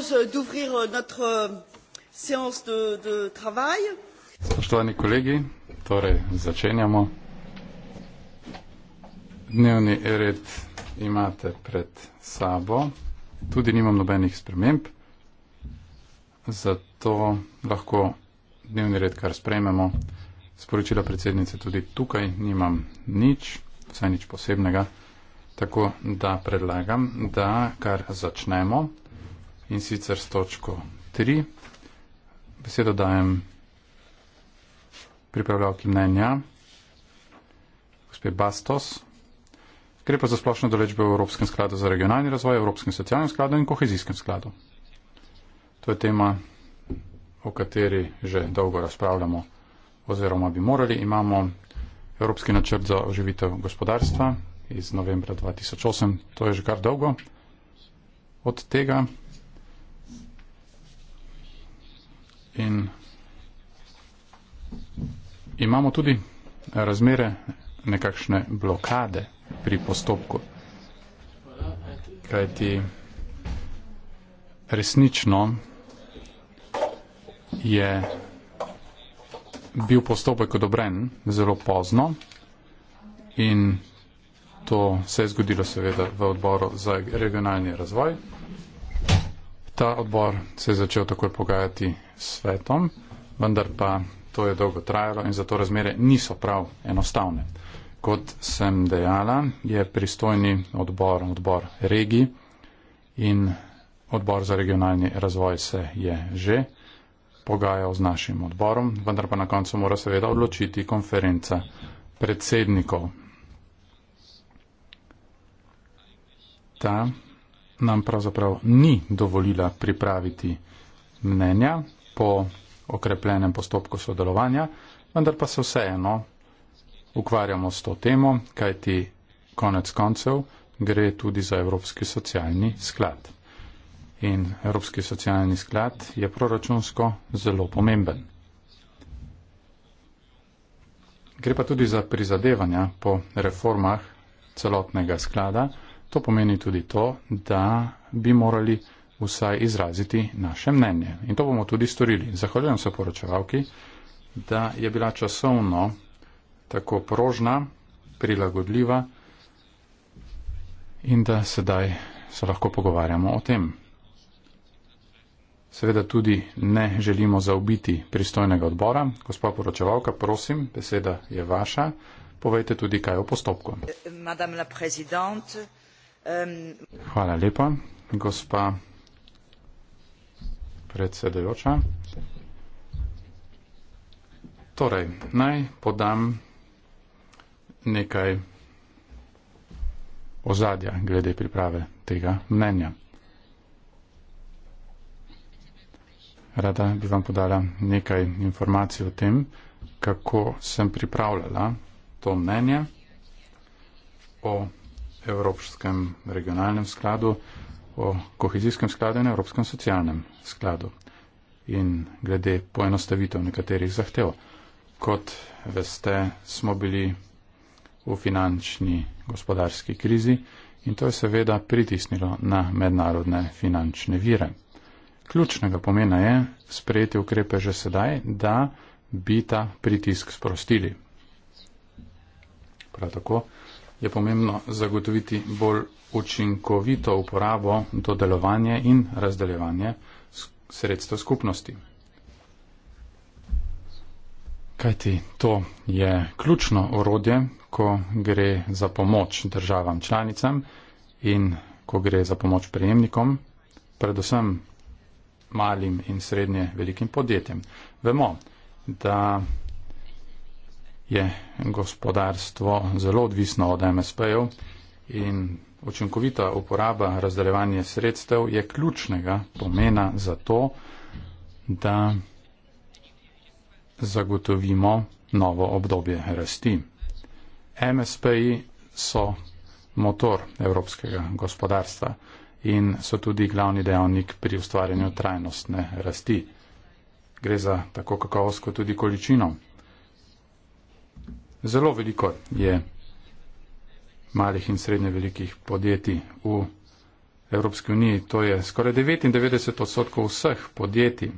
propose euh, d'ouvrir euh, notre euh, séance de, de travail. Spoštovani kolegi, torej začenjamo. Dnevni red imate pred sabo. Tudi nimam nobenih sprememb, zato lahko dnevni red kar sprejmemo. Sporočila predsednice tudi tukaj nimam nič, vsaj nič posebnega. Tako da predlagam, da kar začnemo in sicer s točko 3. Besedo dajem pripravljavki mnenja, gospod Bastos. Gre pa za splošno določbo v Evropskem skladu za regionalni razvoj, Evropskem socialnem skladu in kohezijskem skladu. To je tema, o kateri že dolgo razpravljamo oziroma bi morali. Imamo Evropski načrt za oživitev gospodarstva iz novembra 2008. To je že kar dolgo od tega in imamo tudi razmere nekakšne blokade pri postopku. Kajti resnično je bil postopek odobren zelo pozno in to se je zgodilo seveda v odboru za regionalni razvoj. Ta odbor se je začel takoj pogajati s svetom, vendar pa to je dolgo trajalo in zato razmere niso prav enostavne. Kot sem dejala, je pristojni odbor odbor regi in odbor za regionalni razvoj se je že pogajal z našim odborom, vendar pa na koncu mora seveda odločiti konferenca predsednikov. Ta nam pravzaprav ni dovolila pripraviti mnenja po okrepljenem postopku sodelovanja, vendar pa se vseeno ukvarjamo s to temo, kajti konec koncev gre tudi za Evropski socialni sklad. In Evropski socialni sklad je proračunsko zelo pomemben. Gre pa tudi za prizadevanja po reformah celotnega sklada, To pomeni tudi to, da bi morali vsaj izraziti naše mnenje. In to bomo tudi storili. Zahvaljujem se poročevalki, da je bila časovno tako prožna, prilagodljiva in da sedaj se lahko pogovarjamo o tem. Seveda tudi ne želimo zaobiti pristojnega odbora. Gospa poročevalka, prosim, beseda je vaša. Povejte tudi, kaj je o postopku. Madame la prezidente. Um, Hvala lepa, gospa predsedujoča. Torej, naj podam nekaj ozadja glede priprave tega mnenja. Rada bi vam podala nekaj informacij o tem, kako sem pripravljala to mnenje o Evropskem regionalnem skladu, o kohezijskem skladu in Evropskem socialnem skladu in glede poenostavitev nekaterih zahtev. Kot veste, smo bili v finančni gospodarski krizi in to je seveda pritisnilo na mednarodne finančne vire. Ključnega pomena je sprejeti ukrepe že sedaj, da bi ta pritisk sprostili. Prav tako je pomembno zagotoviti bolj učinkovito uporabo, dodelovanje in razdeljevanje sredstev skupnosti. Kajti to je ključno orodje, ko gre za pomoč državam članicam in ko gre za pomoč prejemnikom, predvsem malim in srednje velikim podjetjem. Vemo, da je gospodarstvo zelo odvisno od MSP-jev in učinkovita uporaba razdeljevanja sredstev je ključnega pomena za to, da zagotovimo novo obdobje rasti. MSP-ji so motor evropskega gospodarstva in so tudi glavni dejavnik pri ustvarjanju trajnostne rasti. Gre za tako kakovost kot tudi količino Zelo veliko je malih in srednje velikih podjetij v Evropski uniji. To je skoraj 99 odstotkov vseh podjetij.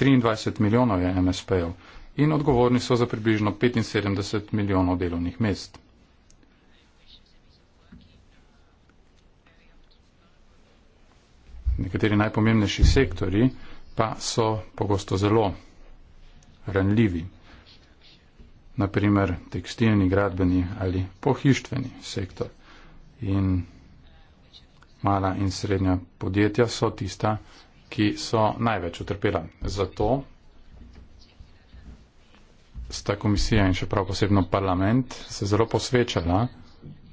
23 milijonov je MSP-ov in odgovorni so za približno 75 milijonov delovnih mest. Nekateri najpomembnejši sektori pa so pogosto zelo ranljivi naprimer tekstilni, gradbeni ali pohištveni sektor. In mala in srednja podjetja so tista, ki so največ utrpela. Zato sta komisija in še prav posebno parlament se zelo posvečala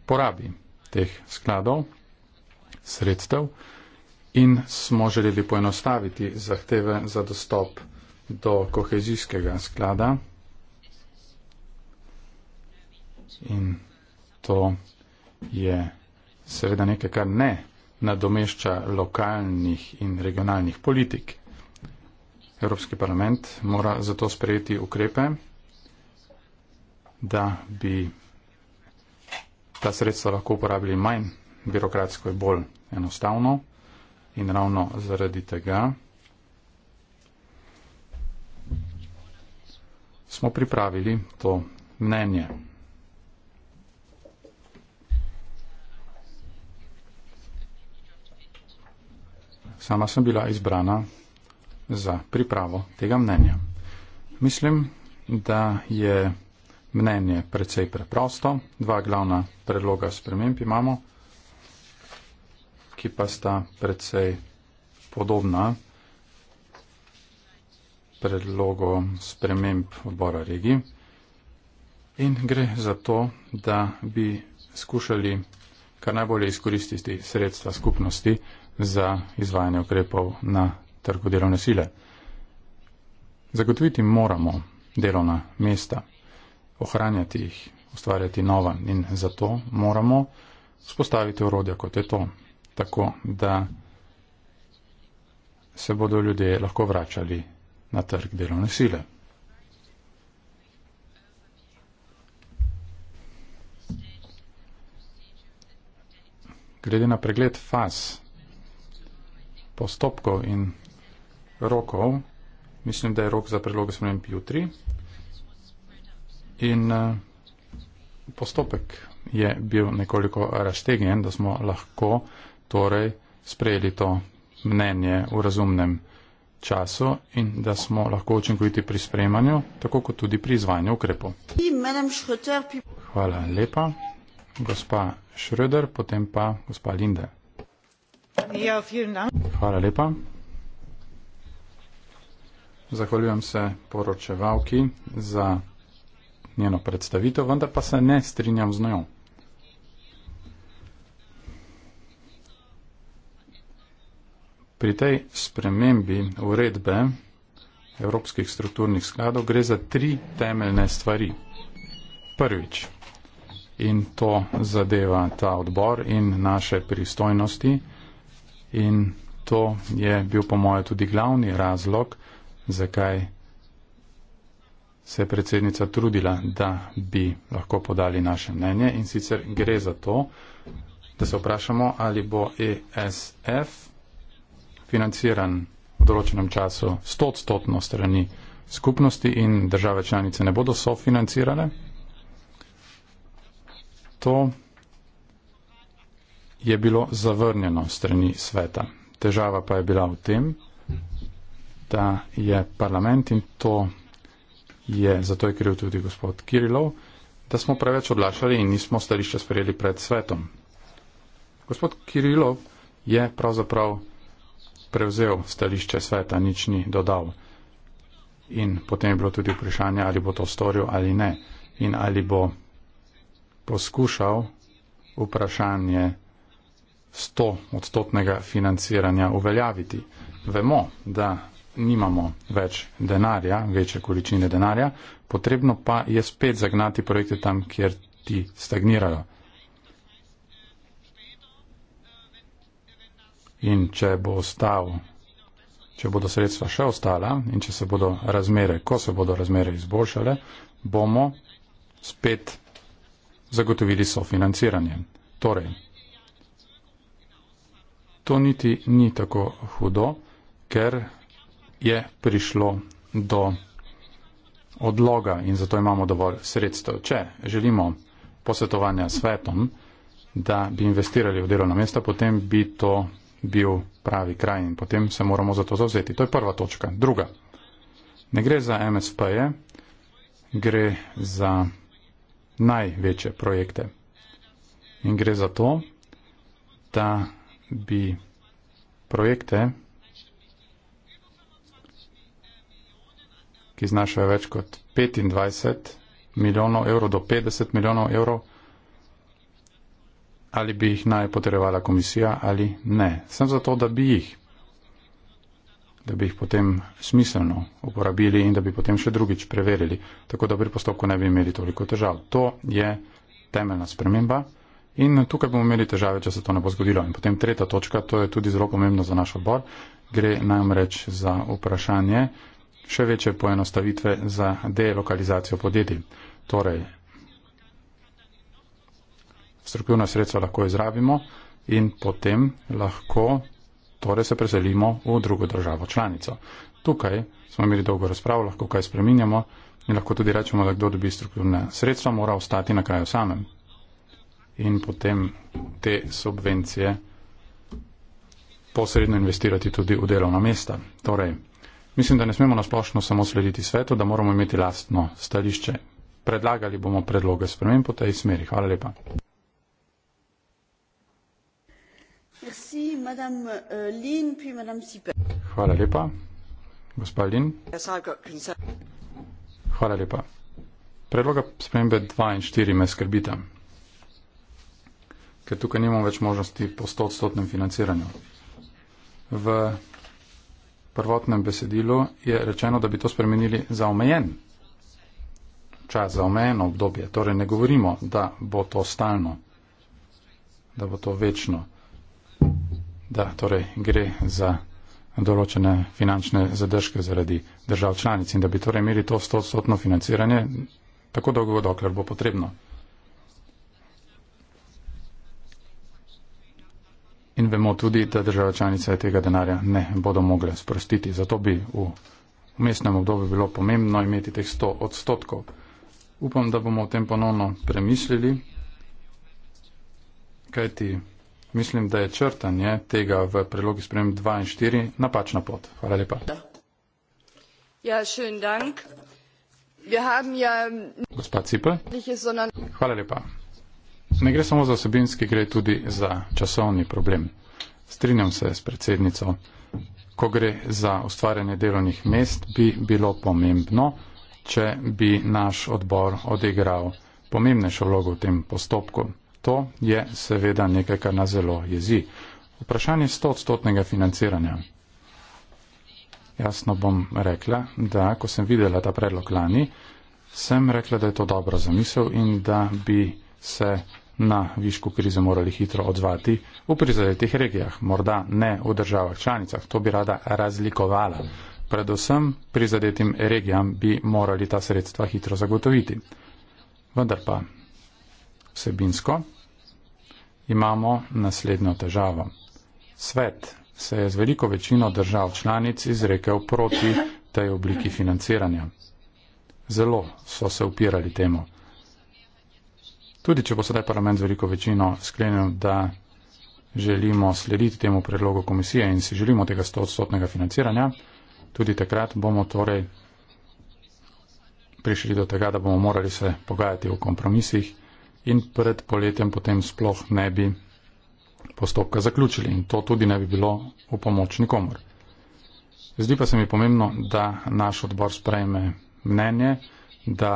porabi teh skladov, sredstev in smo želeli poenostaviti zahteve za dostop do kohezijskega sklada in to je seveda nekaj, kar ne nadomešča lokalnih in regionalnih politik. Evropski parlament mora zato sprejeti ukrepe, da bi ta sredstva lahko uporabili manj birokratsko in bolj enostavno in ravno zaradi tega smo pripravili to mnenje. Sama sem bila izbrana za pripravo tega mnenja. Mislim, da je mnenje precej preprosto. Dva glavna predloga sprememb imamo, ki pa sta precej podobna predlogu sprememb odbora regij. In gre za to, da bi skušali kar najbolje izkoristiti sredstva skupnosti, za izvajanje ukrepov na trgu delovne sile. Zagotoviti moramo delovna mesta, ohranjati jih, ustvarjati nova in zato moramo spostaviti urodja, kot je to, tako da se bodo ljudje lahko vračali na trg delovne sile. Glede na pregled faz postopkov in rokov. Mislim, da je rok za predloge sprememb jutri. In eh, postopek je bil nekoliko raztegnjen, da smo lahko torej sprejeli to mnenje v razumnem času in da smo lahko učinkoviti pri sprejemanju, tako kot tudi pri izvajanju ukrepov. Hvala lepa, gospa Schröder, potem pa gospa Linde. Ja, Hvala lepa. Zahvaljujem se poročevalki za njeno predstavitev, vendar pa se ne strinjam z njo. Pri tej spremembi uredbe evropskih strukturnih skladov gre za tri temeljne stvari. Prvič, in to zadeva ta odbor in naše pristojnosti, In to je bil po moje tudi glavni razlog, zakaj se je predsednica trudila, da bi lahko podali naše mnenje. In sicer gre za to, da se vprašamo, ali bo ESF financiran v določenem času stotstotno strani skupnosti in države članice ne bodo sofinancirane. To je bilo zavrnjeno strani sveta. Težava pa je bila v tem, da je parlament in to je, zato je kriv tudi gospod Kirilov, da smo preveč odlašali in nismo stališče sprejeli pred svetom. Gospod Kirilov je pravzaprav prevzel stališče sveta, nič ni dodal. In potem je bilo tudi vprašanje, ali bo to storil ali ne. In ali bo poskušal vprašanje 100 odstotnega financiranja uveljaviti. Vemo, da nimamo več denarja, večje količine denarja, potrebno pa je spet zagnati projekte tam, kjer ti stagnirajo. In če bo ostal, če bodo sredstva še ostala in če se bodo razmere, ko se bodo razmere izboljšale, bomo spet zagotovili sofinanciranje. Torej, to niti ni tako hudo, ker je prišlo do odloga in zato imamo dovolj sredstev. Če želimo posvetovanja svetom, da bi investirali v delovna mesta, potem bi to bil pravi kraj in potem se moramo za to zavzeti. To je prva točka. Druga. Ne gre za MSP-je, gre za največje projekte. In gre za to, da bi projekte, ki znašajo več kot 25 milijonov evrov do 50 milijonov evrov, ali bi jih naj potrebovala komisija ali ne. Sem zato, da bi jih, da bi jih potem smiselno uporabili in da bi potem še drugič preverili, tako da pri postopku ne bi imeli toliko težav. To je temeljna sprememba. In tukaj bomo imeli težave, če se to ne bo zgodilo. In potem tretja točka, to je tudi zelo pomembno za naš odbor, gre namreč za vprašanje še večje poenostavitve za delokalizacijo podjetij. Torej, strukturno sredstvo lahko izrabimo in potem lahko torej se preselimo v drugo državo članico. Tukaj smo imeli dolgo razpravo, lahko kaj spreminjamo in lahko tudi rečemo, da kdo dobi strukturne sredstva, mora ostati na kraju samem in potem te subvencije posredno investirati tudi v delovna mesta. Torej, mislim, da ne smemo nasplošno samo slediti svetu, da moramo imeti lastno stališče. Predlagali bomo predloge sprememb v tej smeri. Hvala lepa. Euh, Hvala lepa. Gospa Lin. Hvala lepa. Predloga spremembe 2 in 4 me skrbita ker tukaj nimamo več možnosti po 100-odstotnem financiranju. V prvotnem besedilu je rečeno, da bi to spremenili za omejen čas, za omejeno obdobje. Torej ne govorimo, da bo to stalno, da bo to večno, da torej gre za določene finančne zadržke zaradi držav članic in da bi torej imeli to 100-odstotno financiranje tako dolgo, dokler bo potrebno. in vemo tudi, da država članica tega denarja ne bodo mogle sprostiti. Zato bi v mestnem obdobju bilo pomembno imeti teh 100 odstotkov. Upam, da bomo o tem ponovno premislili, kajti mislim, da je črtanje tega v prilogi sprem 2 in 4 napačna pot. Hvala lepa. Ja, schön dank. Wir haben ja... Gospod Cipe. Hvala lepa ne gre samo za osebinski, gre tudi za časovni problem. Strinjam se s predsednico, ko gre za ustvarjanje delovnih mest, bi bilo pomembno, če bi naš odbor odigral pomembnejšo vlogo v tem postopku. To je seveda nekaj, kar nas zelo jezi. Vprašanje 100 odstotnega financiranja. Jasno bom rekla, da ko sem videla ta predlog lani, sem rekla, da je to dobro zamisel in da bi se na višku krize morali hitro odzvati v prizadetih regijah, morda ne v državah članicah. To bi rada razlikovala. Predvsem prizadetim regijam bi morali ta sredstva hitro zagotoviti. Vendar pa vsebinsko imamo naslednjo težavo. Svet se je z veliko večino držav članic izrekel proti tej obliki financiranja. Zelo so se upirali temu. Tudi če bo sedaj parlament z veliko večino sklenil, da želimo slediti temu predlogu komisije in si želimo tega 100-odstotnega financiranja, tudi takrat bomo torej prišli do tega, da bomo morali se pogajati o kompromisih in pred poletjem potem sploh ne bi postopka zaključili in to tudi ne bi bilo v pomoč nikomor. Zdi pa se mi pomembno, da naš odbor sprejme mnenje, da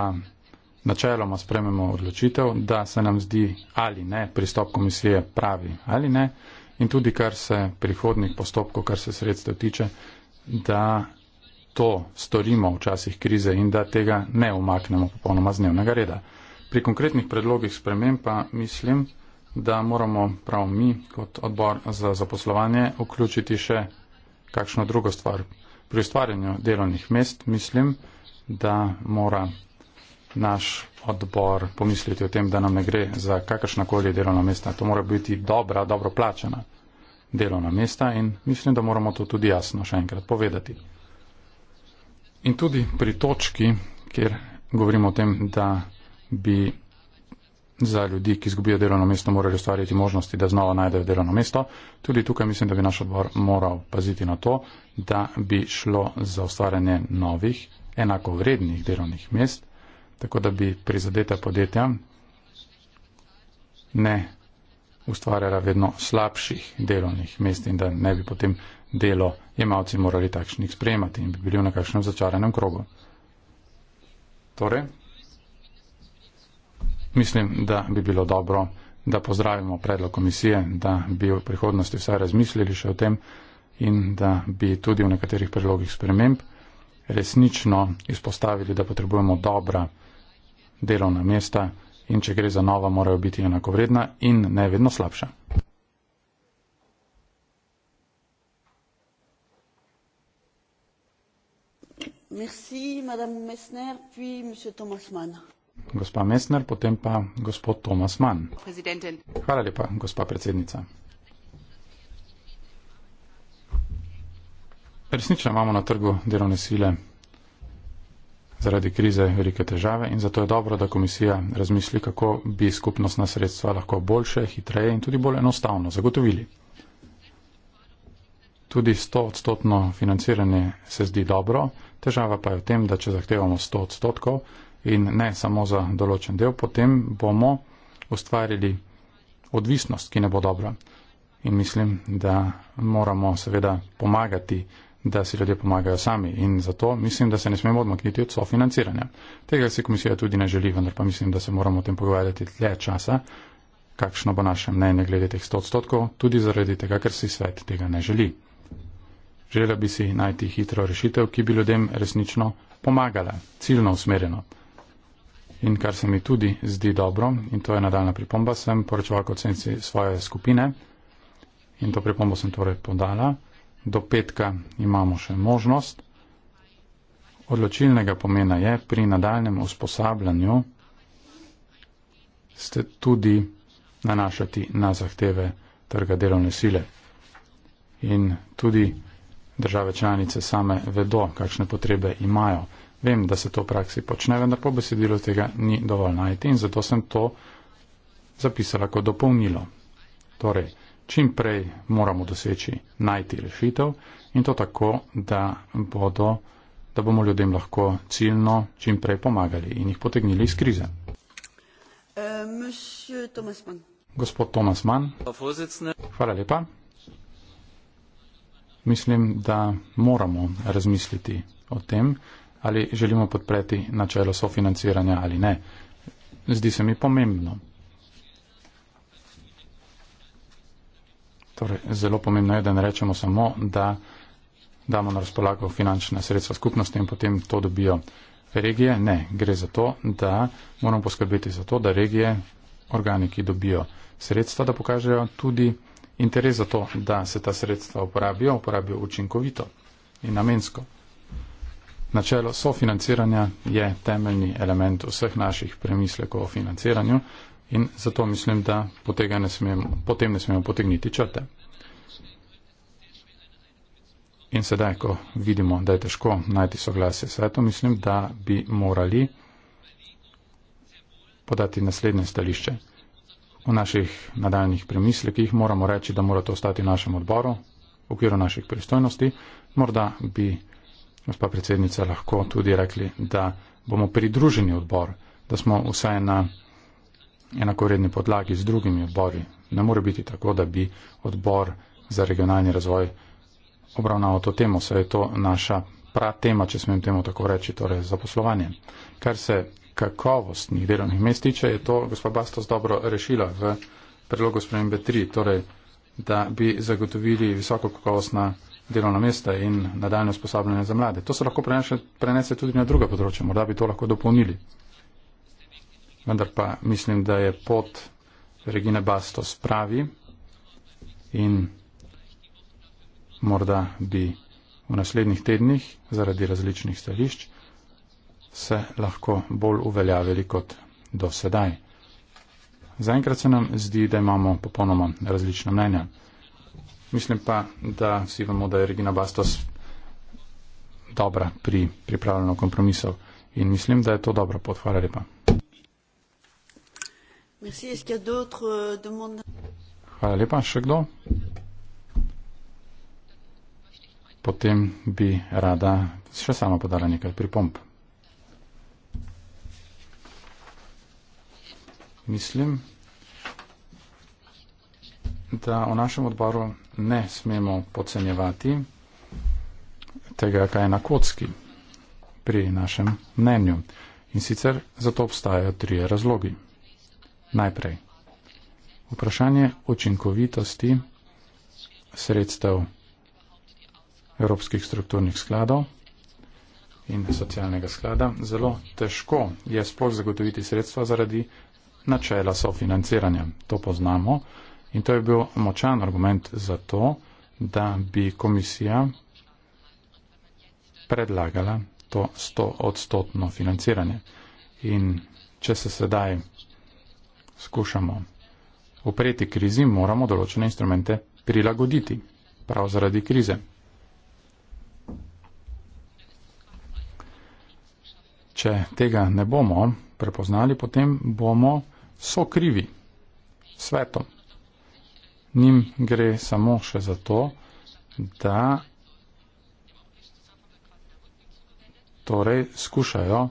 načeloma sprememo odločitev, da se nam zdi ali ne pristop komisije pravi ali ne in tudi kar se prihodnih postopkov, kar se sredstev tiče, da to storimo v časih krize in da tega ne umaknemo popolnoma z dnevnega reda. Pri konkretnih predlogih sprememb pa mislim, da moramo prav mi kot odbor za zaposlovanje vključiti še kakšno drugo stvar. Pri ustvarjanju delovnih mest mislim, da mora naš odbor pomisliti o tem, da nam ne gre za kakršnakoli delovna mesta. To mora biti dobra, dobro plačena delovna mesta in mislim, da moramo to tudi jasno še enkrat povedati. In tudi pri točki, kjer govorimo o tem, da bi za ljudi, ki izgubijo delovno mesto, morali ustvariti možnosti, da znova najdejo delovno mesto. Tudi tukaj mislim, da bi naš odbor moral paziti na to, da bi šlo za ustvarjanje novih, enako vrednih delovnih mest tako da bi prizadeta podjetja ne ustvarjala vedno slabših delovnih mest in da ne bi potem delo jemalci morali takšnih sprejemati in bi bili v nekakšnem začaranem krogu. Torej, mislim, da bi bilo dobro, da pozdravimo predlog komisije, da bi v prihodnosti vsaj razmislili še o tem in da bi tudi v nekaterih predlogih sprememb resnično izpostavili, da potrebujemo dobra delovna mesta in če gre za nova, morajo biti enakovredna in ne vedno slabša. Merci, Messner, puis Mann. Gospa Messner, potem pa gospod Tomas Mann. Presidenten. Hvala lepa, gospa predsednica. Resnično imamo na trgu delovne sile zaradi krize velike težave in zato je dobro, da komisija razmisli, kako bi skupnostna sredstva lahko boljše, hitreje in tudi bolj enostavno zagotovili. Tudi 100 odstotno financiranje se zdi dobro, težava pa je v tem, da če zahtevamo 100 odstotkov in ne samo za določen del, potem bomo ustvarili odvisnost, ki ne bo dobra. In mislim, da moramo seveda pomagati da si ljudje pomagajo sami in zato mislim, da se ne smemo odmakniti od sofinanciranja. Tega si komisija tudi ne želi, vendar pa mislim, da se moramo o tem pogovarjati dlje časa, kakšno bo naše mnenje glede teh 100 odstotkov, tudi zaradi tega, ker si svet tega ne želi. Želela bi si najti hitro rešitev, ki bi ljudem resnično pomagala, ciljno usmerjeno. In kar se mi tudi zdi dobro, in to je nadaljna pripomba, sem poročevalko ocenci svoje skupine in to pripombo sem torej podala do petka imamo še možnost. Odločilnega pomena je pri nadaljnem usposabljanju ste tudi nanašati na zahteve trga delovne sile. In tudi države članice same vedo, kakšne potrebe imajo. Vem, da se to v praksi počne, vendar po besedilu tega ni dovolj najti in zato sem to zapisala kot dopolnilo. Torej, čim prej moramo doseči najti rešitev in to tako, da, bodo, da bomo ljudem lahko ciljno čim prej pomagali in jih potegnili iz krize. Eh, Gospod Tomas Mann, hvala lepa. Mislim, da moramo razmisliti o tem, ali želimo podpreti načelo sofinanciranja ali ne. Zdi se mi pomembno. Torej, zelo pomembno je, da ne rečemo samo, da damo na razpolago finančna sredstva skupnosti in potem to dobijo regije. Ne, gre za to, da moramo poskrbeti za to, da regije, organi, ki dobijo sredstva, da pokažejo tudi interes za to, da se ta sredstva uporabijo, uporabijo učinkovito in namensko. Načelo sofinanciranja je temeljni element vseh naših premislekov o financiranju, In zato mislim, da potem ne smemo potegniti črte. In sedaj, ko vidimo, da je težko najti soglasje svetu, mislim, da bi morali podati naslednje stališče. V naših nadaljnih premislekih moramo reči, da mora to ostati v našem odboru, v okviru naših pristojnosti. Morda bi, gospa predsednica, lahko tudi rekli, da bomo pridruženi odbor, da smo vse na enakovredni podlagi z drugimi odbori. Ne more biti tako, da bi odbor za regionalni razvoj obravnaval to temo, saj je to naša prav tema, če smem temu tako reči, torej zaposlovanje. Kar se kakovostnih delovnih mest tiče, je to gospod Bastos dobro rešila v predlogu spremembe 3, torej da bi zagotovili visoko kakovostna delovna mesta in nadaljne usposabljanje za mlade. To se lahko prenese, prenese tudi na druga področja, morda bi to lahko dopolnili vendar pa mislim, da je pot Regine Bastos pravi in morda bi v naslednjih tednih zaradi različnih stališč se lahko bolj uveljavili kot do sedaj. Zaenkrat se nam zdi, da imamo popolnoma različna mnenja. Mislim pa, da vsi vemo, da je Regina Bastos dobra pri pripravljanju kompromisov in mislim, da je to dobra pot. Hvala lepa. Merci. Est-ce qu'il y a d'autres euh, demandes Hvala lepa. Še kdo? Potem bi rada še sama podala nekaj pripomp. Mislim, da o našem odboru ne smemo podcenjevati tega, kaj je na kocki pri našem mnenju. In sicer zato obstajajo trije razlogi. Najprej. Vprašanje učinkovitosti sredstev Evropskih strukturnih skladov in socialnega sklada. Zelo težko je sploh zagotoviti sredstva zaradi načela sofinanciranja. To poznamo in to je bil močan argument za to, da bi komisija predlagala to 100-odstotno financiranje. In če se sedaj skušamo opreti krizi, moramo določene instrumente prilagoditi, prav zaradi krize. Če tega ne bomo prepoznali, potem bomo sokrivi svetom. Nim gre samo še za to, da torej skušajo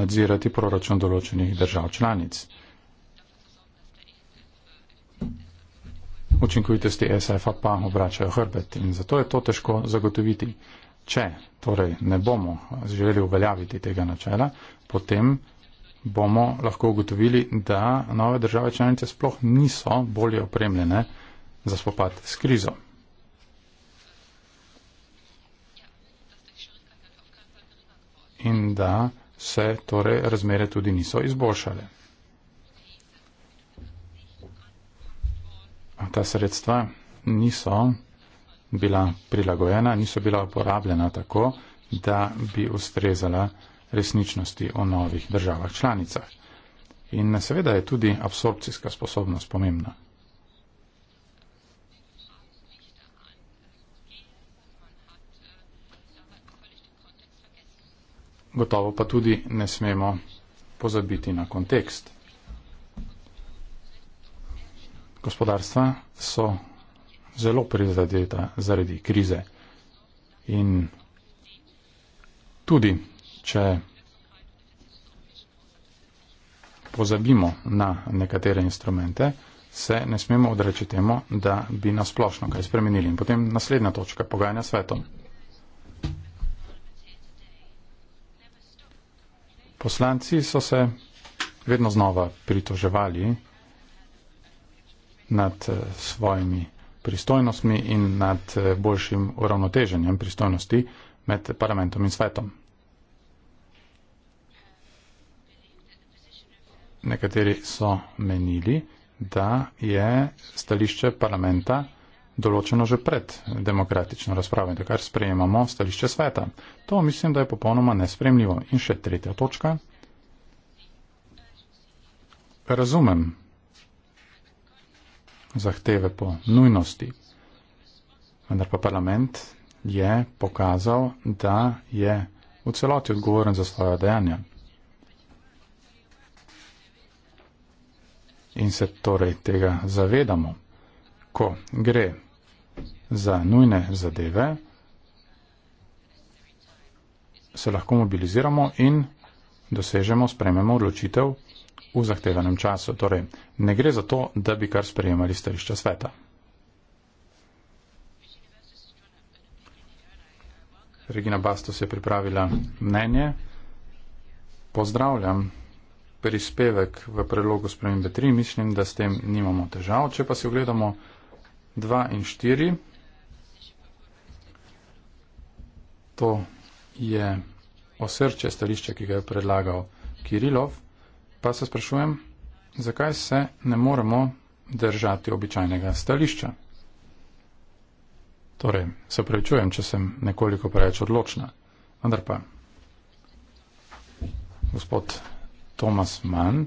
nadzirati proračun določenih držav članic. učinkovitosti SF-a pa obračajo hrbet in zato je to težko zagotoviti. Če torej ne bomo želeli uveljaviti tega načela, potem bomo lahko ugotovili, da nove države članice sploh niso bolje opremljene za spopad s krizo. In da se torej razmere tudi niso izboljšale. ta sredstva niso bila prilagojena, niso bila uporabljena tako, da bi ustrezala resničnosti o novih državah članicah. In seveda je tudi absorpcijska sposobnost pomembna. Gotovo pa tudi ne smemo pozabiti na kontekst gospodarstva so zelo prizadeta zaradi krize. In tudi, če pozabimo na nekatere instrumente, se ne smemo odreči temu, da bi nasplošno kaj spremenili. In potem naslednja točka, pogajanja s svetom. Poslanci so se vedno znova pritoževali nad eh, svojimi pristojnostmi in nad eh, boljšim uravnoteženjem pristojnosti med parlamentom in svetom. Nekateri so menili, da je stališče parlamenta določeno že pred demokratično razpravo in da kar sprejemamo stališče sveta. To mislim, da je popolnoma nespremljivo. In še tretja točka. Razumem zahteve po nujnosti. Vendar pa parlament je pokazal, da je v celoti odgovoren za svoje dejanja. In se torej tega zavedamo, ko gre za nujne zadeve, se lahko mobiliziramo in dosežemo, sprememo odločitev, v zahtevanem času. Torej, ne gre za to, da bi kar sprejemali stališča sveta. Regina Bastos je pripravila mnenje. Pozdravljam prispevek v predlogu spremembe 3. Mislim, da s tem nimamo težav. Če pa si ogledamo 2 in 4, to je osrče stališče, ki ga je predlagal Kirilov pa se sprašujem, zakaj se ne moremo držati običajnega stališča. Torej, se prevečujem, če sem nekoliko preveč odločna. Vendar pa, gospod Tomas Mann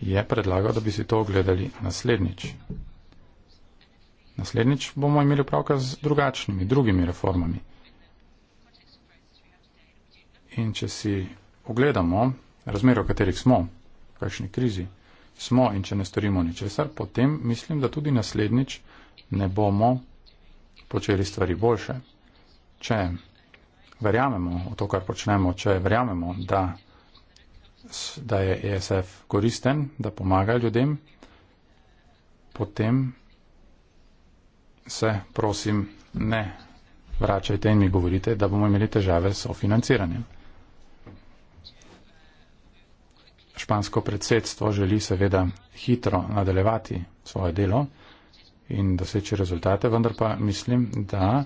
je predlagal, da bi si to ogledali naslednjič. Naslednjič bomo imeli pravka z drugačnimi, drugimi reformami. In če si ogledamo razmero, v katerih smo, kakšni krizi smo in če ne storimo ničesar, potem mislim, da tudi naslednjič ne bomo počeli stvari boljše. Če verjamemo v to, kar počnemo, če verjamemo, da, da je ESF koristen, da pomaga ljudem, potem se prosim ne vračajte in mi govorite, da bomo imeli težave s financiranjem. špansko predsedstvo želi seveda hitro nadaljevati svoje delo in doseči rezultate, vendar pa mislim, da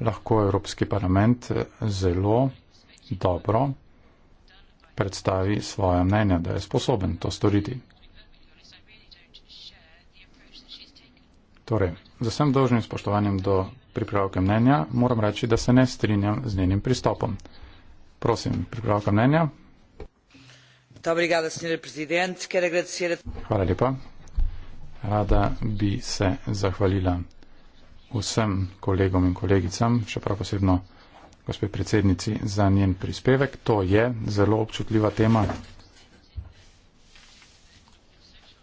lahko Evropski parlament zelo dobro predstavi svoje mnenje, da je sposoben to storiti. Torej, za vsem dožnim spoštovanjem do pripravke mnenja moram reči, da se ne strinjam z njenim pristopom. Prosim, pripravka mnenja. Obrigada, Hvala lepa. Rada bi se zahvalila vsem kolegom in kolegicam, še prav posebno gospod predsednici, za njen prispevek. To je zelo občutljiva tema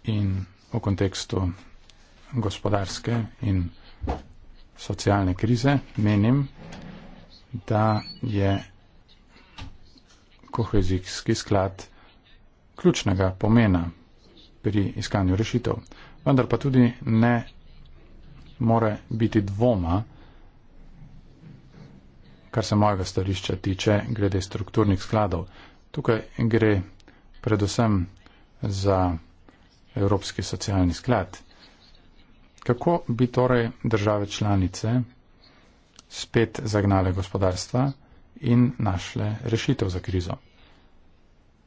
in v kontekstu gospodarske in socialne krize menim, da je kohezijski sklad ključnega pomena pri iskanju rešitev, vendar pa tudi ne more biti dvoma, kar se mojega starišča tiče, glede strukturnih skladov. Tukaj gre predvsem za Evropski socialni sklad. Kako bi torej države članice spet zagnale gospodarstva in našle rešitev za krizo?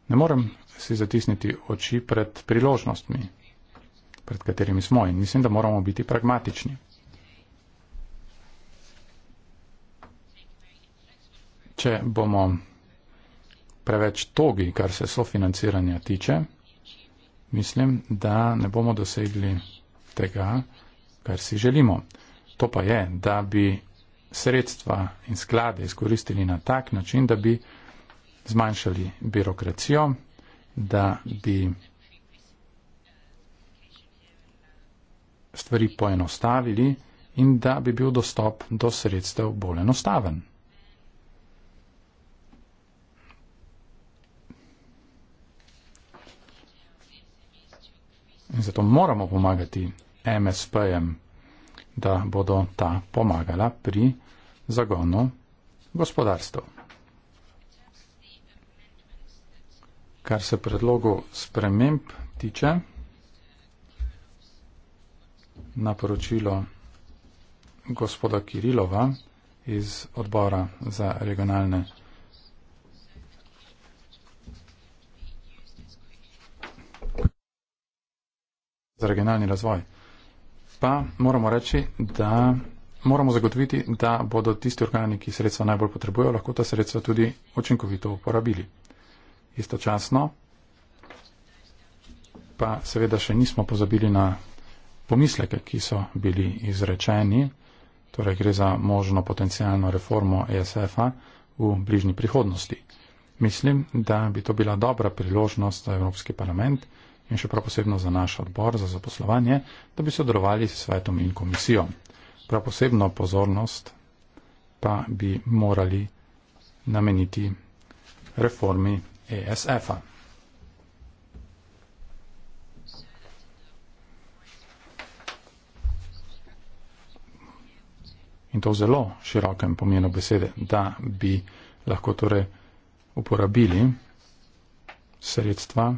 Ne morem si zatisniti oči pred priložnostmi, pred katerimi smo in mislim, da moramo biti pragmatični. Če bomo preveč togi, kar se sofinanciranja tiče, mislim, da ne bomo dosegli tega, kar si želimo. To pa je, da bi sredstva in sklade izkoristili na tak način, da bi zmanjšali birokracijo, da bi stvari poenostavili in da bi bil dostop do sredstev bolj enostaven. In zato moramo pomagati MSP-jem, da bodo ta pomagala pri zagonu gospodarstva. kar se predlogov sprememb tiče. Na poročilo gospoda Kirilova iz odbora za regionalne za regionalni razvoj. Pa moramo reči, da moramo zagotoviti, da bodo tisti organi, ki sredstva najbolj potrebujejo, lahko ta sredstva tudi učinkovito uporabili istočasno. Pa seveda še nismo pozabili na pomisleke, ki so bili izrečeni. Torej gre za možno potencijalno reformo ESF-a v bližnji prihodnosti. Mislim, da bi to bila dobra priložnost za Evropski parlament in še prav posebno za naš odbor za zaposlovanje, da bi sodelovali s svetom in komisijo. Prav posebno pozornost pa bi morali nameniti reformi ESF-a. In to v zelo širokem pomenu besede, da bi lahko torej uporabili sredstva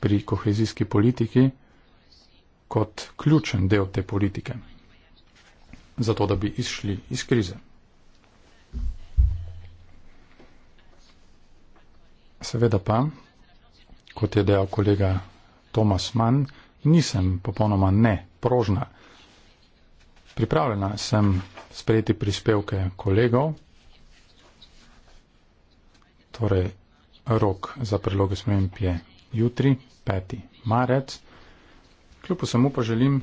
pri kohezijski politiki kot ključen del te politike, zato da bi izšli iz krize. Seveda pa, kot je dejal kolega Tomas Mann, nisem popolnoma ne prožna. Pripravljena sem sprejeti prispevke kolegov, torej rok za predloge smemb je jutri, 5. marec. Kljub vsemu pa želim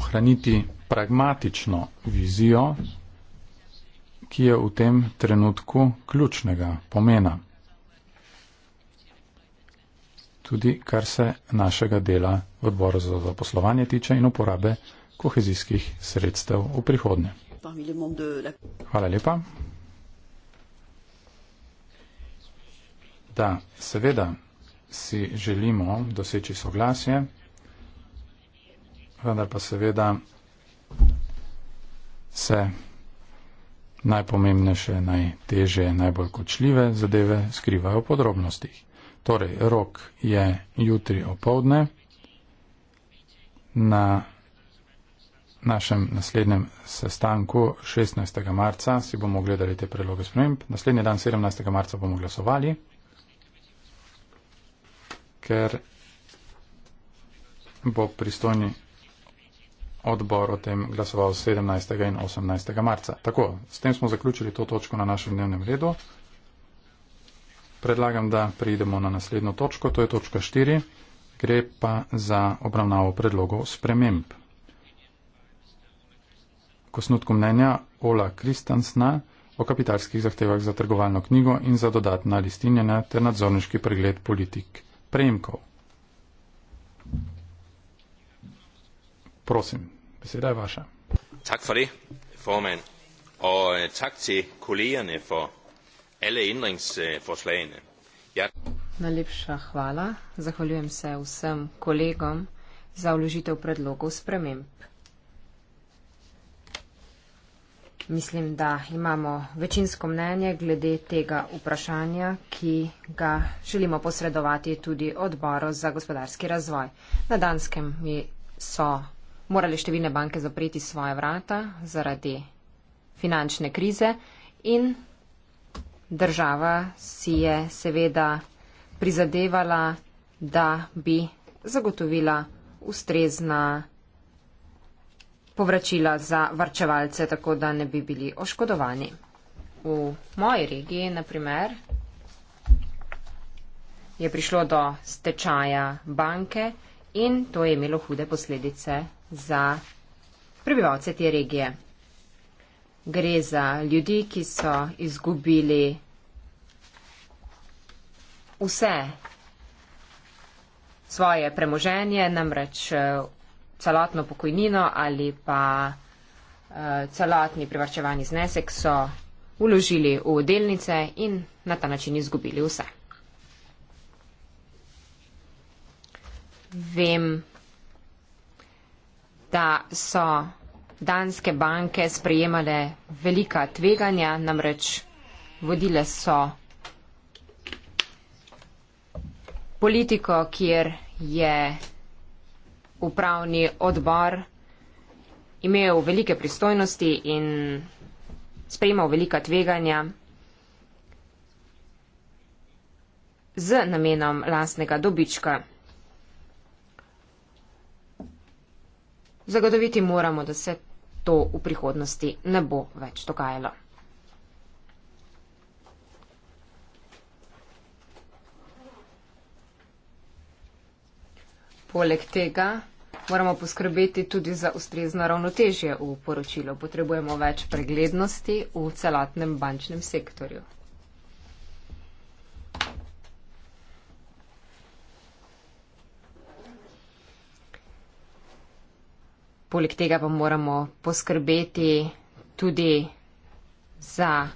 ohraniti pragmatično vizijo, ki je v tem trenutku ključnega pomena tudi kar se našega dela v odboru za zaposlovanje tiče in uporabe kohezijskih sredstev v prihodnje. Hvala lepa. Da, seveda si želimo doseči soglasje, vendar pa seveda se najpomembnejše, najtežje, najbolj kočljive zadeve skrivajo v podrobnostih. Torej, rok je jutri opovdne na našem naslednjem sestanku 16. marca si bomo ogledali te predloge sprememb. Naslednji dan 17. marca bomo glasovali, ker bo pristojni odbor o tem glasoval 17. in 18. marca. Tako, s tem smo zaključili to točko na našem dnevnem redu predlagam, da prejdemo na naslednjo točko, to je točka 4, gre pa za obravnavo predlogov sprememb. Kosnutko mnenja Ola Kristansna o kapitalskih zahtevah za trgovalno knjigo in za dodatna listinjena ter nadzorniški pregled politik prejemkov. Prosim, beseda je vaša. Tak for det, formand. Og eh, tak til kollegerne for alle ændringsforslagene. Ja. Najlepša hvala. Zahvaljujem se vsem kolegom za vložitev predlogov sprememb. Mislim, da imamo večinsko mnenje glede tega vprašanja, ki ga želimo posredovati tudi odboru za gospodarski razvoj. Na Danskem so morali številne banke zapreti svoje vrata zaradi finančne krize in država si je seveda prizadevala, da bi zagotovila ustrezna povračila za varčevalce, tako da ne bi bili oškodovani. V moji regiji, na primer, je prišlo do stečaja banke in to je imelo hude posledice za prebivalce te regije gre za ljudi, ki so izgubili vse svoje premoženje, namreč eh, celotno pokojnino ali pa eh, celotni privrčevani znesek so uložili v delnice in na ta način izgubili vse. Vem, da so danske banke sprejemale velika tveganja, namreč vodile so politiko, kjer je upravni odbor imel velike pristojnosti in sprejemal velika tveganja z namenom lastnega dobička. Zagotoviti moramo, da se to v prihodnosti ne bo več dogajalo. Poleg tega moramo poskrbeti tudi za ustrezno ravnotežje v poročilu. Potrebujemo več preglednosti v celotnem bančnem sektorju. poleg tega pa moramo poskrbeti tudi za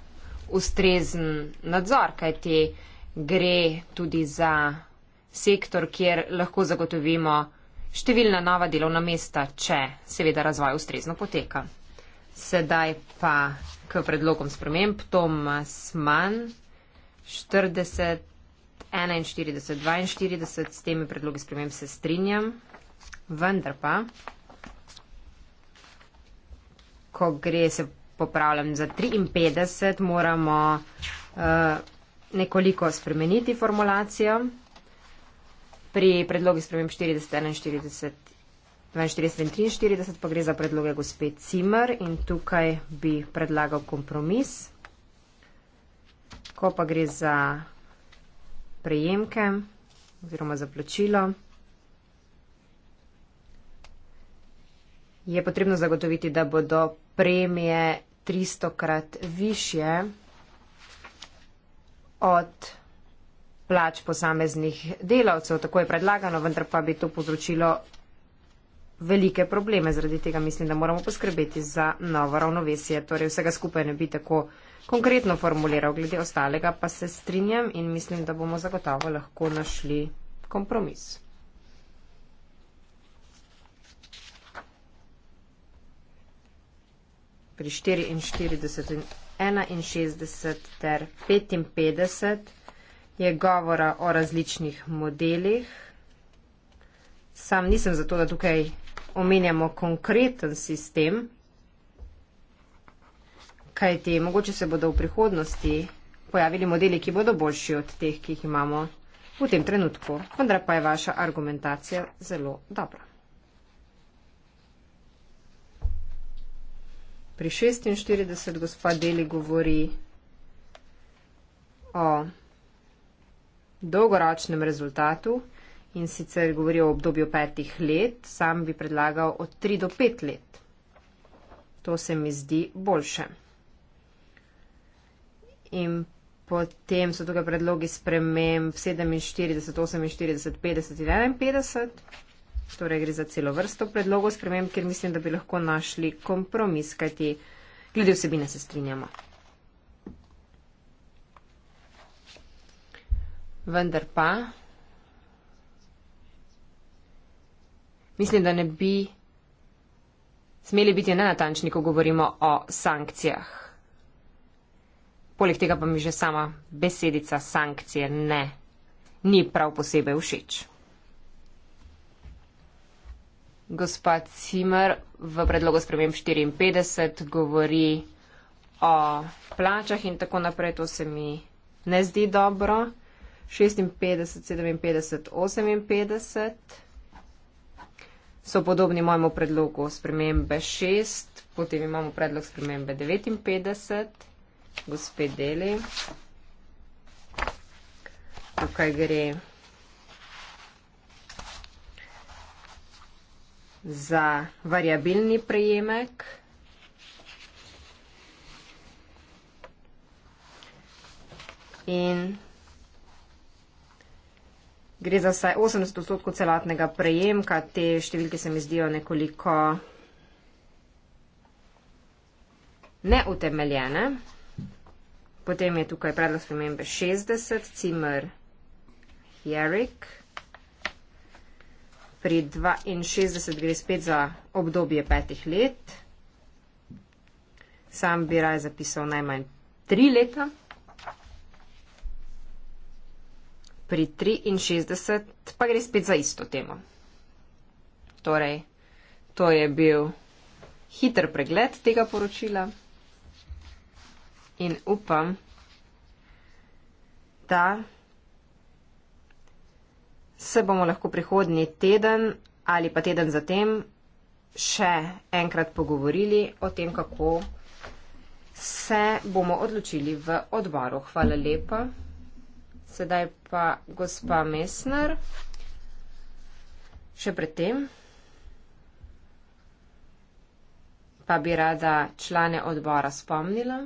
ustrezen nadzor, kajti gre tudi za sektor, kjer lahko zagotovimo številna nova delovna mesta, če seveda razvoj ustrezno poteka. Sedaj pa k predlogom sprememb. Tomas Mann, 40, 41, 42, s temi predlogi sprememb se strinjam, vendar pa ko gre, se popravljam, za 53, moramo uh, nekoliko spremeniti formulacijo. Pri predlogih spremem 40, 41, 42 in 43 pa gre za predloge gospe Cimer in tukaj bi predlagal kompromis. Ko pa gre za prejemke oziroma za plačilo, je potrebno zagotoviti, da bodo premije 300 krat više od plač posameznih delavcev. Tako je predlagano, vendar pa bi to povzročilo velike probleme. Zaradi tega mislim, da moramo poskrbeti za novo ravnovesje. Torej vsega skupaj ne bi tako konkretno formuliral. Glede ostalega pa se strinjam in mislim, da bomo zagotovo lahko našli kompromis. pri 44 in 61 ter 55 je govora o različnih modelih. Sam nisem zato, da tukaj omenjamo konkreten sistem, kaj te mogoče se bodo v prihodnosti pojavili modeli, ki bodo boljši od teh, ki jih imamo v tem trenutku. Vendar pa je vaša argumentacija zelo dobra. Pri 46 gospa Deli govori o dolgoročnem rezultatu in sicer govori o obdobju petih let, sam bi predlagal od tri do pet let. To se mi zdi boljše. In potem so tukaj predlogi sprememb 47, 48, 50 in 51. Torej gre za celo vrsto predlogov sprememb, ker mislim, da bi lahko našli kompromis, kajti glede vsebine se strinjamo. Vendar pa mislim, da ne bi smeli biti nenatančni, ko govorimo o sankcijah. Poleg tega pa mi že sama besedica sankcije ne ni prav posebej všeč gospa Cimer v predlogu spremem 54 govori o plačah in tako naprej. To se mi ne zdi dobro. 56, 57, 58 so podobni mojemu predlogu spremembe 6, potem imamo predlog spremembe 59, gospe Deli. Tukaj gre. za variabilni prejemek. In gre za vsaj 80 odstotkov celotnega prejemka, te številke se mi zdijo nekoliko neutemeljene. Potem je tukaj predlog spremembe 60, cimer Jerik pri 62 gre spet za obdobje petih let. Sam bi raje zapisal najmanj tri leta. Pri 63 pa gre spet za isto temo. Torej, to je bil hiter pregled tega poročila in upam, da se bomo lahko prihodni teden ali pa teden zatem še enkrat pogovorili o tem, kako se bomo odločili v odboru. Hvala lepa. Sedaj pa gospa Mesner. Še predtem pa bi rada člane odbora spomnila,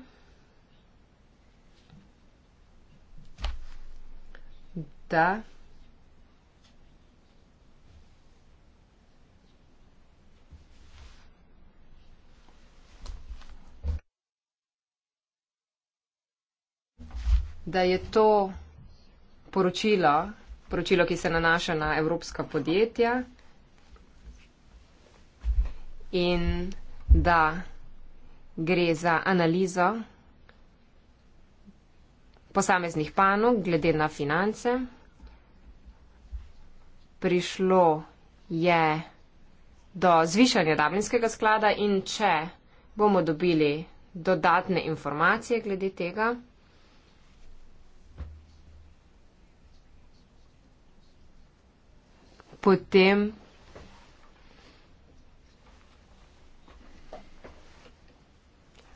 da da je to poročilo, poročilo, ki se nanaša na evropska podjetja in da gre za analizo posameznih panog glede na finance. Prišlo je do zvišanja Dablinskega sklada in če bomo dobili dodatne informacije glede tega, potem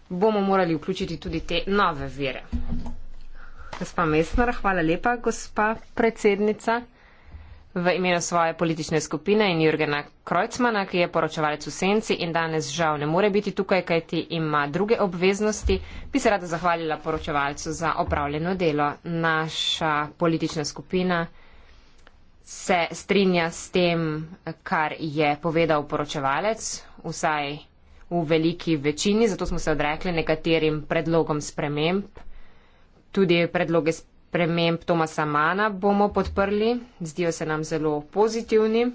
bomo morali vključiti tudi te nove vire. Gospa Mesnar, hvala lepa, gospa predsednica. V imenu svoje politične skupine in Jurgena Krojcmana, ki je poročevalec v Senci in danes žal ne more biti tukaj, kajti ima druge obveznosti, bi se rada zahvalila poročevalcu za opravljeno delo. Naša politična skupina se strinja s tem, kar je povedal poročevalec, vsaj v veliki večini, zato smo se odrekli nekaterim predlogom sprememb. Tudi predloge sprememb Tomasa Mana bomo podprli, zdijo se nam zelo pozitivni.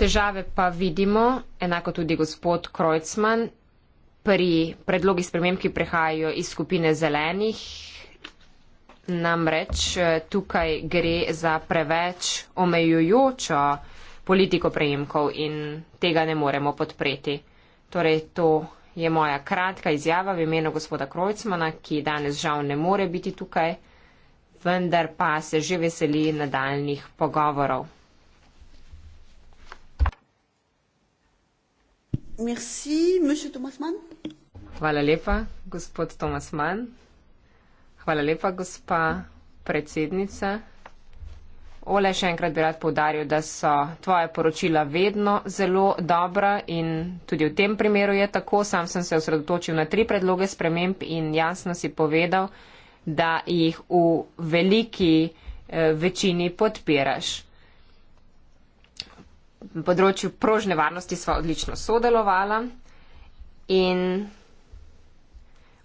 Težave pa vidimo, enako tudi gospod Krojcman, pri predlogi sprememb, ki prehajajo iz skupine zelenih, namreč eh, tukaj gre za preveč omejujočo politiko prejemkov in tega ne moremo podpreti. Torej, to je moja kratka izjava v imenu gospoda Krojcmana, ki danes žal ne more biti tukaj, vendar pa se že veseli nadaljnih pogovorov. Merci, Hvala lepa, gospod Tomas Mann. Hvala lepa, gospa predsednica. Ole, še enkrat bi rad povdaril, da so tvoje poročila vedno zelo dobra in tudi v tem primeru je tako. Sam sem se osredotočil na tri predloge sprememb in jasno si povedal, da jih v veliki eh, večini podpiraš. Na področju prožne varnosti sva odlično sodelovala in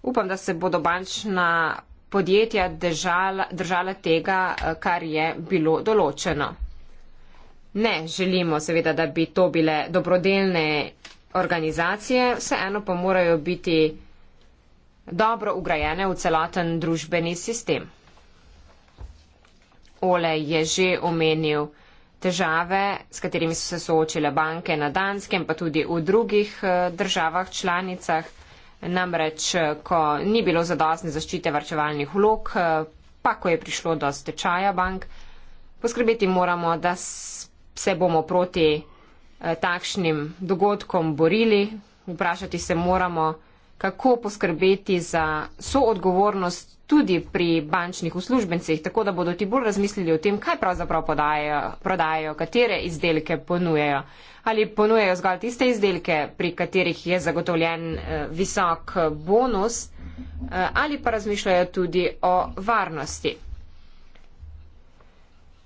upam, da se bodo bančna podjetja držala, držala tega, eh, kar je bilo določeno. Ne želimo seveda, da bi to bile dobrodelne organizacije, vseeno pa morajo biti dobro ugrajene v celoten družbeni sistem. Ole je že omenil težave, s katerimi so se soočile banke na Danskem, pa tudi v drugih eh, državah članicah. Namreč, ko ni bilo zadostne zaščite varčevalnih vlog, pa ko je prišlo do stečaja bank, poskrbeti moramo, da se bomo proti eh, takšnim dogodkom borili. Vprašati se moramo, kako poskrbeti za soodgovornost tudi pri bančnih uslužbencih, tako da bodo ti bolj razmislili o tem, kaj pravzaprav prodajajo, katere izdelke ponujajo. Ali ponujajo zgolj tiste izdelke, pri katerih je zagotovljen eh, visok bonus, eh, ali pa razmišljajo tudi o varnosti.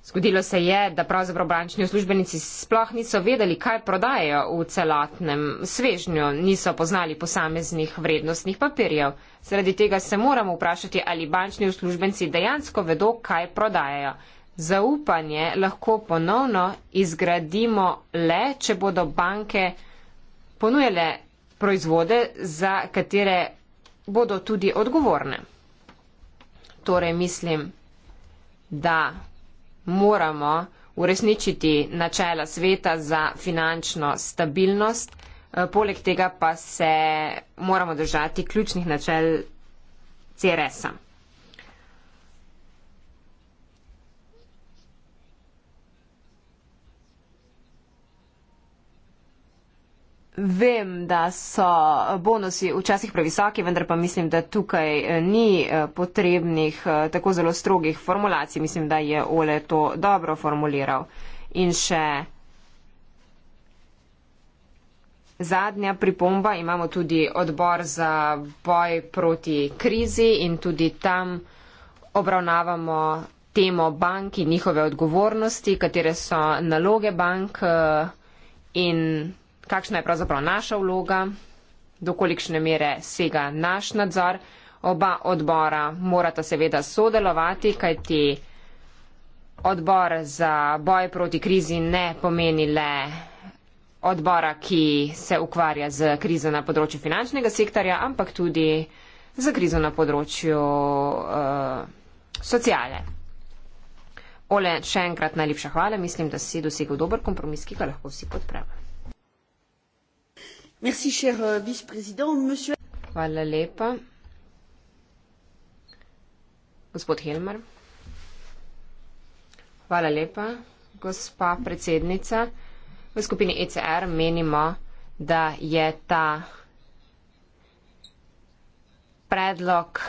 Zgodilo se je, da pravzaprav bančni uslužbenici sploh niso vedeli, kaj prodajajo v celotnem svežnju, niso poznali posameznih vrednostnih papirjev. Sredi tega se moramo vprašati, ali bančni uslužbenci dejansko vedo, kaj prodajajo. Zaupanje lahko ponovno izgradimo le, če bodo banke ponujale proizvode, za katere bodo tudi odgovorne. Torej, mislim, da moramo uresničiti načela sveta za finančno stabilnost, eh, poleg tega pa se moramo držati ključnih načel CRS-a. Vem, da so bonusi včasih previsoki, vendar pa mislim, da tukaj eh, ni eh, potrebnih eh, tako zelo strogih formulacij. Mislim, da je Ole to dobro formuliral. In še zadnja pripomba. Imamo tudi odbor za boj proti krizi in tudi tam obravnavamo temo bank in njihove odgovornosti, katere so naloge bank in kakšna je pravzaprav naša vloga, dokolikšne mere sega naš nadzor. Oba odbora morata seveda sodelovati, kajti odbor za boj proti krizi ne pomeni le odbora, ki se ukvarja z krizo na področju finančnega sektorja, ampak tudi z krizo na področju uh, sociale. Ole, še enkrat najlepša hvala. Mislim, da si dosegel dober kompromis, ki ga lahko vsi podpremo. Euh, Hvala lepa. Gospod Helmer. Hvala lepa, gospa predsednica. V skupini ECR menimo, da je ta predlog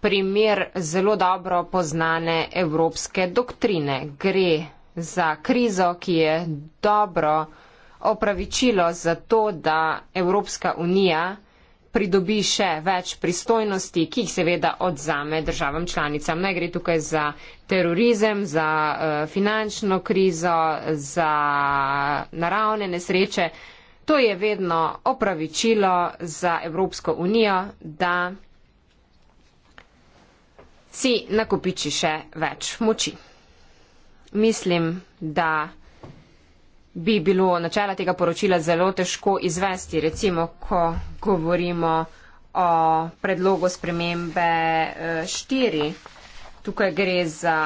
primer zelo dobro poznane evropske doktrine. Gre za krizo, ki je dobro opravičilo za to, da Evropska unija pridobi še več pristojnosti, ki jih seveda odzame državam članicam. Naj gre tukaj za terorizem, za eh, finančno krizo, za naravne nesreče. To je vedno opravičilo za Evropsko unijo, da si nakopiči še več moči. Mislim, da bi bilo načela tega poročila zelo težko izvesti, recimo, ko govorimo o predlogu spremembe 4. Eh, tukaj gre za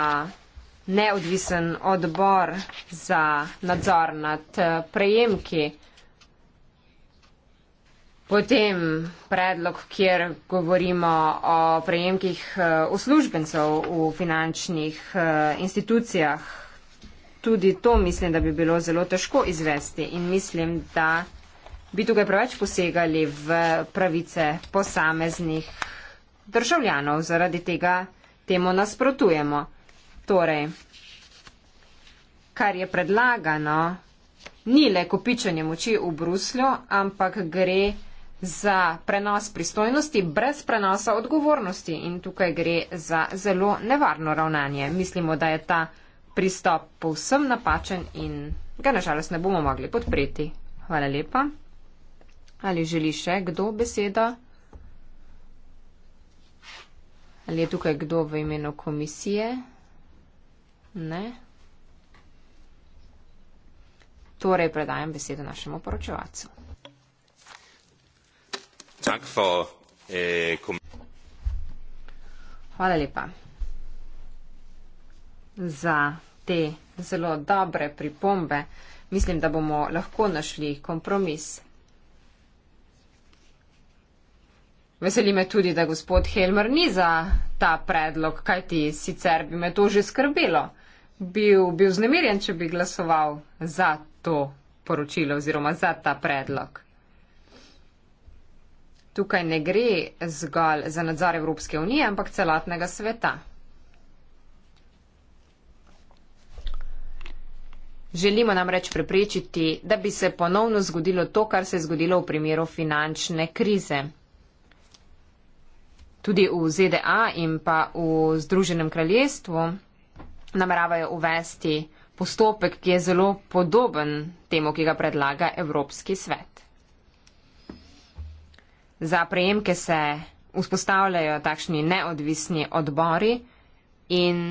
neodvisen odbor za nadzor nad eh, prejemki. Potem predlog, kjer govorimo o prejemkih eh, uslužbencev v finančnih institucijah tudi to mislim, da bi bilo zelo težko izvesti in mislim, da bi tukaj preveč posegali v pravice posameznih državljanov, zaradi tega temu nasprotujemo. Torej, kar je predlagano, ni le kopičanje moči v Bruslju, ampak gre za prenos pristojnosti brez prenosa odgovornosti in tukaj gre za zelo nevarno ravnanje. Mislimo, da je ta pristop povsem napačen in ga nažalost ne bomo mogli podpreti. Hvala lepa. Ali želi še kdo besedo? Ali je tukaj kdo v imenu komisije? Ne. Torej predajam besedo našemu poročevalcu. Eh, Hvala lepa za te zelo dobre pripombe. Mislim, da bomo lahko našli kompromis. Veseli me tudi, da gospod Helmer ni za ta predlog, kajti sicer bi me to že skrbelo. Bil bi vznemirjen, če bi glasoval za to poročilo oziroma za ta predlog. Tukaj ne gre zgolj za nadzor Evropske unije, ampak celotnega sveta. Želimo nam reč preprečiti, da bi se ponovno zgodilo to, kar se je zgodilo v primeru finančne krize. Tudi v ZDA in pa v Združenem kraljestvu nameravajo uvesti postopek, ki je zelo podoben temu, ki ga predlaga Evropski svet. Za prejemke se vzpostavljajo takšni neodvisni odbori in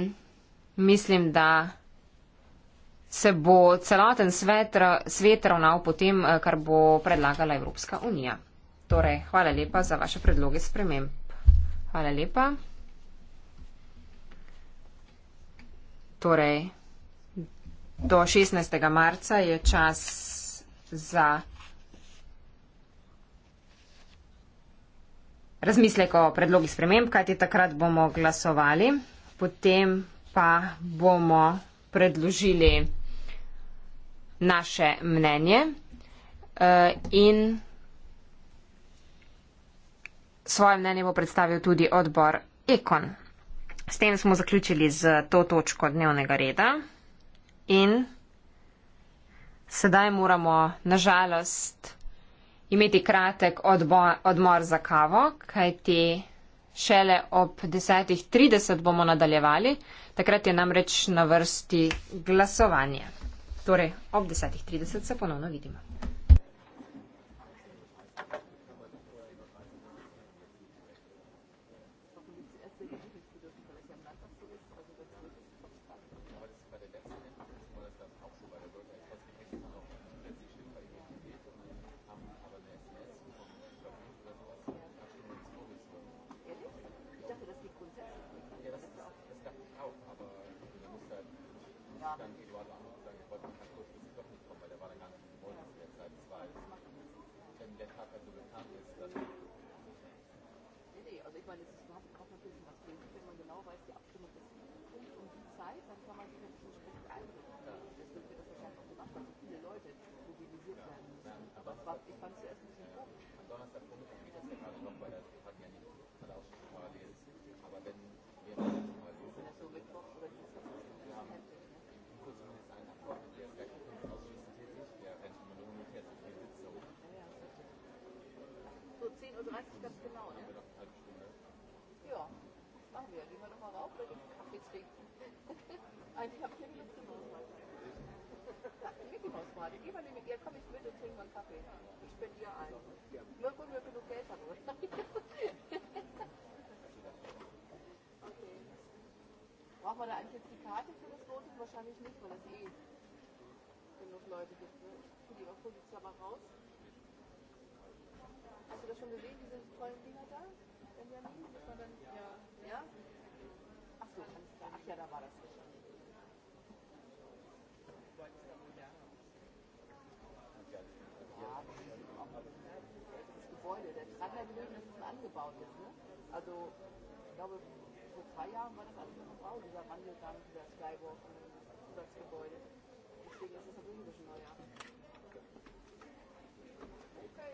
mislim, da se bo celoten svet, svet ravnal po tem, eh, kar bo predlagala Evropska unija. Torej, hvala lepa za vaše predloge sprememb. Hvala lepa. Torej, do 16. marca je čas za razmislek o predlogih sprememb, kajti takrat bomo glasovali, potem pa bomo predložili naše mnenje eh, in svoje mnenje bo predstavil tudi odbor Ekon. S tem smo zaključili z to točko dnevnega reda in sedaj moramo nažalost imeti kratek odbo, odmor za kavo, kajti šele ob 10.30 bomo nadaljevali, takrat je namreč na vrsti glasovanje. Torej, ob 10.30 se ponovno vidimo. wahrscheinlich nicht, weil es eh genug Leute gibt. Ne? Und die Öffnung sieht zwar ja mal raus. Hast du das schon gesehen, diese tollen Dinger da? In der Mie? Ja. Ja. ja. ja? Ach so, kannst du Ach ja, da war das nicht schon. Ja, das Gebäude, der Trattlerblöden, das ist angebaut jetzt, ne? Also, ich glaube, vor zwei Jahren war das alles noch ein Bau, dieser Wandel da mit dieser Skywalk und das Gebäude. Deswegen ist es natürlich ein bisschen neuer. Okay.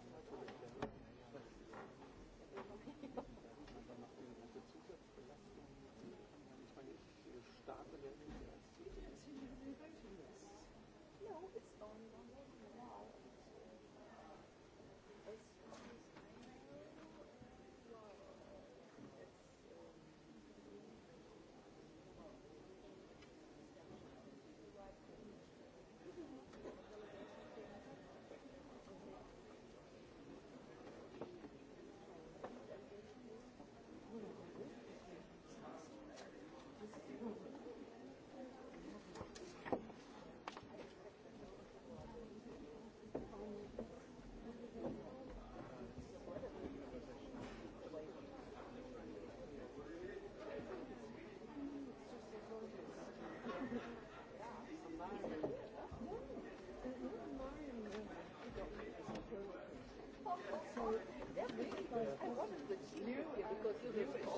kot ljubezen.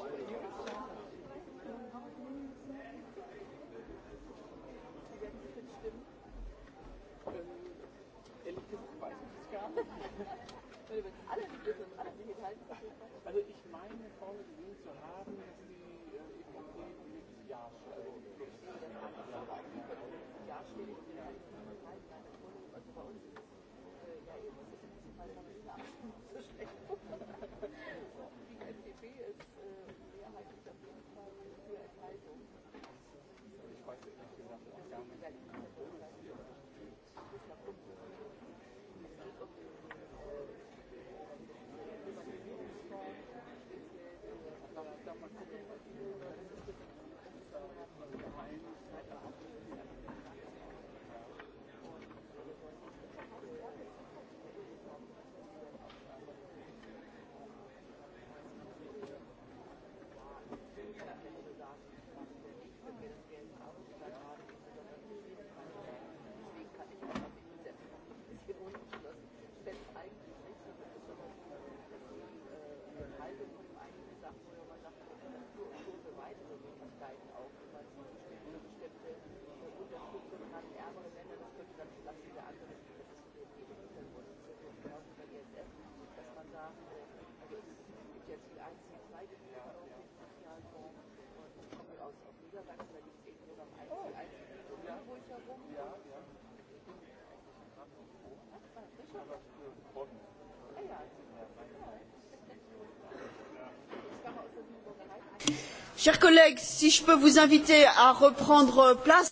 Chers collègues, si je peux vous inviter à reprendre place.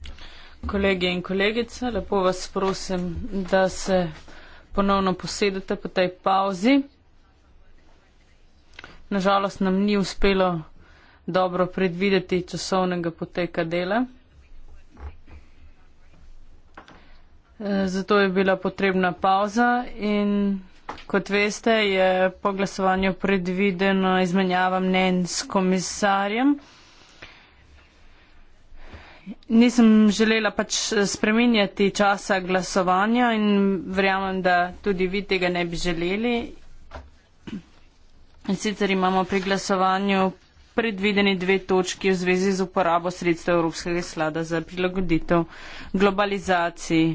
Kolege in kolegice, lepo vas prosim, da se ponovno posedete po tej pauzi. Nažalost nam ni uspelo dobro predvideti časovnega poteka dela. Zato je bila potrebna pauza in kot veste je po glasovanju predvideno izmenjava mnen s komisarjem. Nisem želela pač spreminjati časa glasovanja in verjamem, da tudi vi tega ne bi želeli. In sicer imamo pri glasovanju predvideni dve točki v zvezi z uporabo sredstev Evropskega sklada za prilagoditev globalizaciji.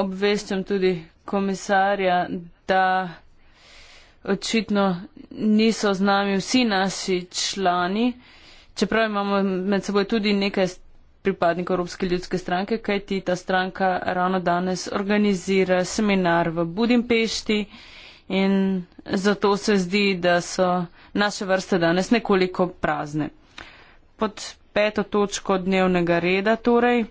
obveščam tudi komisarja, da očitno niso z nami vsi naši člani, čeprav imamo med seboj tudi nekaj pripadnikov Evropske ljudske stranke, kajti ta stranka ravno danes organizira seminar v Budimpešti in zato se zdi, da so naše vrste danes nekoliko prazne. Pod peto točko dnevnega reda torej.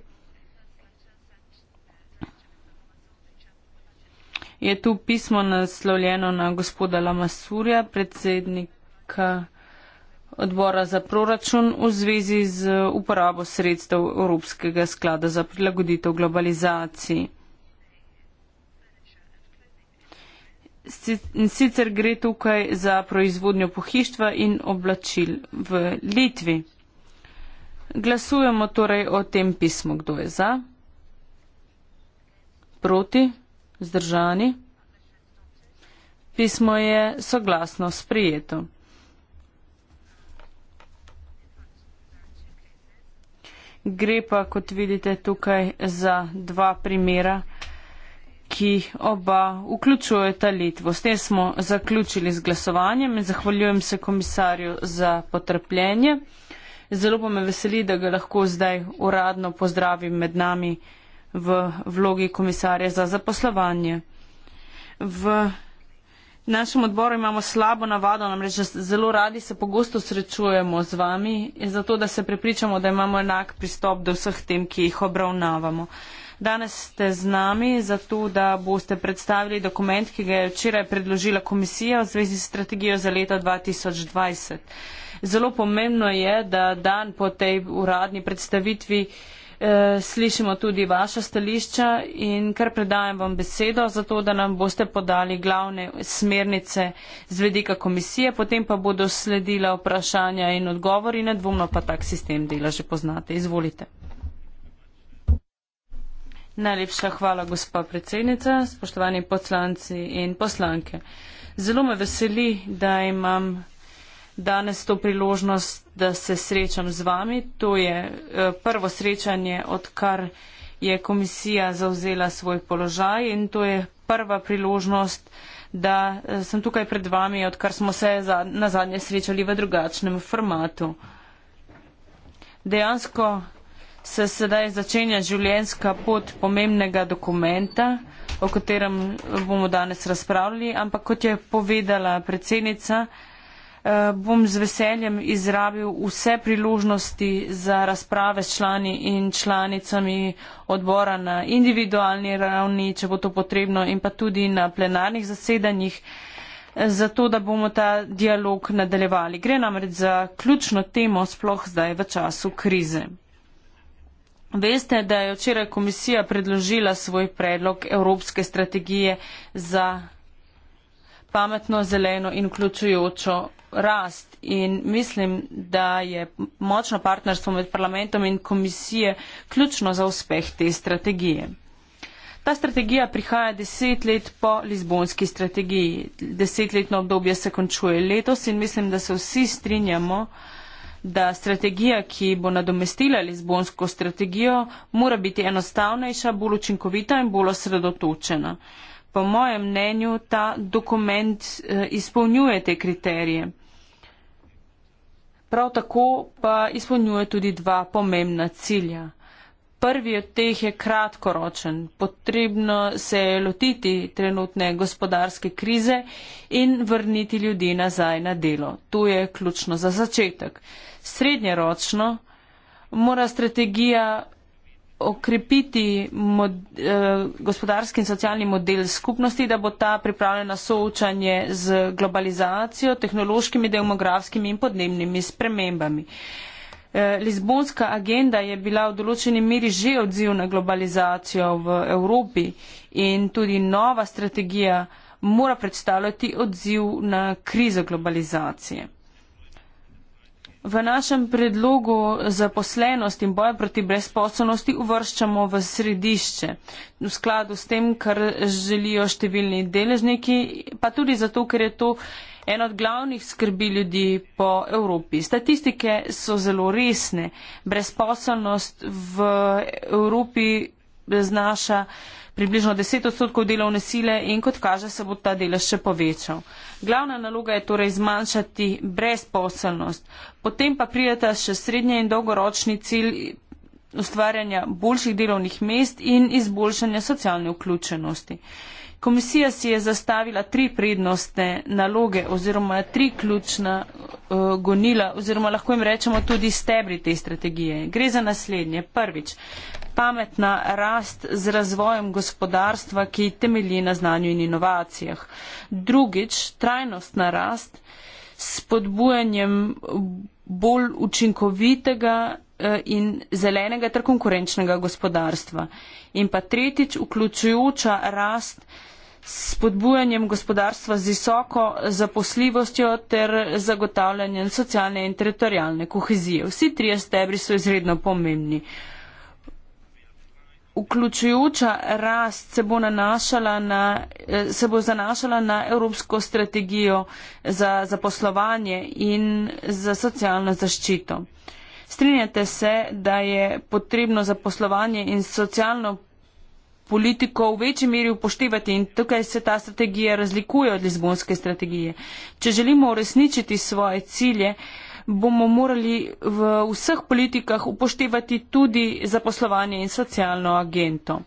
je tu pismo naslovljeno na gospoda Lamasurja, predsednika odbora za proračun v zvezi z uporabo sredstev Evropskega sklada za prilagoditev globalizaciji. Sicer gre tukaj za proizvodnjo pohištva in oblačil v Litvi. Glasujemo torej o tem pismu, kdo je za, proti. Vzdržani. Pismo je soglasno sprijeto. Gre pa, kot vidite tukaj, za dva primera, ki oba vključuje ta litvo. S tem smo zaključili z glasovanjem in zahvaljujem se komisarju za potrpljenje. Zelo pa me veseli, da ga lahko zdaj uradno pozdravim med nami v vlogi komisarja za zaposlovanje. V našem odboru imamo slabo navado, namreč zelo radi se pogosto srečujemo z vami, zato da se prepričamo, da imamo enak pristop do vseh tem, ki jih obravnavamo. Danes ste z nami, zato da boste predstavili dokument, ki ga je včeraj predložila komisija v zvezi s strategijo za leto 2020. Zelo pomembno je, da dan po tej uradni predstavitvi Eh, slišimo tudi vaša stališča in kar predajam vam besedo za to, da nam boste podali glavne smernice z vedika komisije, potem pa bodo sledila vprašanja in odgovori, nedvomno pa tak sistem dela že poznate. Izvolite. Najlepša hvala, gospa predsednica, spoštovani poslanci in poslanke. Zelo me veseli, da imam danes to priložnost, da se srečam z vami. To je eh, prvo srečanje, odkar je komisija zavzela svoj položaj in to je prva priložnost, da eh, sem tukaj pred vami, odkar smo se na zadnje srečali v drugačnem formatu. Dejansko se sedaj začenja življenjska pot pomembnega dokumenta, o katerem bomo danes razpravljali, ampak kot je povedala predsednica, Eh, bom z veseljem izrabil vse priložnosti za razprave s člani in članicami odbora na individualni ravni, če bo to potrebno, in pa tudi na plenarnih zasedanjih, eh, zato da bomo ta dialog nadaljevali. Gre namreč za ključno temo sploh zdaj v času krize. Veste, da je včeraj komisija predložila svoj predlog Evropske strategije za pametno, zeleno in vključujočo rast in mislim, da je močno partnerstvo med parlamentom in komisije ključno za uspeh te strategije. Ta strategija prihaja deset let po Lizbonski strategiji. Desetletno obdobje se končuje letos in mislim, da se vsi strinjamo, da strategija, ki bo nadomestila Lizbonsko strategijo, mora biti enostavnejša, bolj učinkovita in bolj osredotočena. Po mojem mnenju ta dokument eh, izpolnjuje te kriterije. Prav tako pa izpolnjuje tudi dva pomembna cilja. Prvi od teh je kratkoročen. Potrebno se je lotiti trenutne gospodarske krize in vrniti ljudi nazaj na delo. To je ključno za začetek. Srednjeročno mora strategija okrepiti mod, eh, gospodarski in socialni model skupnosti, da bo ta pripravljena soočanje z globalizacijo, tehnološkimi, demografskimi in podnebnimi spremembami. Eh, Lizbonska agenda je bila v določeni miri že odziv na globalizacijo v Evropi in tudi nova strategija mora predstavljati odziv na krizo globalizacije. V našem predlogu zaposlenost in boja proti brezposobnosti uvrščamo v središče. V skladu s tem, kar želijo številni deležniki, pa tudi zato, ker je to en od glavnih skrbi ljudi po Evropi. Statistike so zelo resne. Brezposobnost v Evropi znaša približno 10 odstotkov delovne sile in kot kaže se bo ta delež še povečal. Glavna naloga je torej zmanjšati brezposelnost. Potem pa prijeta še srednje in dolgoročni cilj ustvarjanja boljših delovnih mest in izboljšanja socialne vključenosti. Komisija si je zastavila tri prednostne naloge oziroma tri ključna uh, gonila oziroma lahko jim rečemo tudi stebri te strategije. Gre za naslednje. Prvič, pametna rast z razvojem gospodarstva, ki temelji na znanju in inovacijah. Drugič, trajnostna rast s podbujanjem bolj učinkovitega eh, in zelenega ter konkurenčnega gospodarstva. In pa tretjič, vključujoča rast s podbujanjem gospodarstva z visoko zaposljivostjo ter zagotavljanjem socialne in teritorijalne kohezije. Vsi trije stebri so izredno pomembni. Uh, vključujoča rast se bo, nanašala na, eh, se bo zanašala na evropsko strategijo za zaposlovanje in za socialno zaščito. Strinjate se, da je potrebno zaposlovanje in socialno politiko v večji meri upoštevati in tukaj se ta strategija razlikuje od lizbonske strategije. Če želimo uresničiti svoje cilje, uh, bomo morali v vseh politikah upoštevati tudi zaposlovanje in socialno agento.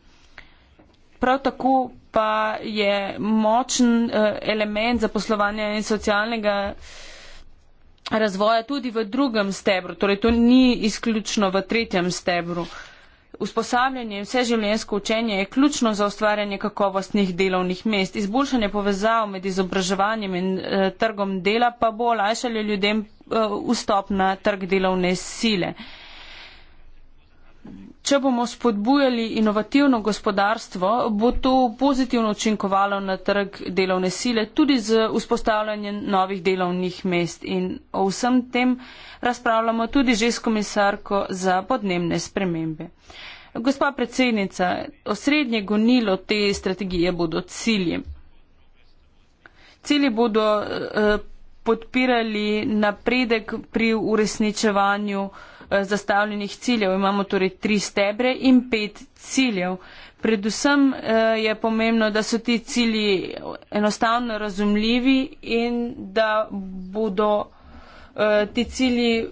Prav tako pa je močen eh, element zaposlovanja in socialnega eh, razvoja tudi v drugem stebru, torej to ni izključno v tretjem stebru usposabljanje in vseživljenjsko učenje je ključno za ustvarjanje kakovostnih delovnih mest. Izboljšanje povezav med izobraževanjem in eh, trgom dela pa bo olajšalo ljudem eh, vstop na trg delovne sile. Če bomo spodbujali inovativno gospodarstvo, bo to pozitivno učinkovalo na trg delovne sile, tudi z vzpostavljanjem novih delovnih mest. In o vsem tem razpravljamo tudi že s komisarko za podnebne spremembe. Gospa predsednica, osrednje gonilo te strategije bodo cilji. Cilji bodo eh, podpirali napredek pri uresničevanju eh, zastavljenih ciljev. Imamo torej tri stebre in pet ciljev. Predvsem eh, je pomembno, da so ti cilji enostavno razumljivi in da bodo ti cilji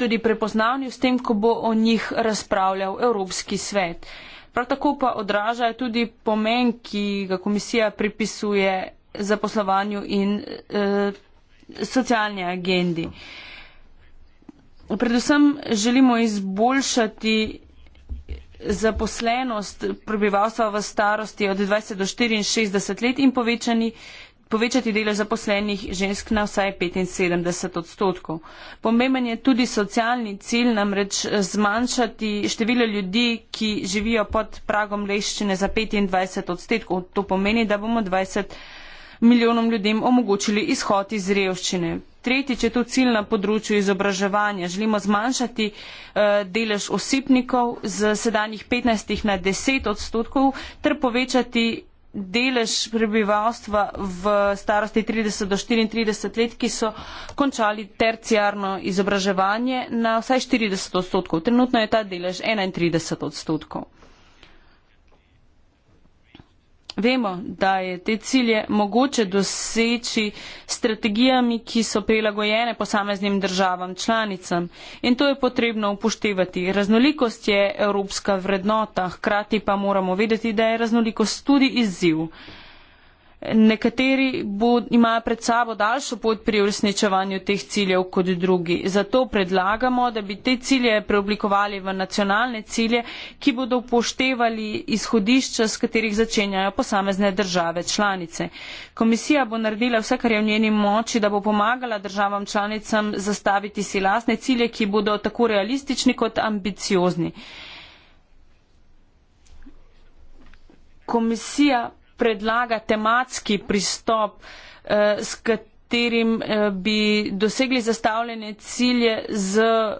tudi prepoznavni s tem, ko bo o njih razpravljal Evropski svet. Prav tako pa odražajo tudi pomen, ki ga komisija pripisuje zaposlovanju in eh, socialni agendi. Predvsem želimo izboljšati zaposlenost prebivalstva v starosti od 20 do 64 let in povečani eh, povečati delo zaposlenih žensk na vsaj 75 odstotkov. Pomemben je tudi socialni cilj, namreč eh, zmanjšati število ljudi, ki živijo pod pragom leščine za 25 odstotkov. To pomeni, da bomo 20 milijonom ljudem omogočili izhod iz revščine. Tretjič je to cilj na področju izobraževanja. Želimo zmanjšati eh, delež osipnikov z sedanjih 15 na 10 odstotkov ter povečati delež prebivalstva v starosti 30 do 34 let, ki so končali terciarno izobraževanje na vsaj 40 odstotkov. Trenutno je ta delež 31 odstotkov. Vemo, da je te cilje mogoče doseči strategijami, ki so prilagojene posameznim državam članicam. In to je potrebno upoštevati. Raznolikost je evropska vrednota, hkrati pa moramo vedeti, da je raznolikost tudi izziv. Nekateri bo, imajo pred sabo daljšo pot pri uresničevanju teh ciljev kot drugi. Zato predlagamo, da bi te cilje preoblikovali v nacionalne cilje, ki bodo upoštevali izhodišča, s katerih začenjajo posamezne države članice. Komisija bo naredila vse, kar je v njeni moči, da bo pomagala državam članicam zastaviti si lasne cilje, ki bodo tako realistični kot ambiciozni. Komisija predlaga tematski pristop, eh, s katerim eh, bi dosegli zastavljene cilje z eh,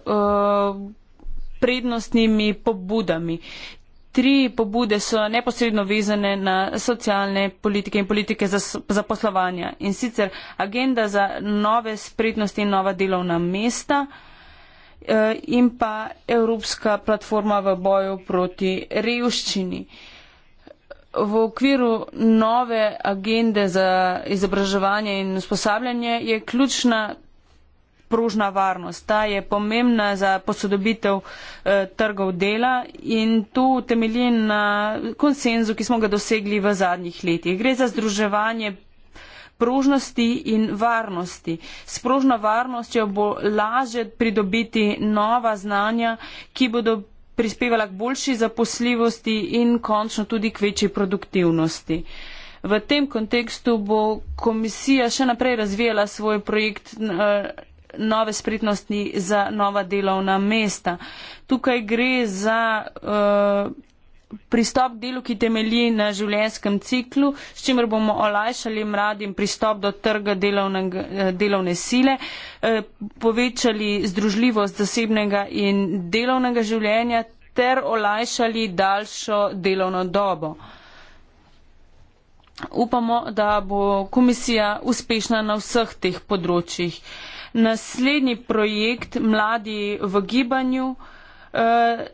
prednostnimi pobudami. Tri pobude so neposredno vezane na socialne politike in politike zaposlovanja. In sicer agenda za nove spretnosti in nova delovna mesta in pa Evropska platforma v boju proti revščini. Uh, V okviru nove agende za izobraževanje in usposabljanje je ključna pružna varnost. Ta je pomembna za posodobitev eh, trgov dela in tu temelji na konsenzu, ki smo ga dosegli v zadnjih letih. Gre za združevanje pružnosti in varnosti. S pružno varnostjo bo lažje pridobiti nova znanja, ki bodo prispevala k boljši zaposljivosti in končno tudi k večji produktivnosti. V tem kontekstu bo komisija še naprej razvijala svoj projekt e, nove spretnosti za nova delovna mesta. Tukaj gre za uh, pristop k delu, ki temelji na življenskem ciklu, s čimer bomo olajšali mladim pristop do trga eh, delovne sile, eh, povečali združljivost zasebnega in delovnega življenja ter olajšali daljšo delovno dobo. Upamo, da bo komisija uspešna na vseh teh področjih. Naslednji projekt Mladi v gibanju. Uh,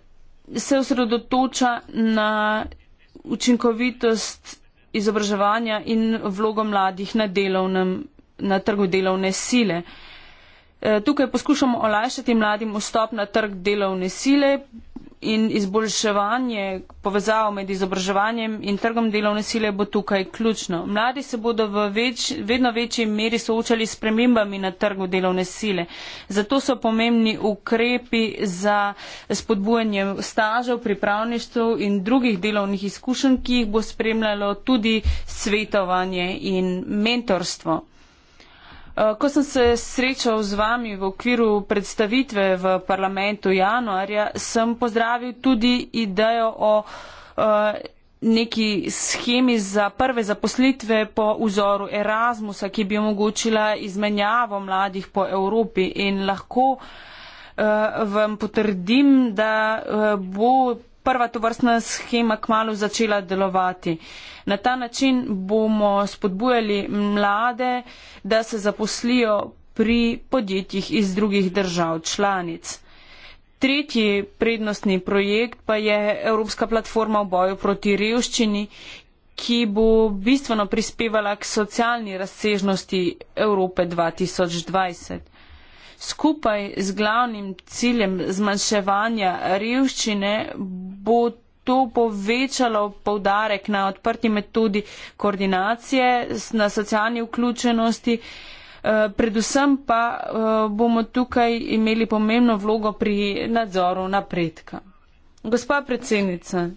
se osredotoča na učinkovitost izobraževanja in vlogo mladih na, delovnem, na trgu delovne sile. E, tukaj poskušamo olajšati mladim vstop na trg delovne sile, in izboljševanje povezav med izobraževanjem in trgom delovne sile bo tukaj ključno. Mladi se bodo v več, vedno večji meri soočali s premembami na trgu delovne sile. Zato so pomembni ukrepi za spodbujanje stažev, pripravništv in drugih delovnih izkušenj, ki jih bo spremljalo tudi svetovanje in mentorstvo. Eh, ko sem se srečal z vami v okviru predstavitve v parlamentu januarja, sem pozdravil tudi idejo o eh, neki schemi za prve zaposlitve po vzoru Erasmusa, ki bi omogočila izmenjavo mladih po Evropi in lahko eh, vam potrdim, da bo prva to vrstna schema kmalo začela delovati. Na ta način bomo spodbujali mlade, da se zaposlijo pri podjetjih iz drugih držav članic. Tretji prednostni projekt pa je Evropska platforma v boju proti revščini, ki bo bistveno prispevala k socialni razsežnosti Evrope 2020 skupaj z glavnim ciljem zmanjševanja revščine bo to povečalo povdarek na odprti metodi koordinacije, na socialni vključenosti. Eh, predvsem pa eh, bomo tukaj imeli pomembno vlogo pri nadzoru napredka. Gospa predsednica,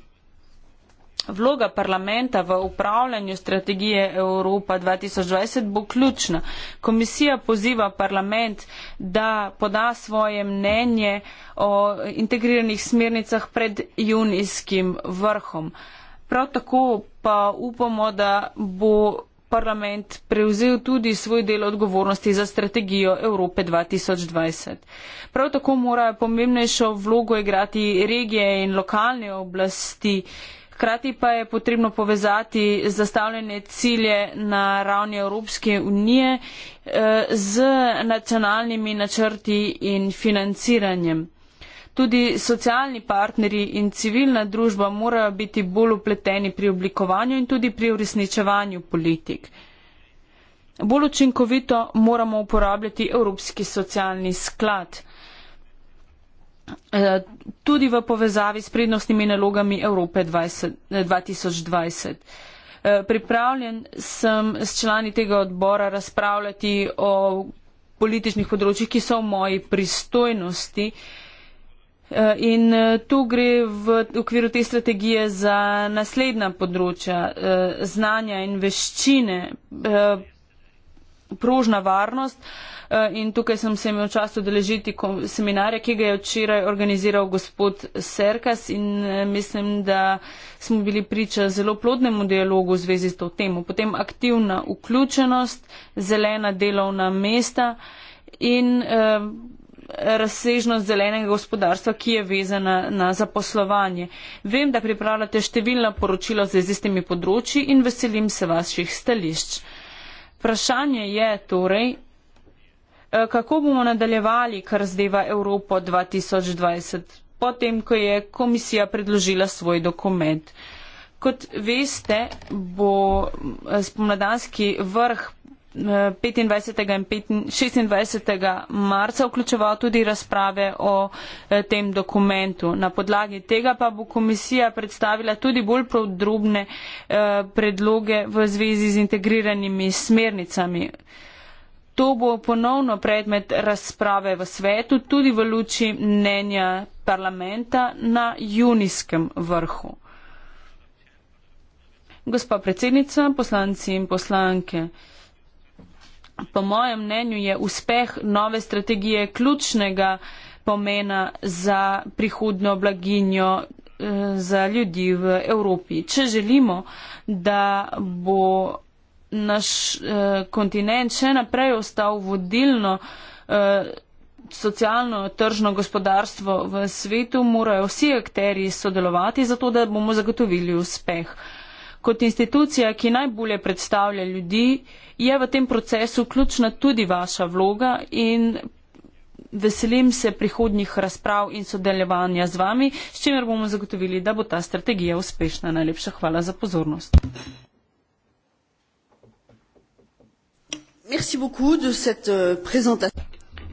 Vloga parlamenta v upravljanju strategije Evropa 2020 bo ključna. Komisija poziva parlament, da poda svoje mnenje o integriranih smernicah pred junijskim vrhom. Prav tako pa upamo, da bo parlament prevzel tudi svoj del odgovornosti za strategijo Evrope 2020. Prav tako morajo pomembnejšo vlogo igrati regije in lokalne oblasti, Hkrati pa je potrebno povezati zastavljene cilje na ravni Evropske unije eh, z nacionalnimi načrti in financiranjem. Tudi socialni partneri in civilna družba morajo biti bolj upleteni pri oblikovanju in tudi pri uresničevanju politik. Bolj učinkovito moramo uporabljati Evropski socialni sklad – Eh, tudi v povezavi s prednostnimi nalogami Evrope 20, 2020. Eh, eh, pripravljen sem s člani tega odbora razpravljati o političnih področjih, ki so v moji pristojnosti. In tu gre v okviru te strategije za naslednja področja znanja in veščine, prožna varnost eh, in tukaj sem se imel čas odeležiti seminarja, ki ga je včeraj organiziral gospod Serkas in eh, mislim, da smo bili priča zelo plodnemu dialogu v zvezi s to temo. Potem aktivna vključenost, zelena delovna mesta in eh, razsežnost zelenega gospodarstva, ki je vezana na zaposlovanje. Vem, da pripravljate številna poročila z izistimi področji in veselim se vaših stališč. Vprašanje je torej, eh, kako bomo nadaljevali, kar zdeva Evropo 2020, potem, ko je komisija predložila svoj dokument. Kot veste, bo eh, spomladanski vrh 25. in 26. marca vključeval tudi razprave o eh, tem dokumentu. Na podlagi tega pa bo komisija predstavila tudi bolj podrobne eh, predloge v zvezi z integriranimi smernicami. To bo ponovno predmet razprave v svetu, tudi v luči mnenja parlamenta na junijskem vrhu. Gospa predsednica, poslanci in poslanke, po mojem mnenju je uspeh nove strategije ključnega pomena za prihodno blaginjo eh, za ljudi v Evropi. Če želimo, da bo naš eh, kontinent še naprej ostal vodilno eh, socialno, tržno gospodarstvo v svetu, morajo vsi akteri sodelovati, zato da bomo zagotovili uspeh. Kot institucija, ki najbolje predstavlja ljudi, je v tem procesu ključna tudi vaša vloga in veselim se prihodnjih razprav in sodelovanja z vami, s čimer bomo zagotovili, da bo ta strategija uspešna. Najlepša hvala za pozornost. Euh,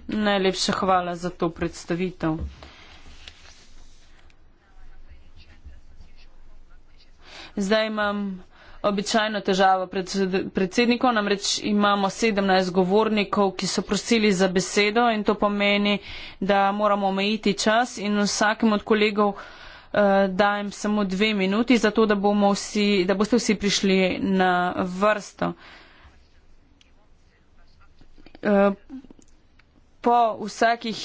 Najlepša hvala za to predstavitev. Zdaj imam običajno težavo pred predsednikom, namreč imamo 17 govornikov, ki so prosili za besedo in to pomeni, da moramo omejiti čas in vsakem od kolegov uh, dajem samo dve minuti, zato da, vsi, da boste vsi prišli na vrsto. Eh, po vsakih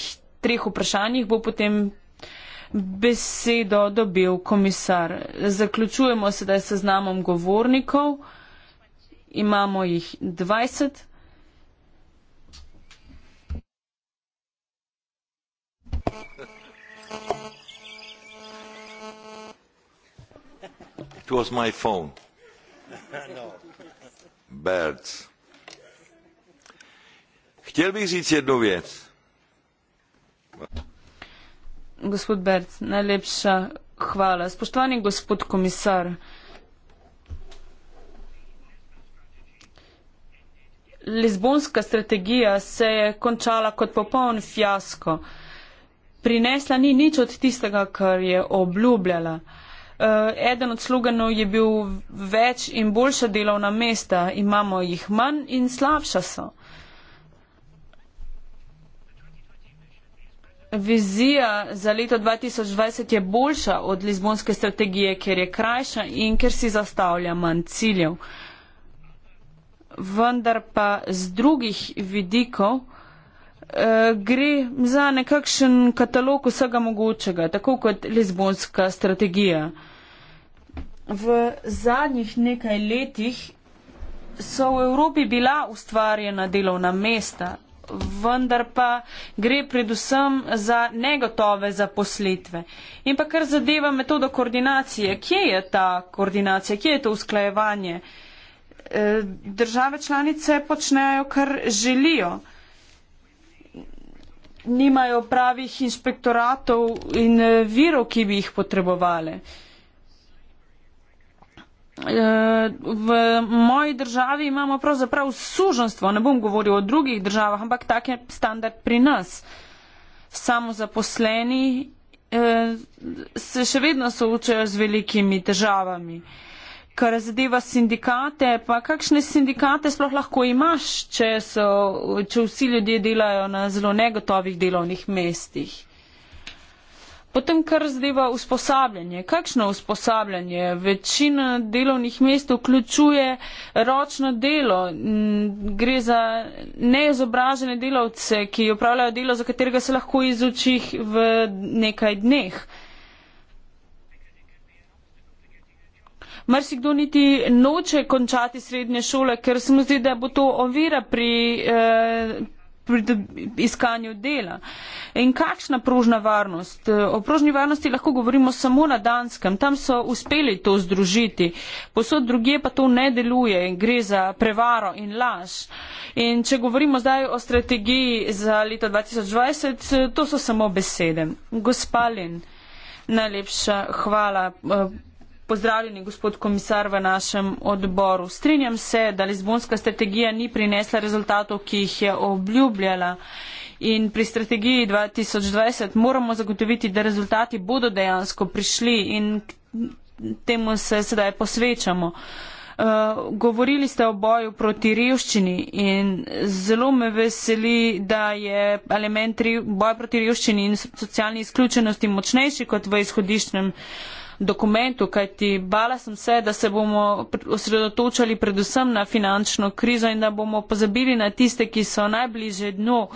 treh vprašanjih bo potem besedo dobil komisar. Zaključujemo sedaj se znamom govornikov. Imamo jih 20. It was my phone. no. Birds. Chtěl bych říct jednu věc. What? Gospod Berc, najlepša hvala. Spoštovani gospod komisar, Lizbonska strategija se je končala kot popoln fiasko. Prinesla ni nič od tistega, kar je obljubljala. Eh, eden od sloganov je bil več in boljša delovna mesta, imamo jih manj in slabša so. vizija za leto 2020 je boljša od Lizbonske strategije, ker je krajša in ker si zastavlja manj ciljev. Vendar pa z drugih vidikov eh, gre za nekakšen katalog vsega mogočega, tako kot Lizbonska strategija. V zadnjih nekaj letih so v Evropi bila ustvarjena delovna mesta, vendar pa gre predvsem za negotove zaposlitve. In pa kar zadeva metodo koordinacije, kje je ta koordinacija, kje je to usklajevanje? Eh, države članice počnejo, kar želijo. Nimajo pravih inšpektoratov in eh, virov, ki bi jih potrebovali v moji državi imamo pravzaprav suženstvo, ne bom govoril o drugih državah, ampak tak je standard pri nas. Samo zaposleni eh, se še vedno soočajo z velikimi državami. Kar zadeva sindikate, pa kakšne sindikate sploh lahko imaš, če, so, če vsi ljudje delajo na zelo negotovih delovnih mestih? Potem kar zdeva usposabljanje. Kakšno usposabljanje? Večina delovnih mest vključuje ročno delo. Mm, gre za neizobražene delavce, ki upravljajo delo, za katerega se lahko izuči v nekaj dneh. Mar si kdo niti noče končati srednje šole, ker se mu zdi, da bo to ovira pri. Eh, pri iskanju dela. In kakšna pružna varnost? O pružni varnosti lahko govorimo samo na Danskem. Tam so uspeli to združiti. Posod druge pa to ne deluje in gre za prevaro in laž. In če govorimo zdaj o strategiji za leto 2020, to so samo besede. Gospalin, najlepša hvala. Eh, pozdravljeni, gospod komisar, v našem odboru. Strinjam se, da Lizbonska strategija ni prinesla rezultatov, ki jih je obljubljala. In pri strategiji 2020 moramo zagotoviti, da rezultati bodo dejansko prišli in temu se sedaj posvečamo. Uh, govorili ste o boju proti revščini in zelo me veseli, da je element boja proti revščini in socialni izključenosti močnejši kot v izhodišnjem uh, dokumentu, kajti bala sem se, da se bomo osredotočali predvsem na finančno krizo in da bomo pozabili na tiste, ki so najbliže dno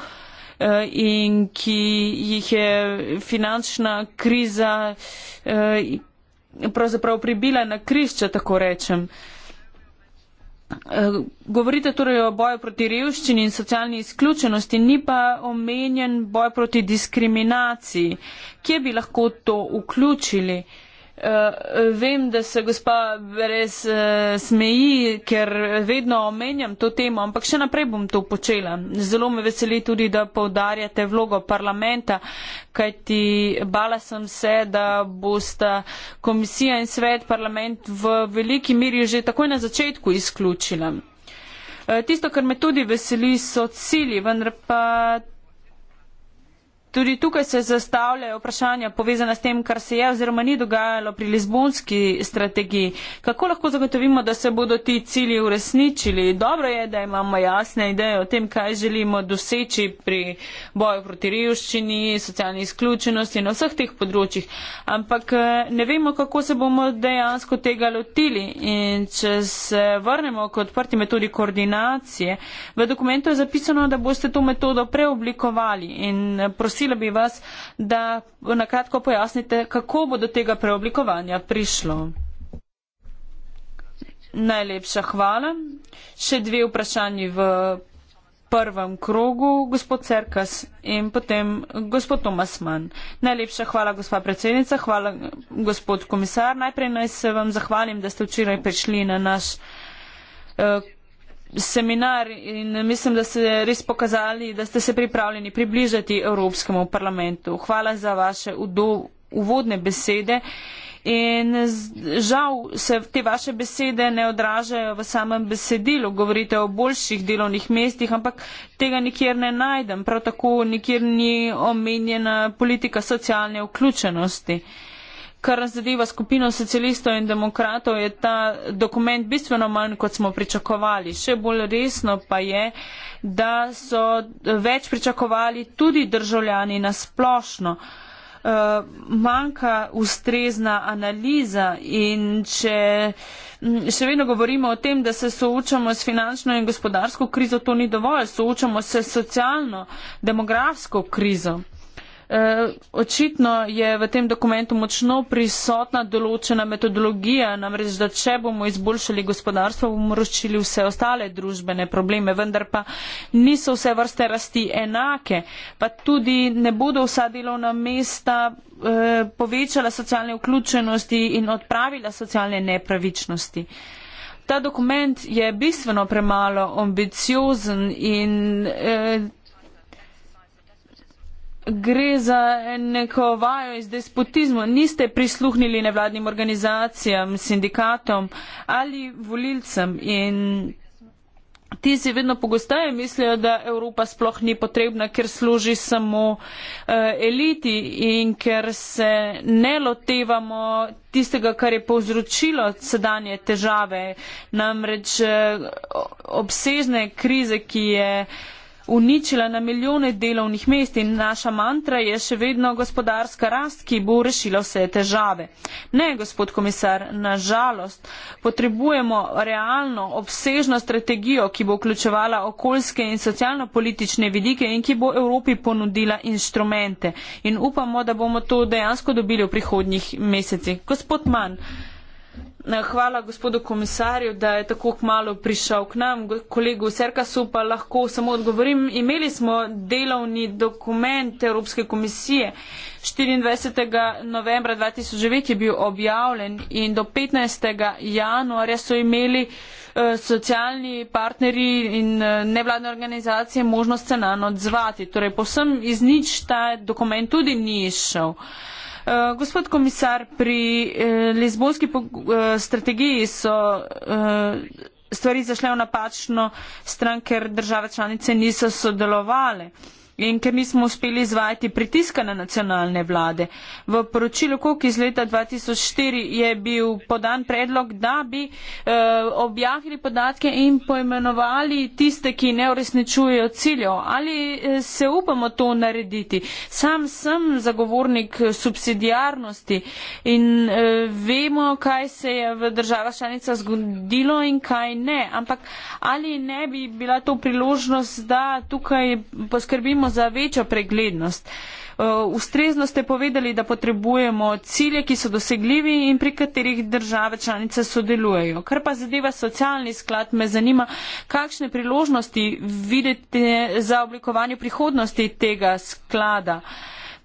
eh, in ki jih je finančna kriza eh, pravzaprav pribila na križ, če tako rečem. Eh, govorite torej o boju proti revščini in socialni izključenosti, ni pa omenjen boj proti diskriminaciji. Kje bi lahko to vključili? Uh, Uh, vem, da se gospa res uh, smeji, ker vedno omenjam to temo, ampak še naprej bom to počela. Zelo me veseli tudi, da povdarjate vlogo parlamenta, kajti bala sem se, da bosta komisija in svet parlament v veliki miri že takoj na začetku izključila. Uh, tisto, kar me tudi veseli, so cilji, vendar pa. Tudi tukaj se zastavljajo vprašanja povezana s tem, kar se je oziroma ni dogajalo pri Lizbonski strategiji. Kako lahko zagotovimo, da se bodo ti cilji uresničili? Dobro je, da imamo jasne ideje o tem, kaj želimo doseči pri boju proti revščini, socialni izključenosti in vseh teh področjih. Ampak eh, ne vemo, kako se bomo dejansko tega lotili. In če se vrnemo k odprti metodi koordinacije, v dokumentu je zapisano, da boste to metodo preoblikovali in prosili prosila bi vas, da nakratko pojasnite, kako bo do tega preoblikovanja prišlo. Najlepša hvala. Še dve vprašanji v prvem krogu, gospod Cerkas in potem gospod Tomasman. Najlepša hvala, gospa predsednica, hvala, gospod komisar. Najprej naj se vam zahvalim, da ste včeraj prišli na naš eh, seminar in mislim, da ste res pokazali, da ste se pripravljeni približati Evropskemu parlamentu. Hvala za vaše uvodne besede. In žal se te vaše besede ne odražajo v samem besedilu. Govorite o boljših delovnih mestih, ampak tega nikjer ne najdem. Prav tako nikjer ni omenjena politika socialne vključenosti. Uh, kar zadeva skupino socialistov in demokratov, je ta dokument bistveno manj, kot smo pričakovali. Še bolj resno pa je, da so več pričakovali tudi državljani na splošno. Eh, manjka ustrezna analiza in če še vedno govorimo o tem, da se soočamo s finančno in gospodarsko krizo, to ni dovolj. Soočamo se s socialno, demografsko krizo. Eh, očitno je v tem dokumentu močno prisotna določena metodologija, namreč, da če bomo izboljšali gospodarstvo, bomo rošili vse ostale družbene probleme, vendar pa niso vse vrste rasti enake, pa tudi ne bodo vsa delovna mesta eh, povečala socialne vključenosti in odpravila socialne nepravičnosti. Ta dokument je bistveno premalo ambiciozen in eh, gre za neko vajo iz despotizma. Niste prisluhnili nevladnim organizacijam, sindikatom ali volilcem in ti si vedno pogosteje mislijo, da Evropa sploh ni potrebna, ker služi samo uh, eliti in ker se ne lotevamo tistega, kar je povzročilo sedanje težave, namreč uh, obsežne krize, ki je uh, uničila na milijone delovnih mest in naša mantra je še vedno gospodarska rast, ki bo rešila vse težave. Ne, gospod komisar, nažalost, potrebujemo realno, obsežno strategijo, ki bo vključevala okoljske in socialno-politične vidike in ki bo Evropi ponudila instrumente. In upamo, da bomo to dejansko dobili v prihodnjih mesecih. Gospod Mann, Hvala gospodu komisarju, da je tako kmalo prišel k nam. Kolegu Serkasu pa lahko samo odgovorim. Imeli smo delovni dokument Evropske komisije. 24. novembra 2009 je bil objavljen in do 15. januarja so imeli eh, socialni partneri in eh, nevladne organizacije možnost se nanj odzvati. Torej, posem iz nič ta dokument tudi ni išel. Eh, gospod komisar, pri eh, lizbonski eh, strategiji so stvari zašle v napačno stran, ker države članice niso sodelovali in ker nismo uspeli izvajati pritiska na nacionalne vlade. V poročilu KUK iz leta 2004 je bil podan predlog, da bi eh, objavili podatke in poimenovali tiste, ki ne uresničujejo ciljev. Ali eh, se upamo to narediti? Sam sem zagovornik subsidijarnosti in eh, vemo, kaj se je v država šanica zgodilo in kaj ne. Ampak ali ne bi bila to priložnost, da tukaj poskrbimo skrbimo za večjo preglednost. Eh, ustrezno ste povedali, da potrebujemo cilje, ki so dosegljivi in pri katerih države članice sodelujejo. Kar pa zadeva socialni sklad, me zanima, kakšne priložnosti vidite za oblikovanje prihodnosti tega sklada. Uh,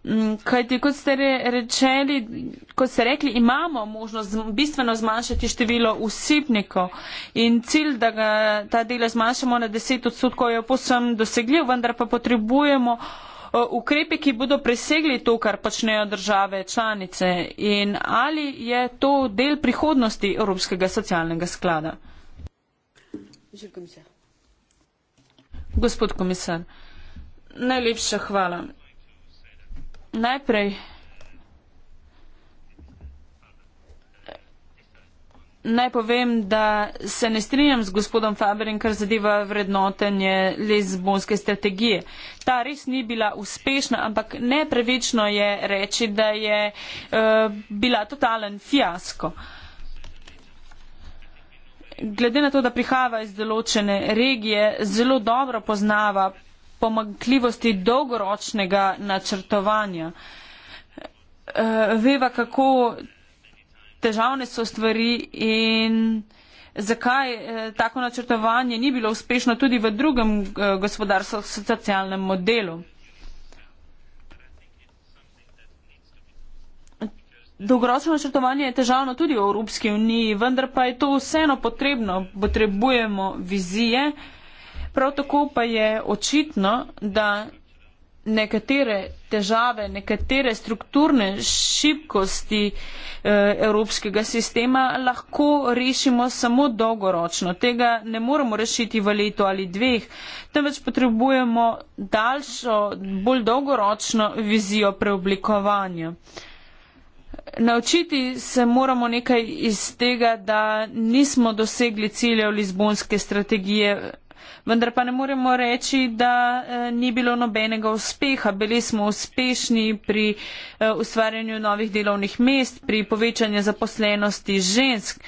Mm, kajti, kot ste rečeli, kot ste rekli, imamo možnost bistveno zmanjšati število usipnikov in cilj, da ga ta dela zmanjšamo na 10 odstotkov, je posem dosegljiv, vendar pa potrebujemo eh, ukrepe, ki bodo presegli to, kar počnejo države članice in ali je to del prihodnosti Evropskega socialnega sklada. Gospod komisar, najlepša hvala najprej. Naj povem, da se ne strinjam z gospodom Faberin, kar zadeva vrednotenje lizbonske strategije. Ta res ni bila uspešna, ampak neprevečno je reči, da je uh, bila totalen fiasko. Glede na to, da prihaja iz določene regije, zelo dobro poznava pomagljivosti dolgoročnega načrtovanja. Eh, veva, kako težavne so stvari in zakaj eh, tako načrtovanje ni bilo uspešno tudi v drugem eh, gospodarsko-socialnem modelu. Dolgoročno načrtovanje je težavno tudi v Evropski uniji, vendar pa je to vseeno potrebno. Potrebujemo vizije. Prav tako pa je očitno, da nekatere težave, nekatere strukturne šibkosti eh, evropskega sistema lahko rešimo samo dolgoročno. Tega ne moremo rešiti v letu ali dveh, temveč potrebujemo daljšo, bolj dolgoročno vizijo preoblikovanja. Naučiti se moramo nekaj iz tega, da nismo dosegli ciljev Lizbonske strategije vendar pa ne moremo reči, da eh, ni bilo nobenega uspeha. Bili smo uspešni pri eh, ustvarjanju novih delovnih mest, pri povečanju zaposlenosti žensk.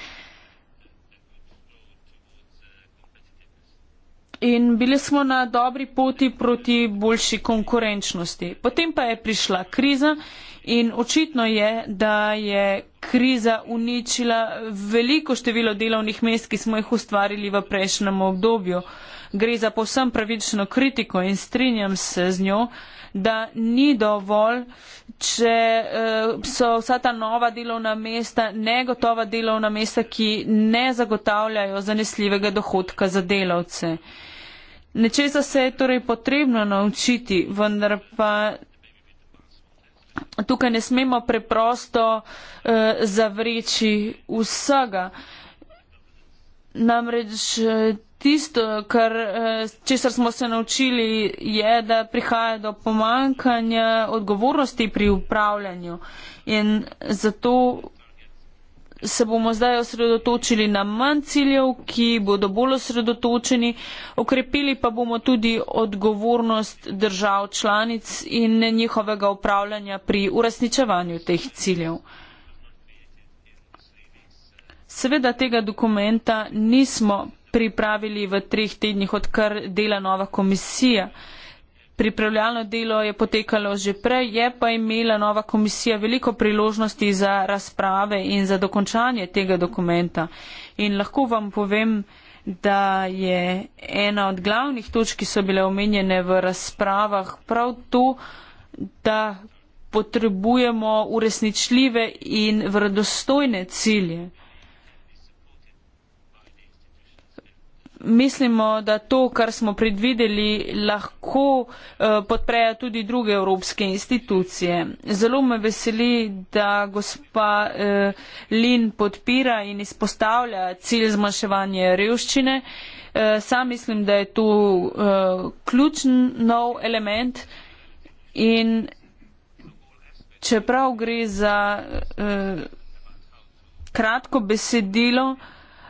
In bili smo na dobri poti proti boljši konkurenčnosti. Potem pa je prišla kriza In očitno je, da je kriza uničila veliko število delovnih mest, ki smo jih ustvarili v prejšnjem obdobju. Gre za povsem pravično kritiko in strinjam se z njo, da ni dovolj, če eh, so vsa ta nova delovna mesta, negotova delovna mesta, ki ne zagotavljajo zanesljivega dohodka za delavce. Nečesa se je torej potrebno naučiti, vendar pa tukaj ne smemo preprosto eh, zavreči vsega. Namreč eh, tisto, kar, eh, česar smo se naučili, je, da prihaja do pomankanja odgovornosti pri upravljanju. In zato se bomo zdaj osredotočili na manj ciljev, ki bodo bolj osredotočeni, okrepili pa bomo tudi odgovornost držav članic in njihovega upravljanja pri uresničevanju teh ciljev. Seveda tega dokumenta nismo pripravili v treh tednih, odkar dela nova komisija. Pripravljalno delo je potekalo že prej, je pa imela nova komisija veliko priložnosti za razprave in za dokončanje tega dokumenta. In lahko vam povem, da je ena od glavnih točk, ki so bile omenjene v razpravah, prav to, da potrebujemo uresničljive in vredostojne cilje. mislimo, da to, kar smo predvideli, lahko eh, podprejo tudi druge evropske institucije. Zelo me veseli, da gospa eh, Lin podpira in izpostavlja cilj zmanjševanja revščine. Eh, sam mislim, da je to eh, ključen nov element in čeprav gre za. Eh, Kratko besedilo.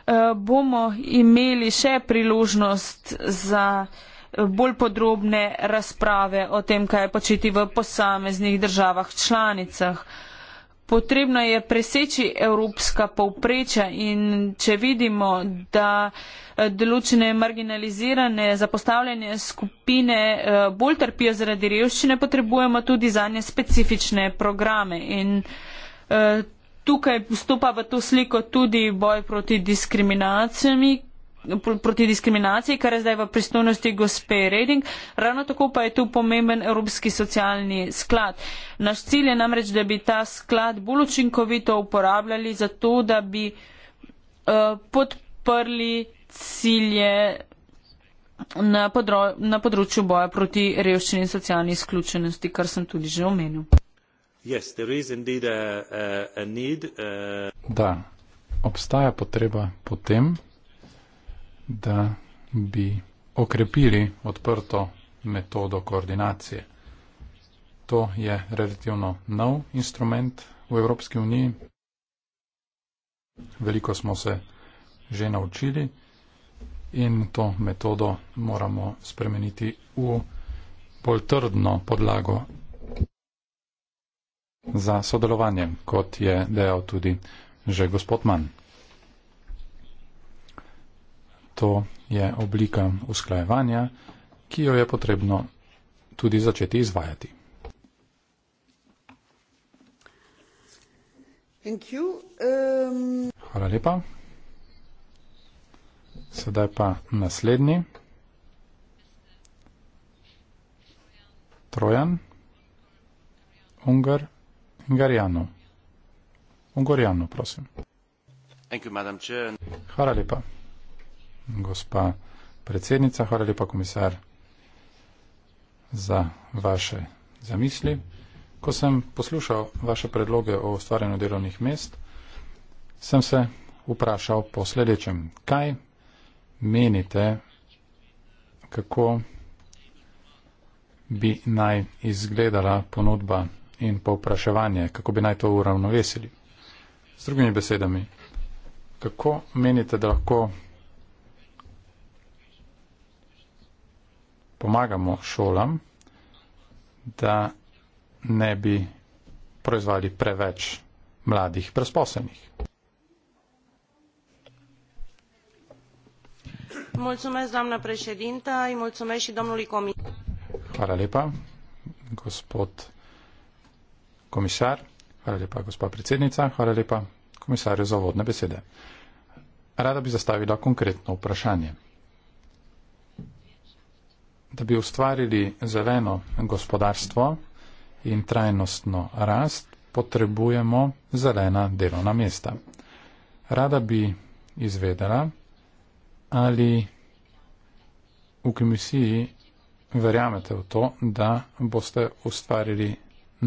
Eh, bomo imeli še priložnost za eh, bolj podrobne razprave o tem, kaj je početi v posameznih državah članicah. Potrebno je preseči evropska povpreča in če vidimo, da eh, določene marginalizirane, zapostavljene skupine bolj trpijo zaradi revščine, potrebujemo tudi za nje specifične programe. In tukaj vstopa v to sliko tudi boj proti diskriminacijami proti diskriminaciji, kar je zdaj v pristojnosti gospe Reding. Ravno tako pa je tu pomemben Evropski socialni sklad. Naš cilj je namreč, da bi ta sklad bolj učinkovito uporabljali za to, da bi uh, podprli cilje na, podro, na področju boja proti revščini in socialni izključenosti, kar sem tudi že omenil. Uh, da, obstaja potreba potem, da bi okrepili odprto metodo koordinacije. To je relativno nov instrument v Evropski uniji. Veliko smo se že naučili in to metodo moramo spremeniti v bolj trdno podlago za sodelovanje, kot je dejal tudi že gospod Mann. To je oblika usklajevanja, ki jo je potrebno tudi začeti izvajati. Um... Hvala lepa. Sedaj pa naslednji. Trojan, Ungar. Ungarijanu. Ungarijanu, prosim. Hvala lepa, gospa predsednica, hvala lepa, komisar, za vaše zamisli. Ko sem poslušal vaše predloge o ustvarjanju delovnih mest, sem se vprašal po sledečem. Kaj menite, kako bi naj izgledala ponudba in povpraševanje, kako bi naj to uravnovesili. Z drugimi besedami, kako menite, da lahko pomagamo šolam, da ne bi proizvali preveč mladih brezposelnih? Mulțumesc, doamnă președintă, îi mulțumesc și domnului comisar. Hvala lepa, gospod komisar, hvala lepa, gospa predsednica, hvala lepa, komisarju za vodne besede. Rada bi zastavila konkretno vprašanje. Da bi ustvarili zeleno gospodarstvo in trajnostno rast, potrebujemo zelena delovna mesta. Rada bi izvedela, ali v komisiji verjamete v to, da boste ustvarili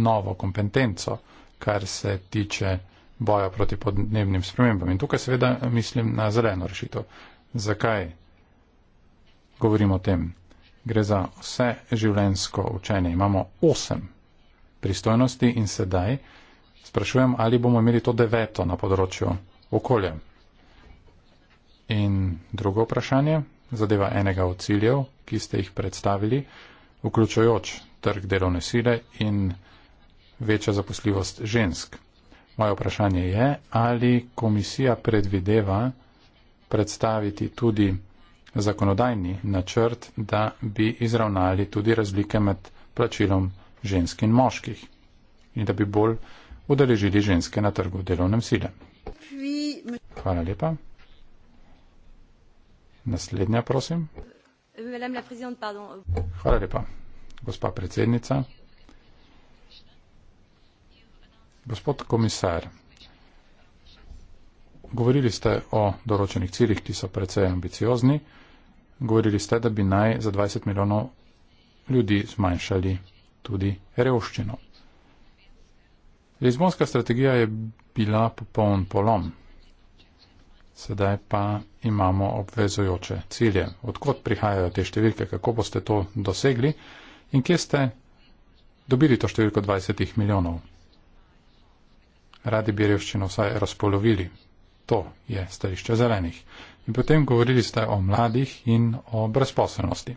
novo kompetenco, kar se tiče boja proti podnebnim spremembam. In tukaj seveda mislim na zeleno rešitev. Zakaj govorimo o tem? Gre za vse življensko učenje. Imamo osem pristojnosti in sedaj sprašujem, ali bomo imeli to deveto na področju okolja. In drugo vprašanje zadeva enega od ciljev, ki ste jih predstavili, vključujoč trg delovne sile in večja zaposljivost žensk. Moje vprašanje je, ali komisija predvideva predstaviti tudi zakonodajni načrt, da bi izravnali tudi razlike med plačilom žensk in moških in da bi bolj udeležili ženske na trgu delovnem sile. Hvala lepa. Naslednja, prosim. Hvala lepa, gospa predsednica. Gospod komisar, govorili ste o določenih ciljih, ki so precej ambiciozni. Govorili ste, da bi naj za 20 milijonov ljudi zmanjšali tudi revščino. Lizbonska strategija je bila popoln polom. Sedaj pa imamo obvezujoče cilje. Odkot prihajajo te številke, kako boste to dosegli in kje ste dobili to številko 20 milijonov? radi bi revščino vsaj razpolovili. To je stališče zelenih. In potem govorili ste o mladih in o brezposelnosti.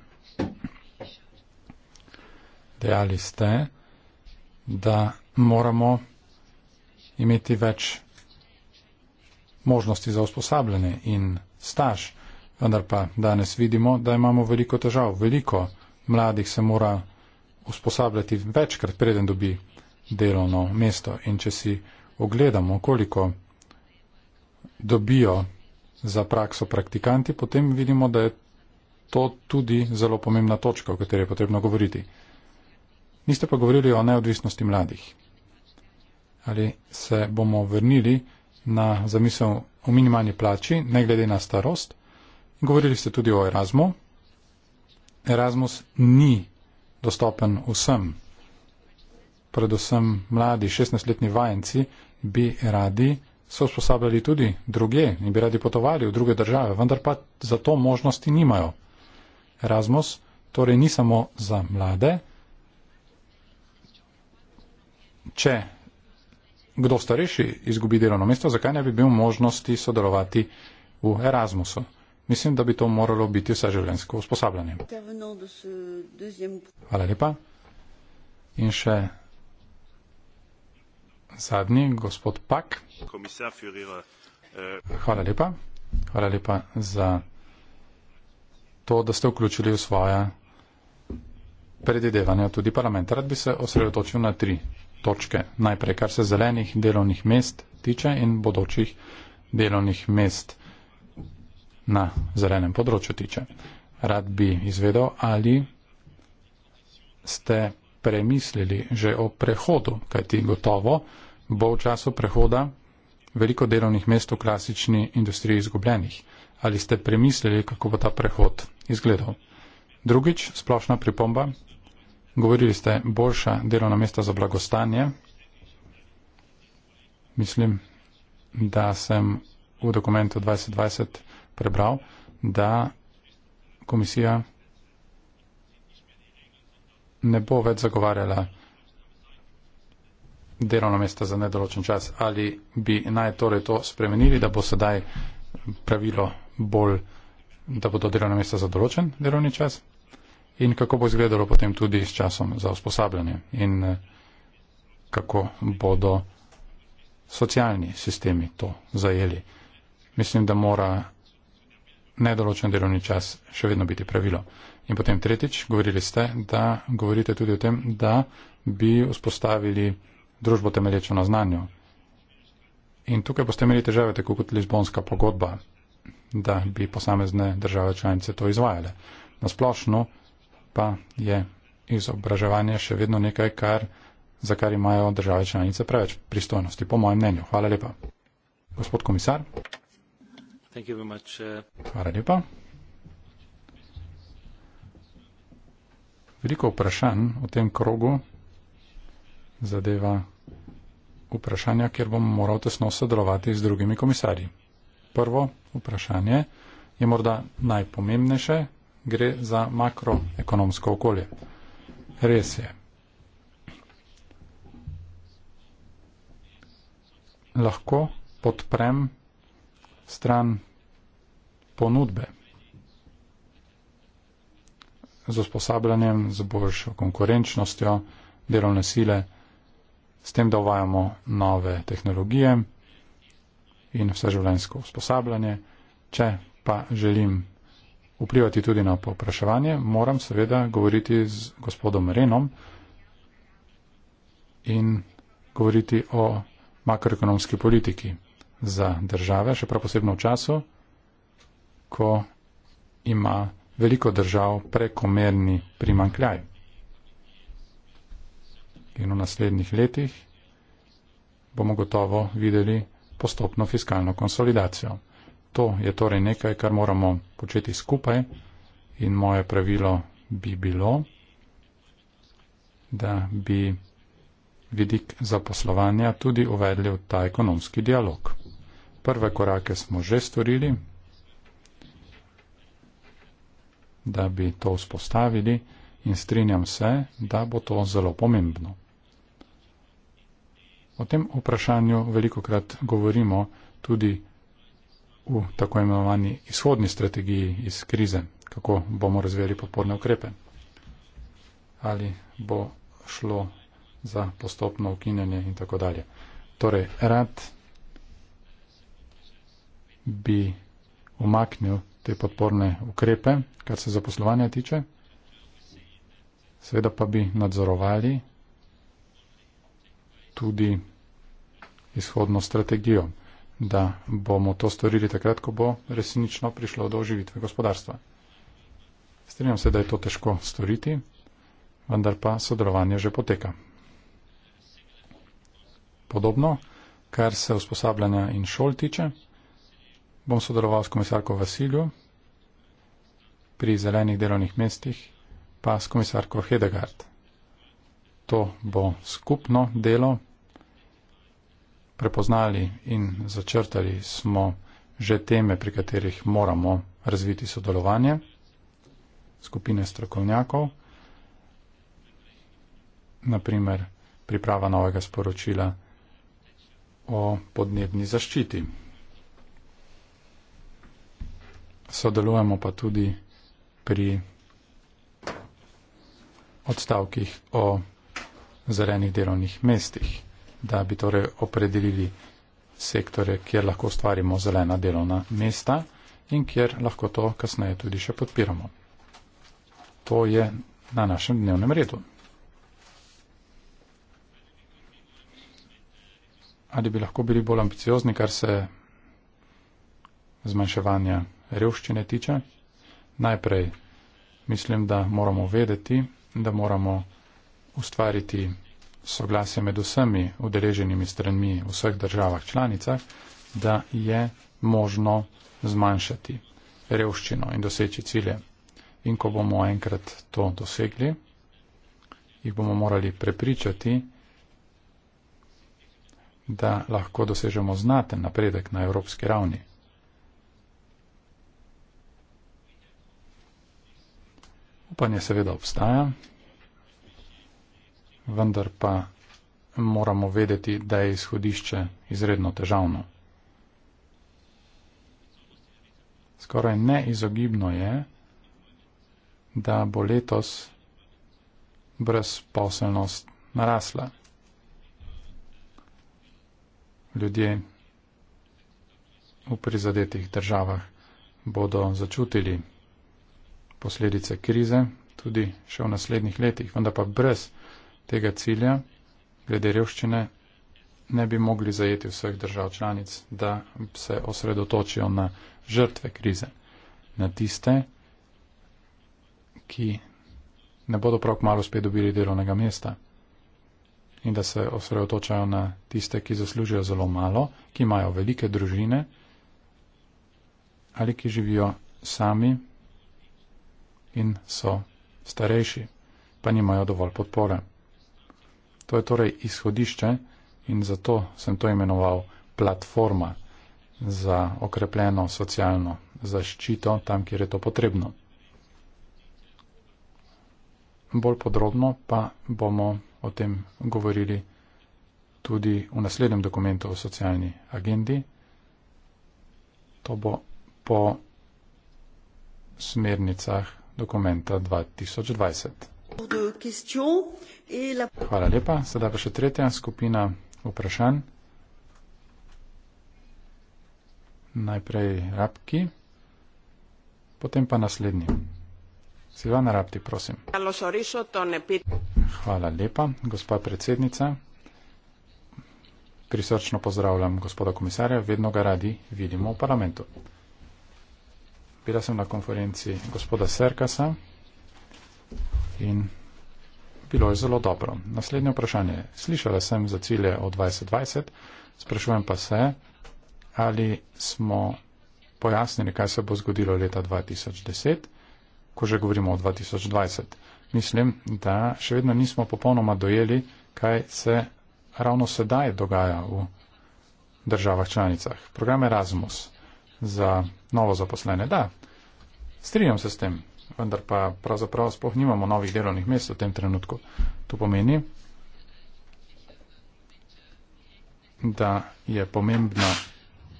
Dejali ste, da moramo imeti več možnosti za usposabljanje in staž, vendar pa danes vidimo, da imamo veliko težav. Veliko mladih se mora usposabljati večkrat, preden dobi delovno mesto. In če si ogledamo, koliko dobijo za prakso praktikanti, potem vidimo, da je to tudi zelo pomembna točka, o kateri je potrebno govoriti. Niste pa govorili o neodvisnosti mladih. Ali se bomo vrnili na zamisel o minimalni plači, ne glede na starost. Govorili ste tudi o Erasmu. Erasmus ni dostopen vsem, predvsem mladi 16-letni vajenci bi radi se usposabljali tudi druge in bi radi potovali v druge države, vendar pa za to možnosti nimajo. Erasmus torej ni samo za mlade. Če kdo starejši izgubi delovno mesto, zakaj ne bi bil možnosti sodelovati v Erasmusu? Mislim, da bi to moralo biti vse življenjsko usposabljanje. Hvala lepa. In še zadnji, gospod Pak. Eh, Hvala lepa. Hvala lepa za to, da ste vključili v svoje predidevanja tudi parlamenta. Rad bi se osredotočil na tri točke. Najprej, kar se zelenih delovnih mest tiče in bodočih delovnih mest na zelenem področju tiče. Rad bi izvedel, ali ste premislili že o prehodu, kajti gotovo bo v času prehoda veliko delovnih mest v klasični industriji izgubljenih. Ali ste premislili, kako bo ta prehod izgledal? Drugič, splošna pripomba. Govorili ste boljša delovna mesta za blagostanje. Mislim, da sem v dokumentu 2020 prebral, da komisija ne bo več zagovarjala delovna mesta za nedoločen čas. Ali bi naj torej to spremenili, da bo sedaj pravilo bolj, da bodo delovna mesta za določen delovni čas? In kako bo izgledalo potem tudi s časom za usposabljanje? In eh, kako bodo socialni sistemi to zajeli? Mislim, da mora nedoločen delovni čas še vedno biti pravilo. In potem tretjič, govorili ste, da govorite tudi o tem, da bi vzpostavili družbo temelječo na znanju. In tukaj boste imeli težave, tako kot Lizbonska pogodba, da bi posamezne države članice to izvajale. Nasplošno pa je izobraževanje še vedno nekaj, kar, za kar imajo države članice preveč pristojnosti, po mojem mnenju. Hvala lepa. Gospod komisar. Uh, Hvala lepa. Veliko vprašanj v tem krogu zadeva vprašanja, kjer bom moral tesno sodelovati z drugimi komisarji. Prvo vprašanje je morda najpomembnejše, gre za makroekonomsko okolje. Res je. Lahko podprem stran ponudbe z usposabljanjem, z boljšo konkurenčnostjo delovne sile s tem, da uvajamo nove tehnologije in vseživljenjsko usposabljanje. Če pa želim vplivati tudi na popraševanje, moram seveda govoriti z gospodom Renom in govoriti o makroekonomski politiki za države, še prav posebno v času, ko ima veliko držav prekomerni primankljaj in v naslednjih letih bomo gotovo videli postopno fiskalno konsolidacijo. To je torej nekaj, kar moramo početi skupaj in moje pravilo bi bilo, da bi vidik zaposlovanja tudi uvedli v ta ekonomski dialog. Prve korake smo že storili, da bi to vzpostavili in strinjam se, da bo to zelo pomembno. O tem vprašanju veliko krat govorimo tudi v tako imenovani izhodni strategiji iz krize, kako bomo razvijali podporne ukrepe. Ali bo šlo za postopno ukinjanje in tako dalje. Torej, rad bi umaknil te podporne ukrepe, kar se zaposlovanja tiče, seveda pa bi nadzorovali tudi izhodno strategijo, da bomo to storili takrat, ko bo resnično prišlo do oživitve gospodarstva. Strenjam se, da je to težko storiti, vendar pa sodelovanje že poteka. Podobno, kar se usposabljanja in šol tiče, bom sodeloval s komisarko Vasilju pri zelenih delovnih mestih, pa s komisarko Hedegard. To bo skupno delo prepoznali in začrtali smo že teme, pri katerih moramo razviti sodelovanje skupine strokovnjakov, naprimer priprava novega sporočila o podnebni zaščiti. Sodelujemo pa tudi pri odstavkih o zelenih delovnih mestih da bi torej opredelili sektore, kjer lahko ustvarimo zelena delovna mesta in kjer lahko to kasneje tudi še podpiramo. To je na našem dnevnem redu. Ali bi lahko bili bolj ambiciozni, kar se zmanjševanja revščine tiče? Najprej mislim, da moramo vedeti, da moramo ustvariti soglasje med vsemi udeleženimi stranmi v vseh državah članicah, da je možno zmanjšati revščino in doseči cilje. In ko bomo enkrat to dosegli, jih bomo morali prepričati, da lahko dosežemo znaten napredek na evropski ravni. Upanje seveda obstaja, vendar pa moramo vedeti, da je izhodišče izredno težavno. Skoraj neizogibno je, da bo letos brezposelnost narasla. Ljudje v prizadetih državah bodo začutili posledice krize tudi še v naslednjih letih, vendar pa brez posebnosti tega cilja, glede revščine, ne bi mogli zajeti vseh držav članic, da se osredotočijo na žrtve krize, na tiste, ki ne bodo prav kmalo spet dobili delovnega mesta in da se osredotočajo na tiste, ki zaslužijo zelo malo, ki imajo velike družine ali ki živijo sami in so starejši, pa nimajo dovolj podpore. To je torej izhodišče in zato sem to imenoval platforma za okrepljeno socialno zaščito tam, kjer je to potrebno. Bolj podrobno pa bomo o tem govorili tudi v naslednjem dokumentu o socialni agendi. To bo po smernicah dokumenta 2020. Hvala lepa. Sedaj pa še tretja skupina vprašanj. Najprej rabki, potem pa naslednji. Silvana Rabti, prosim. Hvala lepa, gospa predsednica. Prisrčno pozdravljam gospoda komisarja, vedno ga radi vidimo v parlamentu. Bila sem na konferenci gospoda Serkasa in bilo je zelo dobro. Naslednje vprašanje. Slišala sem za cilje o 2020, sprašujem pa se, ali smo pojasnili, kaj se bo zgodilo leta 2010, ko že govorimo o 2020. Mislim, da še vedno nismo popolnoma dojeli, kaj se ravno sedaj dogaja v državah članicah. Program Erasmus za novo zaposlene. Da, strinjam se s tem vendar pa pravzaprav sploh nimamo novih delovnih mest v tem trenutku. To pomeni, da je pomembna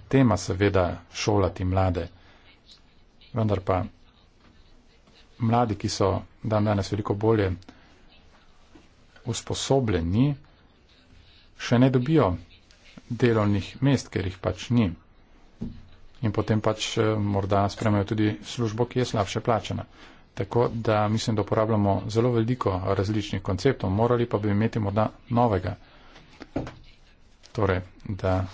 tema seveda šolati mlade, vendar pa mladi, ki so dan danes veliko bolje usposobljeni, še ne dobijo delovnih mest, ker jih pač nim in potem pač eh, morda spremljajo tudi službo, ki je slabše plačena. Tako da mislim, da uporabljamo zelo veliko različnih konceptov, morali pa bi imeti morda novega. Torej, da.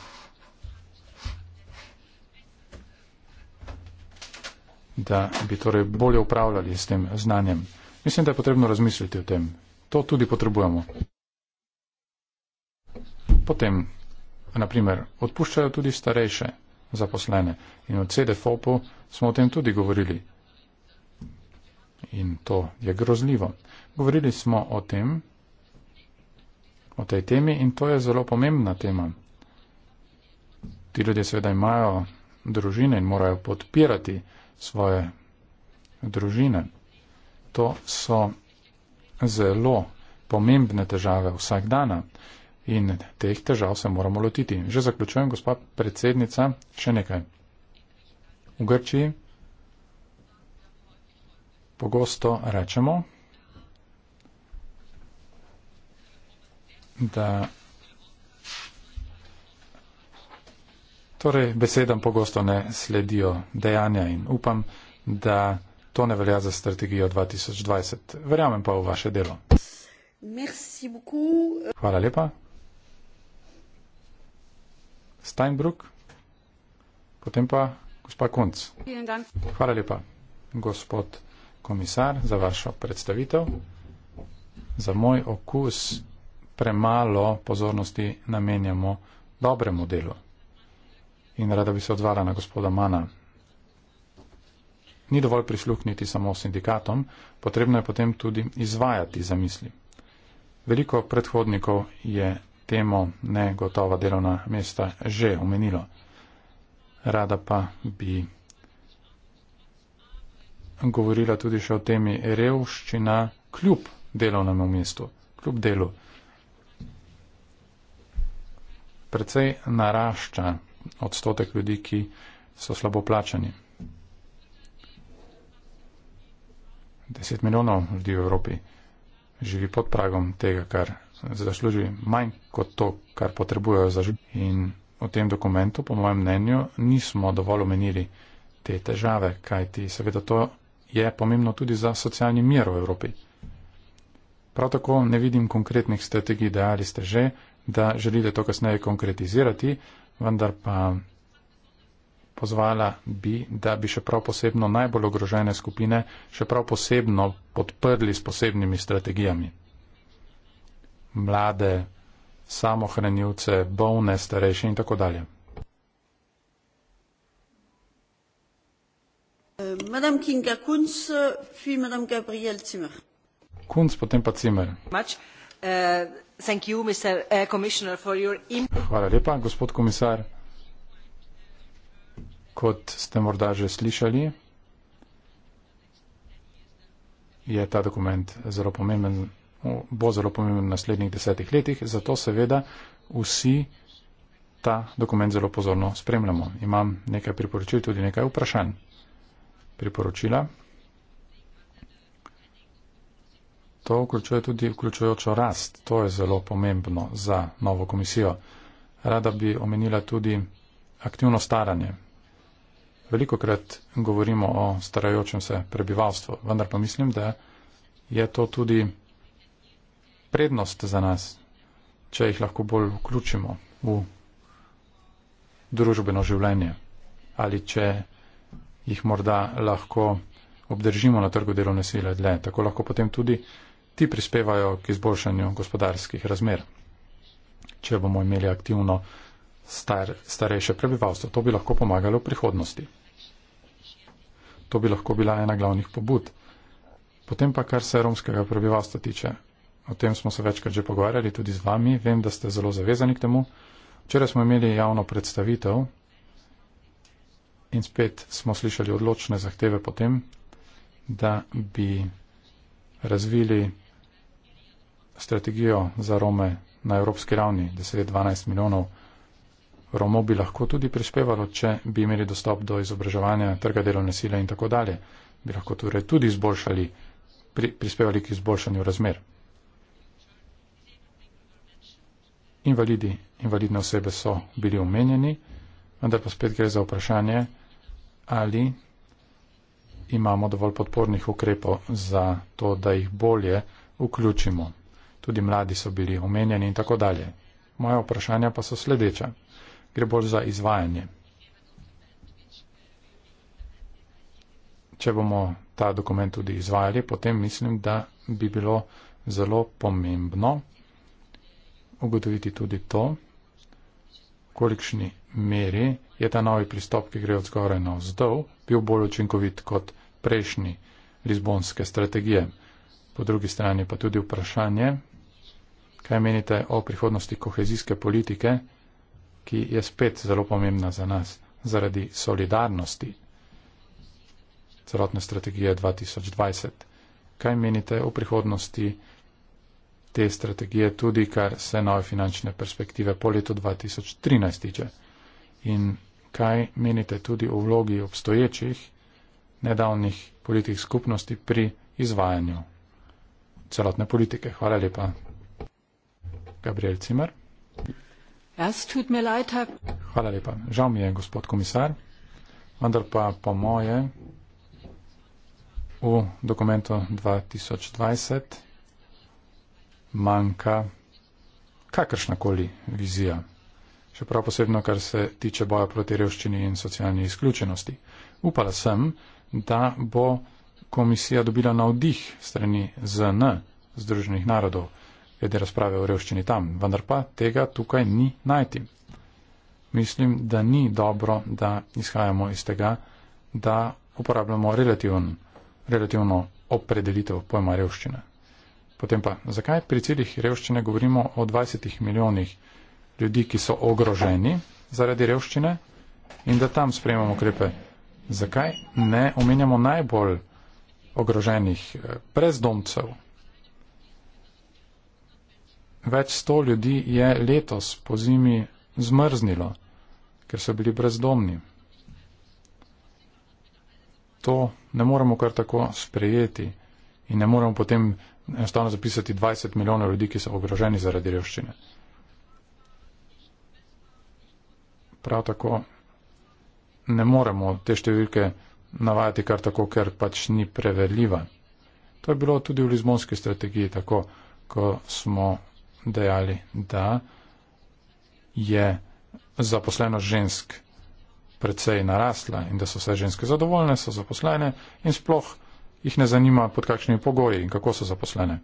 da bi torej bolje upravljali s tem znanjem. Mislim, da je potrebno razmisliti o tem. To tudi potrebujemo. Potem, naprimer, odpuščajo tudi starejše zaposlene. In o CDFOP-u smo o tem tudi govorili. In to je grozljivo. Govorili smo o tem, o tej temi in to je zelo pomembna tema. Ti ljudje seveda imajo družine in morajo podpirati svoje družine. To so zelo pomembne težave vsak dana. In teh težav se moramo lotiti. Že zaključujem, gospa predsednica, še nekaj. V Grčiji pogosto rečemo, da. Torej, besedam pogosto ne sledijo dejanja in upam, da to ne velja za strategijo 2020. Verjamem pa v vaše delo. Hvala lepa. Steinbrück, potem pa gospa Kunc. Hvala lepa, gospod komisar, za vašo predstavitev. Za moj okus premalo pozornosti namenjamo dobremu delu. In rada bi se odzvala na gospoda Mana. Ni dovolj prisluhniti samo sindikatom, potrebno je potem tudi izvajati zamisli. Veliko predhodnikov je temo negotova delovna mesta že omenilo. Rada pa bi govorila tudi še o temi revščina kljub delovnemu mestu, kljub delu. Predvsej narašča odstotek ljudi, ki so slabo plačani. 10 milijonov ljudi v Evropi živi pod pragom tega, kar zasluži manj kot to, kar potrebujejo za življenje. In v tem dokumentu, po mojem mnenju, nismo dovolj omenili te težave, kajti seveda to je pomembno tudi za socialni mir v Evropi. Prav tako ne vidim konkretnih strategij, dejali ste že, da želite to kasneje konkretizirati, vendar pa pozvala bi, da bi še prav posebno najbolj ogrožene skupine še prav posebno podprli s posebnimi strategijami mlade, samohranilce, bolne, starejše in tako dalje. Eh, madame Kinga Kunz, fi Madame Gabriel Zimmer. Kunz, potem pa Zimmer. Much, uh, thank you, Mr. Eh, Commissioner, for your Hvala lepa, gospod komisar. Kot ste morda že slišali, je ta dokument zelo pomemben bo zelo pomemben v naslednjih desetih letih, zato seveda vsi ta dokument zelo pozorno spremljamo. Imam nekaj priporočil, tudi nekaj vprašanj. Priporočila. To vključuje tudi vključujočo rast. To je zelo pomembno za novo komisijo. Rada bi omenila tudi aktivno staranje. Veliko krat govorimo o starajočem se prebivalstvu, vendar pa mislim, da je to tudi prednost za nas, če jih lahko bolj vključimo v družbeno življenje ali če jih morda lahko obdržimo na trgu delovne sile dlje. Tako lahko potem tudi ti prispevajo k izboljšanju gospodarskih razmer, če bomo imeli aktivno star, starejše prebivalstvo. To bi lahko pomagalo v prihodnosti. To bi lahko bila ena glavnih pobud. Potem pa, kar se romskega prebivalstva tiče, O tem smo se večkrat že pogovarjali tudi z vami. Vem, da ste zelo zavezani k temu. Včeraj smo imeli javno predstavitev in spet smo slišali odločne zahteve potem, da bi razvili strategijo za Rome na evropski ravni. 10-12 milijonov Romov bi lahko tudi prispevalo, če bi imeli dostop do izobraževanja, trga delovne sile in tako dalje. Bi lahko torej tudi pri, prispevali k izboljšanju razmer. invalidi, invalidne osebe so bili omenjeni, vendar pa spet gre za vprašanje, ali imamo dovolj podpornih ukrepov za to, da jih bolje vključimo. Tudi mladi so bili omenjeni in tako dalje. Moje vprašanja pa so sledeča. Gre bolj za izvajanje. Če bomo ta dokument tudi izvajali, potem mislim, da bi bilo zelo pomembno ugotoviti tudi to, kolikšni meri je ta novi pristop, ki gre od zgoraj na vzdol, bil bolj učinkovit kot prejšnji lizbonske strategije. Po drugi strani pa tudi vprašanje, kaj menite o prihodnosti kohezijske politike, ki je spet zelo pomembna za nas zaradi solidarnosti celotne strategije 2020. Kaj menite o prihodnosti te strategije, tudi kar se nove finančne perspektive po letu 2013 tiče. In kaj menite tudi o vlogi obstoječih nedavnih politik skupnosti pri izvajanju celotne politike? Hvala lepa. Gabriel Cimer. Ja, Hvala lepa. Žal mi je, gospod komisar, vendar pa po moje v dokumentu 2020 manjka kakršnakoli vizija. Še prav posebno, kar se tiče boja proti revščini in socialni izključenosti. Upala sem, da bo komisija dobila navdih strani ZN Združenih narodov, glede razprave o revščini tam, vendar pa tega tukaj ni najti. Mislim, da ni dobro, da izhajamo iz tega, da uporabljamo relativno opredelitev pojma revščine. Potem pa, zakaj pri ciljih revščine govorimo o 20 milijonih ljudi, ki so ogroženi zaradi revščine in da tam sprejemamo ukrepe? Zakaj ne omenjamo najbolj ogroženih eh, brezdomcev? Več sto ljudi je letos po zimi zmrznilo, ker so bili brezdomni. To ne moremo kar tako sprejeti in ne moremo potem enostavno zapisati 20 milijonov ljudi, ki so ogroženi zaradi revščine. Prav tako ne moremo te številke navajati kar tako, ker pač ni preveljiva. To je bilo tudi v Lizbonski strategiji tako, ko smo dejali, da je zaposleno žensk precej narasla in da so vse ženske zadovoljne, so zaposlene in sploh jih ne zanima, pod kakšnimi pogoji in kako so zaposlene.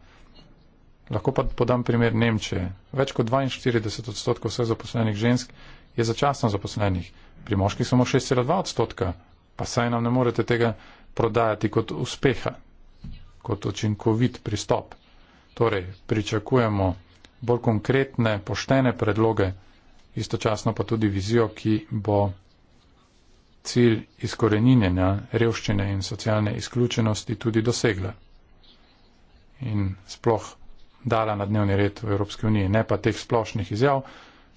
Lahko pa podam primer Nemčije. Več kot 42 odstotkov vseh zaposlenih žensk je začasno zaposlenih, pri moških samo 6,2 odstotka, pa saj nam ne morete tega prodajati kot uspeha, kot učinkovit pristop. Torej, pričakujemo bolj konkretne, poštene predloge, istočasno pa tudi vizijo, ki bo cilj izkoreninjenja revščine in socialne izključenosti tudi dosegla in sploh dala na dnevni red v Evropski uniji, ne pa teh splošnih izjav,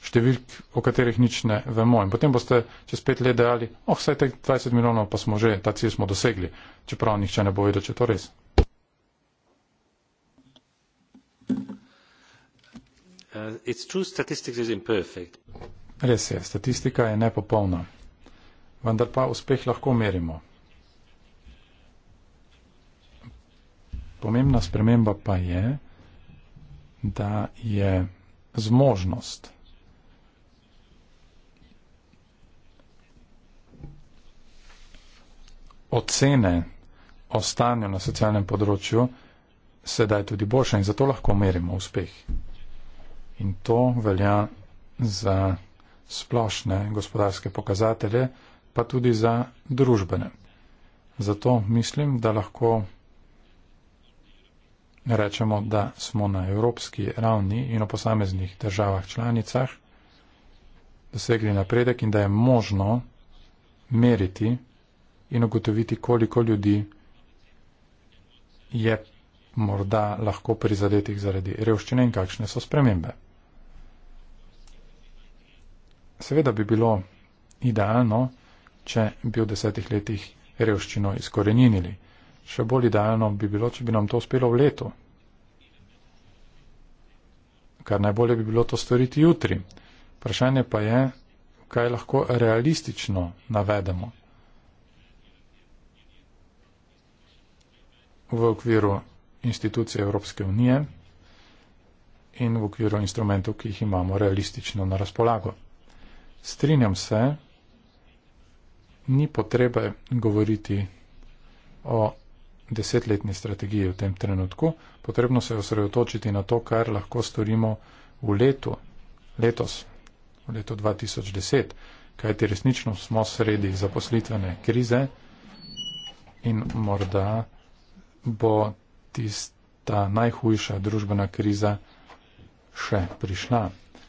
številk, o katerih nič ne vemo. In potem boste čez pet let dejali, oh, vsaj teh 20 milijonov pa smo že, ta cilj smo dosegli, čeprav nihče ne bo vedel, če to res. Uh, true, Res je, statistika je nepopolna vendar pa uspeh lahko merimo. Pomembna sprememba pa je, da je zmožnost ocene o stanju na socialnem področju sedaj tudi boljša in zato lahko merimo uspeh. In to velja za splošne gospodarske pokazatelje, pa tudi za družbene. Zato mislim, da lahko rečemo, da smo na evropski ravni in o posameznih državah članicah dosegli napredek in da je možno meriti in ugotoviti, koliko ljudi je morda lahko prizadetih zaradi revščine in kakšne so spremembe. Seveda bi bilo idealno, če bi v desetih letih revščino izkorenili. Še bolj idealno bi bilo, če bi nam to uspelo v letu. Kar najbolje bi bilo to storiti jutri. Vprašanje pa je, kaj lahko realistično navedemo v okviru institucije Evropske unije in v okviru instrumentov, ki jih imamo realistično na razpolago. Strinjam se, ni potrebe govoriti o desetletni strategiji v tem trenutku. Potrebno se je osredotočiti na to, kar lahko storimo v letu, letos, v letu 2010, kajti resnično smo sredi zaposlitvene krize in morda bo tista najhujša družbena kriza še prišla.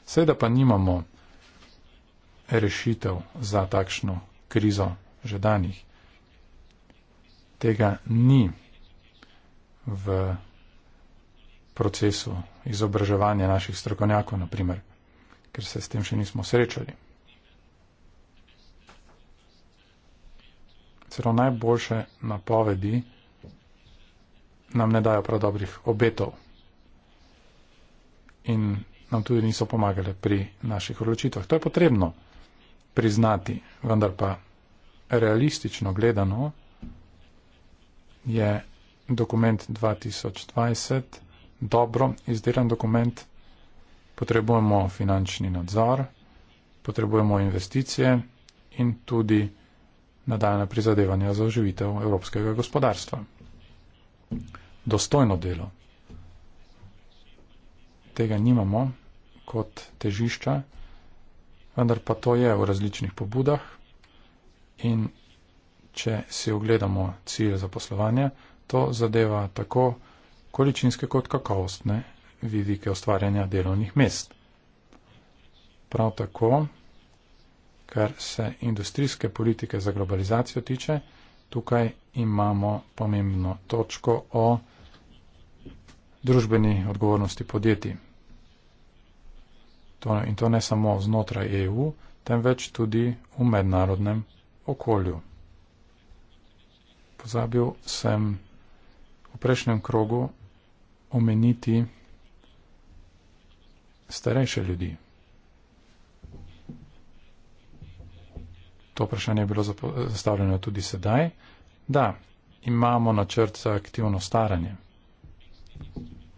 Seveda pa nimamo rešitev za takšno krizo že danih. Tega ni v procesu izobraževanja naših strokovnjakov, naprimer, ker se s tem še nismo srečali. Celo najboljše napovedi nam ne dajo prav dobrih obetov in nam tudi niso pomagale pri naših odločitvah. To je potrebno priznati, vendar pa realistično gledano je dokument 2020 dobro izdelan dokument, potrebujemo finančni nadzor, potrebujemo investicije in tudi nadaljne prizadevanja za oživitev evropskega gospodarstva. Dostojno delo. Tega nimamo kot težišča, vendar pa to je v različnih pobudah in če si ogledamo cilj zaposlovanja, to zadeva tako količinske kot kakovostne vidike ustvarjanja delovnih mest. Prav tako, kar se industrijske politike za globalizacijo tiče, tukaj imamo pomembno točko o družbeni odgovornosti podjetij in to ne samo znotraj EU, temveč tudi v mednarodnem okolju. Pozabil sem v prejšnjem krogu omeniti starejše ljudi. To vprašanje je bilo zastavljeno tudi sedaj. Da, imamo načrt za aktivno staranje.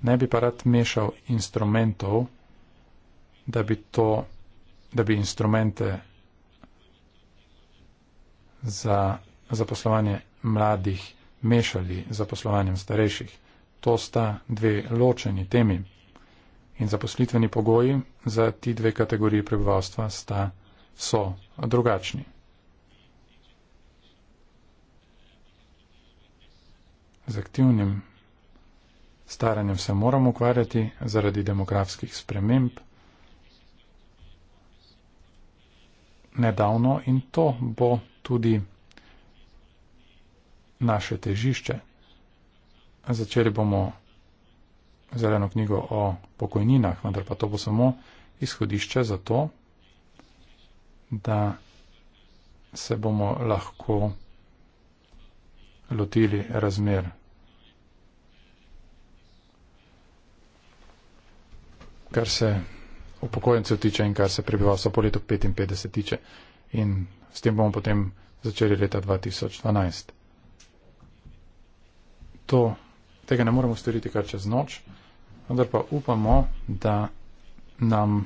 Ne bi pa rad mešal instrumentov, da bi to, da bi instrumente za zaposlovanje mladih mešali z zaposlovanjem starejših. To sta dve ločeni temi in zaposlitveni pogoji za ti dve kategoriji prebivalstva sta, so drugačni. Z aktivnim staranjem se moramo ukvarjati zaradi demografskih sprememb. nedavno in to bo tudi naše težišče. Začeli bomo zeleno knjigo o pokojninah, vendar pa to bo samo izhodišče za to, da se bomo lahko lotili razmer. Kar se upokojencev tiče in kar se prebivalstva po letu 55 tiče. In s tem bomo potem začeli leta 2012. To, tega ne moremo storiti kar čez noč, vendar pa upamo, da nam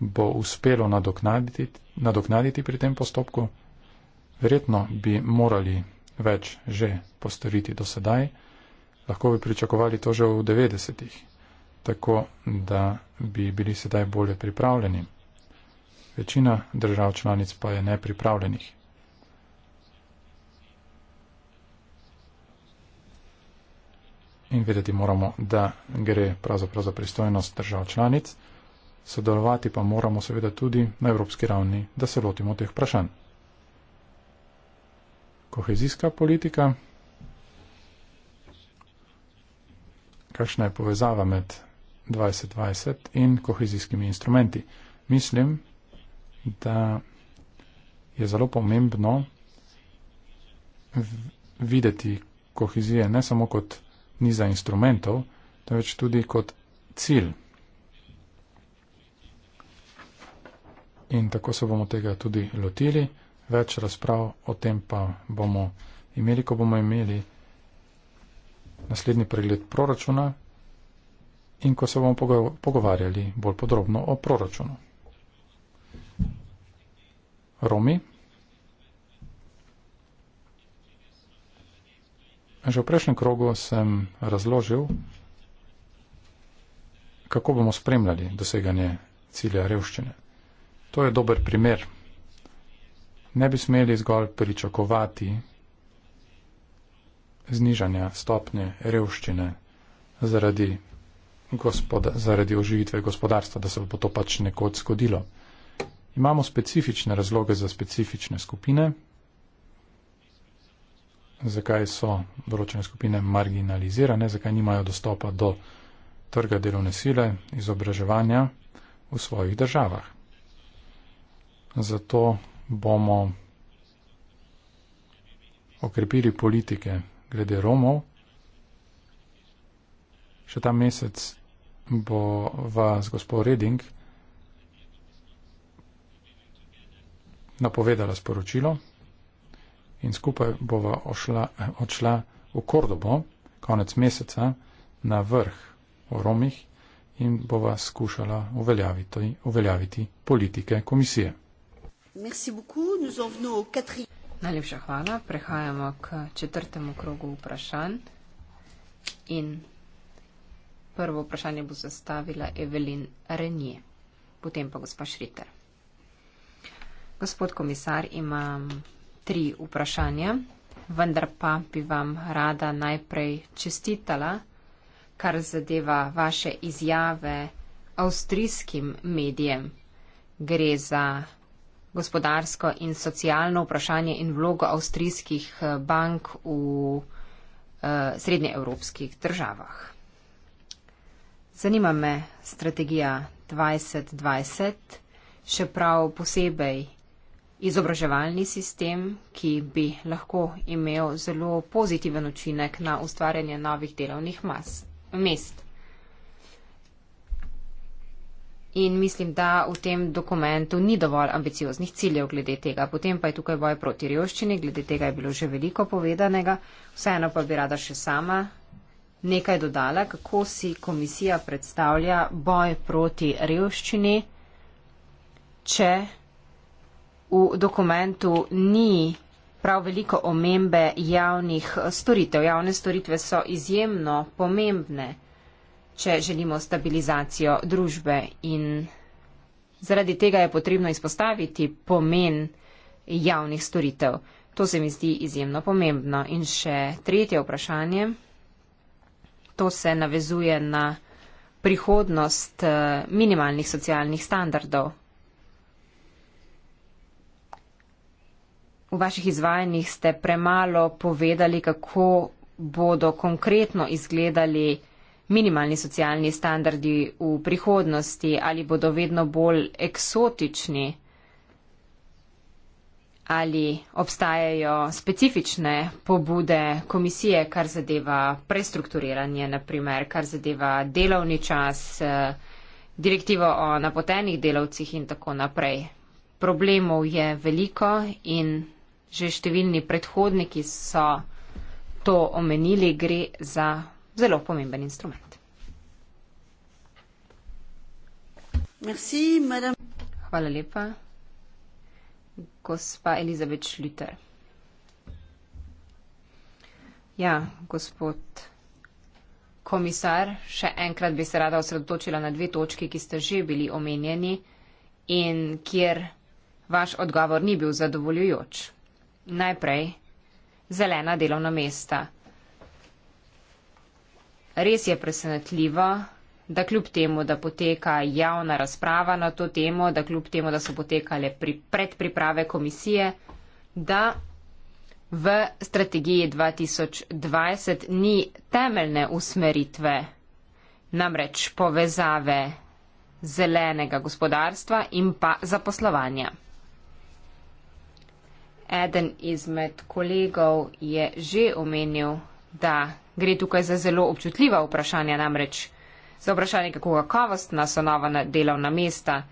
bo uspelo nadoknaditi, nadoknaditi pri tem postopku. Verjetno bi morali več že postoriti do sedaj, lahko bi pričakovali to že v 90-ih, tako da bi bili sedaj bolje pripravljeni. Večina držav članic pa je nepripravljenih. In vedeti moramo, da gre pravzaprav za pristojnost držav članic, sodelovati pa moramo seveda tudi na evropski ravni, da se lotimo teh vprašanj. Kohezijska politika. Kakšna je povezava med 2020 in kohezijskimi instrumenti. Mislim, da je zelo pomembno videti kohezije ne samo kot niza instrumentov, temveč tudi kot cilj. In tako se bomo tega tudi lotili. Več razprav o tem pa bomo imeli, ko bomo imeli naslednji pregled proračuna in ko se bomo pogovarjali bolj podrobno o proračunu. Romi. Že v prejšnjem krogu sem razložil, kako bomo spremljali doseganje cilja revščine. To je dober primer. Ne bi smeli zgolj pričakovati znižanja stopnje revščine zaradi gospoda, zaradi oživitve gospodarstva, da se bo to pač nekoč zgodilo. Imamo specifične razloge za specifične skupine, zakaj so določene skupine marginalizirane, zakaj nimajo dostopa do trga delovne sile, izobraževanja v svojih državah. Zato bomo okrepili politike glede Romov. Še ta mesec bo vas gospod Reding napovedala sporočilo in skupaj bova ošla, odšla v Kordobo konec meseca na vrh o Romih in bova skušala uveljaviti, uveljaviti politike komisije. Merci beaucoup, nous en venons au quatrième. Najlepša hvala. Prehajamo k četrtemu krogu vprašanj. In Prvo vprašanje bo zastavila Evelin Renije, potem pa gospa Šriter. Gospod komisar, imam tri vprašanja, vendar pa bi vam rada najprej čestitala, kar zadeva vaše izjave avstrijskim medijem. Gre za gospodarsko in socialno vprašanje in vlogo avstrijskih bank v uh, srednjeevropskih državah. Zanima me strategija 2020, še prav posebej izobraževalni sistem, ki bi lahko imel zelo pozitiven učinek na ustvarjanje novih delovnih mas, mest. In mislim, da v tem dokumentu ni dovolj ambicioznih ciljev glede tega. Potem pa je tukaj boj proti revščini, glede tega je bilo že veliko povedanega. Vseeno pa bi rada še sama nekaj dodala, kako si komisija predstavlja boj proti revščini, če v dokumentu ni prav veliko omembe javnih storitev. Javne storitve so izjemno pomembne, če želimo stabilizacijo družbe in zaradi tega je potrebno izpostaviti pomen javnih storitev. To se mi zdi izjemno pomembno. In še tretje vprašanje to se navezuje na prihodnost eh, minimalnih socialnih standardov. V vaših izvajanjih ste premalo povedali, kako bodo konkretno izgledali minimalni socialni standardi v prihodnosti, ali bodo vedno bolj eksotični ali obstajajo specifične pobude komisije, kar zadeva prestrukturiranje, naprimer, kar zadeva delovni čas, eh, direktivo o napotenih delavcih in tako naprej. Problemov je veliko in že številni predhodniki so to omenili, gre za zelo pomemben instrument. Merci, madame. Hvala lepa gospa Elizabeth Schlüter. Ja, gospod komisar, še enkrat bi se rada osredotočila na dve točki, ki ste že bili omenjeni in kjer vaš odgovor ni bil zadovoljujoč. Najprej zelena delovna mesta. Res je presenetljivo, da kljub temu, da poteka javna razprava na to temo, da kljub temu, da so potekale pri, predpriprave komisije, da v strategiji 2020 ni temeljne usmeritve, namreč povezave zelenega gospodarstva in pa zaposlovanja. Eden izmed kolegov je že omenil, da gre tukaj za zelo občutljiva vprašanja, namreč za vprašanje, kako kakovostna so nova delovna mesta,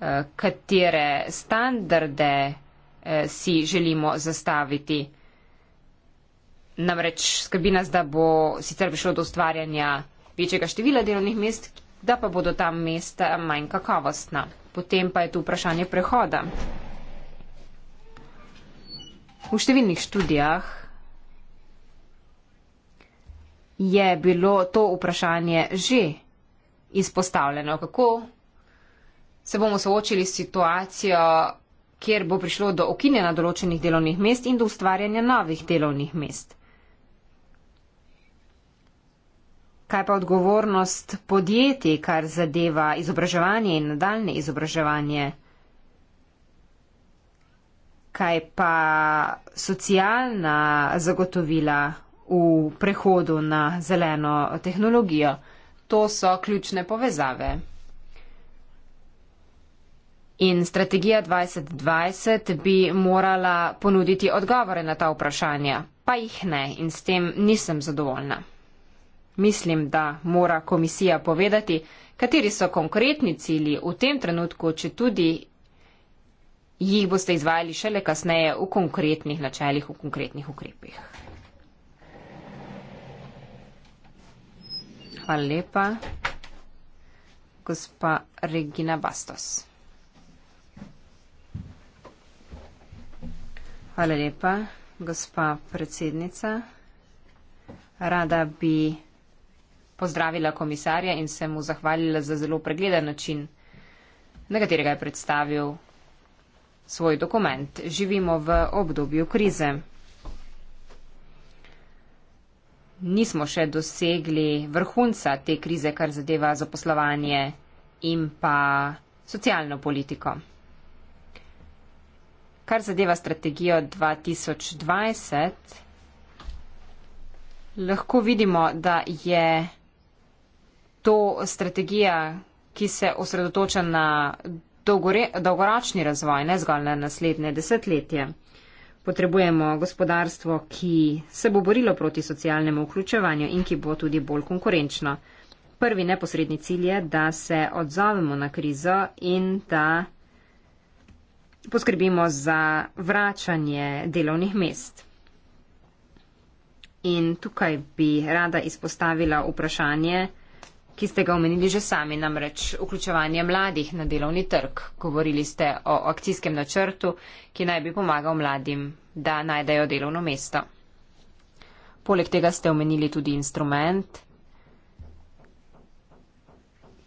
eh, katere standarde eh, si želimo zastaviti. Namreč skrbi nas, da bo sicer prišlo do ustvarjanja večjega števila delovnih mest, da pa bodo tam mesta manj kakovostna. Potem pa je tu vprašanje prehoda. V številnih študijah je bilo to vprašanje že izpostavljeno. Kako se bomo soočili s situacijo, kjer bo prišlo do okinjena določenih delovnih mest in do ustvarjanja novih delovnih mest? Kaj pa odgovornost podjetij, kar zadeva izobraževanje in nadaljne izobraževanje? Kaj pa socialna zagotovila? v prehodu na zeleno tehnologijo. To so ključne povezave. In strategija 2020 bi morala ponuditi odgovore na ta vprašanja, pa jih ne in s tem nisem zadovoljna. Mislim, da mora komisija povedati, kateri so konkretni cilji v tem trenutku, če tudi jih boste izvajali šele kasneje v konkretnih načeljih, v konkretnih ukrepih. Hvala lepa. Gospa Regina Bastos. Hvala lepa, gospa predsednica. Rada bi pozdravila komisarja in se mu zahvalila za zelo pregleden način, na katerega je predstavil svoj dokument. Živimo v obdobju krize. nismo še dosegli vrhunca te krize, kar zadeva zaposlovanje in pa socialno politiko. Kar zadeva strategijo 2020, lahko vidimo, da je to strategija, ki se osredotoča na dolgoročni razvoj, ne zgolj na naslednje desetletje. Potrebujemo gospodarstvo, ki se bo borilo proti socialnemu vključevanju in ki bo tudi bolj konkurenčno. Prvi neposredni cilj je, da se odzovemo na krizo in da poskrbimo za vračanje delovnih mest. In tukaj bi rada izpostavila vprašanje, ki ste ga omenili že sami, namreč vključevanje mladih na delovni trg. Govorili ste o akcijskem načrtu, ki naj bi pomagal mladim, da najdejo delovno mesto. Poleg tega ste omenili tudi instrument,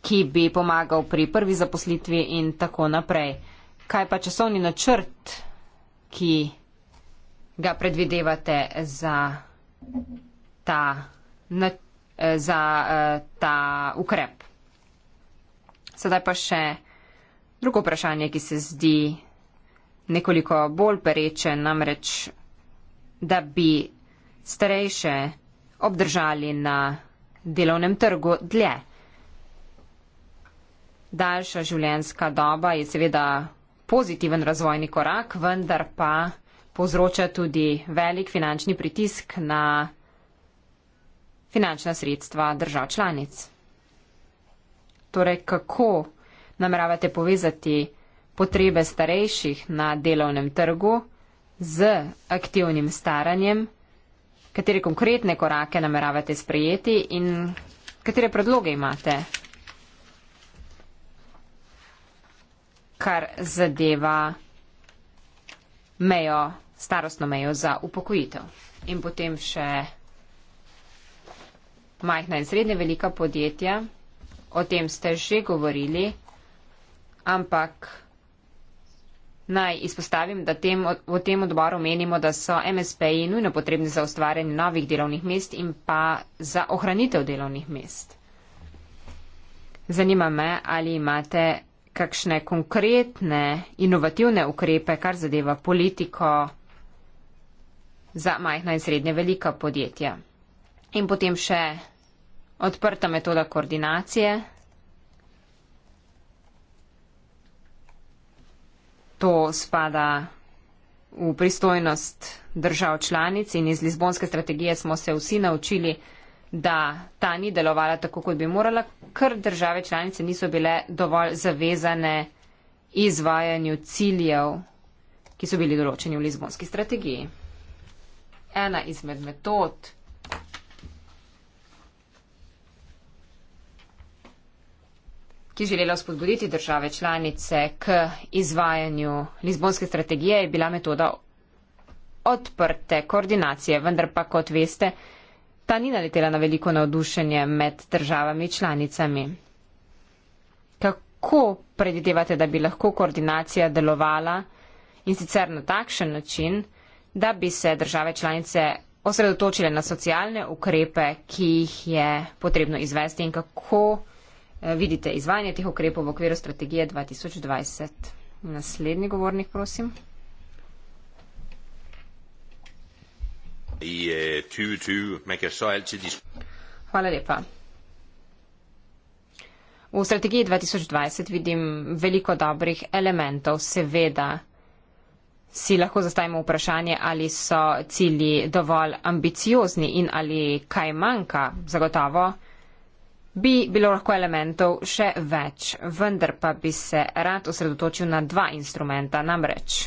ki bi pomagal pri prvi zaposlitvi in tako naprej. Kaj pa časovni načrt, ki ga predvidevate za ta načrt? za eh, ta ukrep. Sedaj pa še drugo vprašanje, ki se zdi nekoliko bolj pereče, namreč, da bi starejše obdržali na delovnem trgu dlje. Daljša življenska doba je seveda pozitiven razvojni korak, vendar pa povzroča tudi velik finančni pritisk na finančna sredstva držav članic. Torej, kako nameravate povezati potrebe starejših na delovnem trgu z aktivnim staranjem, katere konkretne korake nameravate sprejeti in katere predloge imate? kar zadeva mejo, starostno mejo za upokojitev. In potem še majhna in srednje velika podjetja, o tem ste že govorili, ampak naj izpostavim, da tem, v tem odboru menimo, da so MSP-ji nujno potrebni za ustvarjanje novih delovnih mest in pa za ohranitev delovnih mest. Zanima me, ali imate kakšne konkretne inovativne ukrepe, kar zadeva politiko za majhna in srednje velika podjetja. In potem še odprta metoda koordinacije. To spada v pristojnost držav članic in iz Lizbonske strategije smo se vsi naučili, da ta ni delovala tako, kot bi morala, ker države članice niso bile dovolj zavezane izvajanju ciljev, ki so bili določeni v Lizbonski strategiji. Ena izmed metod, ki je želela spodbuditi države članice k izvajanju Lizbonske strategije, je bila metoda odprte koordinacije, vendar pa, kot veste, ta ni naletela na veliko navdušenje med državami članicami. Kako predvidevate, da bi lahko koordinacija delovala in sicer na takšen način, da bi se države članice osredotočile na socialne ukrepe, ki jih je potrebno izvesti in kako Eh, vidite izvajanje teh ukrepov v okviru strategije 2020. Naslednji govornik, prosim. Eh, Hvala lepa. V strategiji 2020 vidim veliko dobrih elementov. Seveda si lahko zastavimo vprašanje, ali so cilji dovolj ambiciozni in ali kaj manjka. Zagotovo bi bilo lahko elementov še več, vendar pa bi se rad osredotočil na dva instrumenta, namreč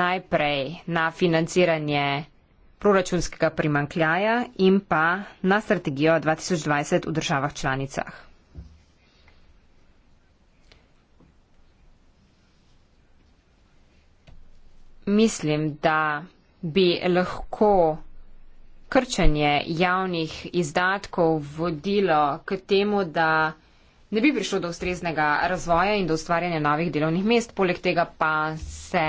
najprej na financiranje proračunskega primankljaja in pa na strategijo 2020 v državah članicah. Mislim, da bi lahko krčanje javnih izdatkov vodilo k temu, da ne bi prišlo do ustreznega razvoja in do ustvarjanja novih delovnih mest. Poleg tega pa se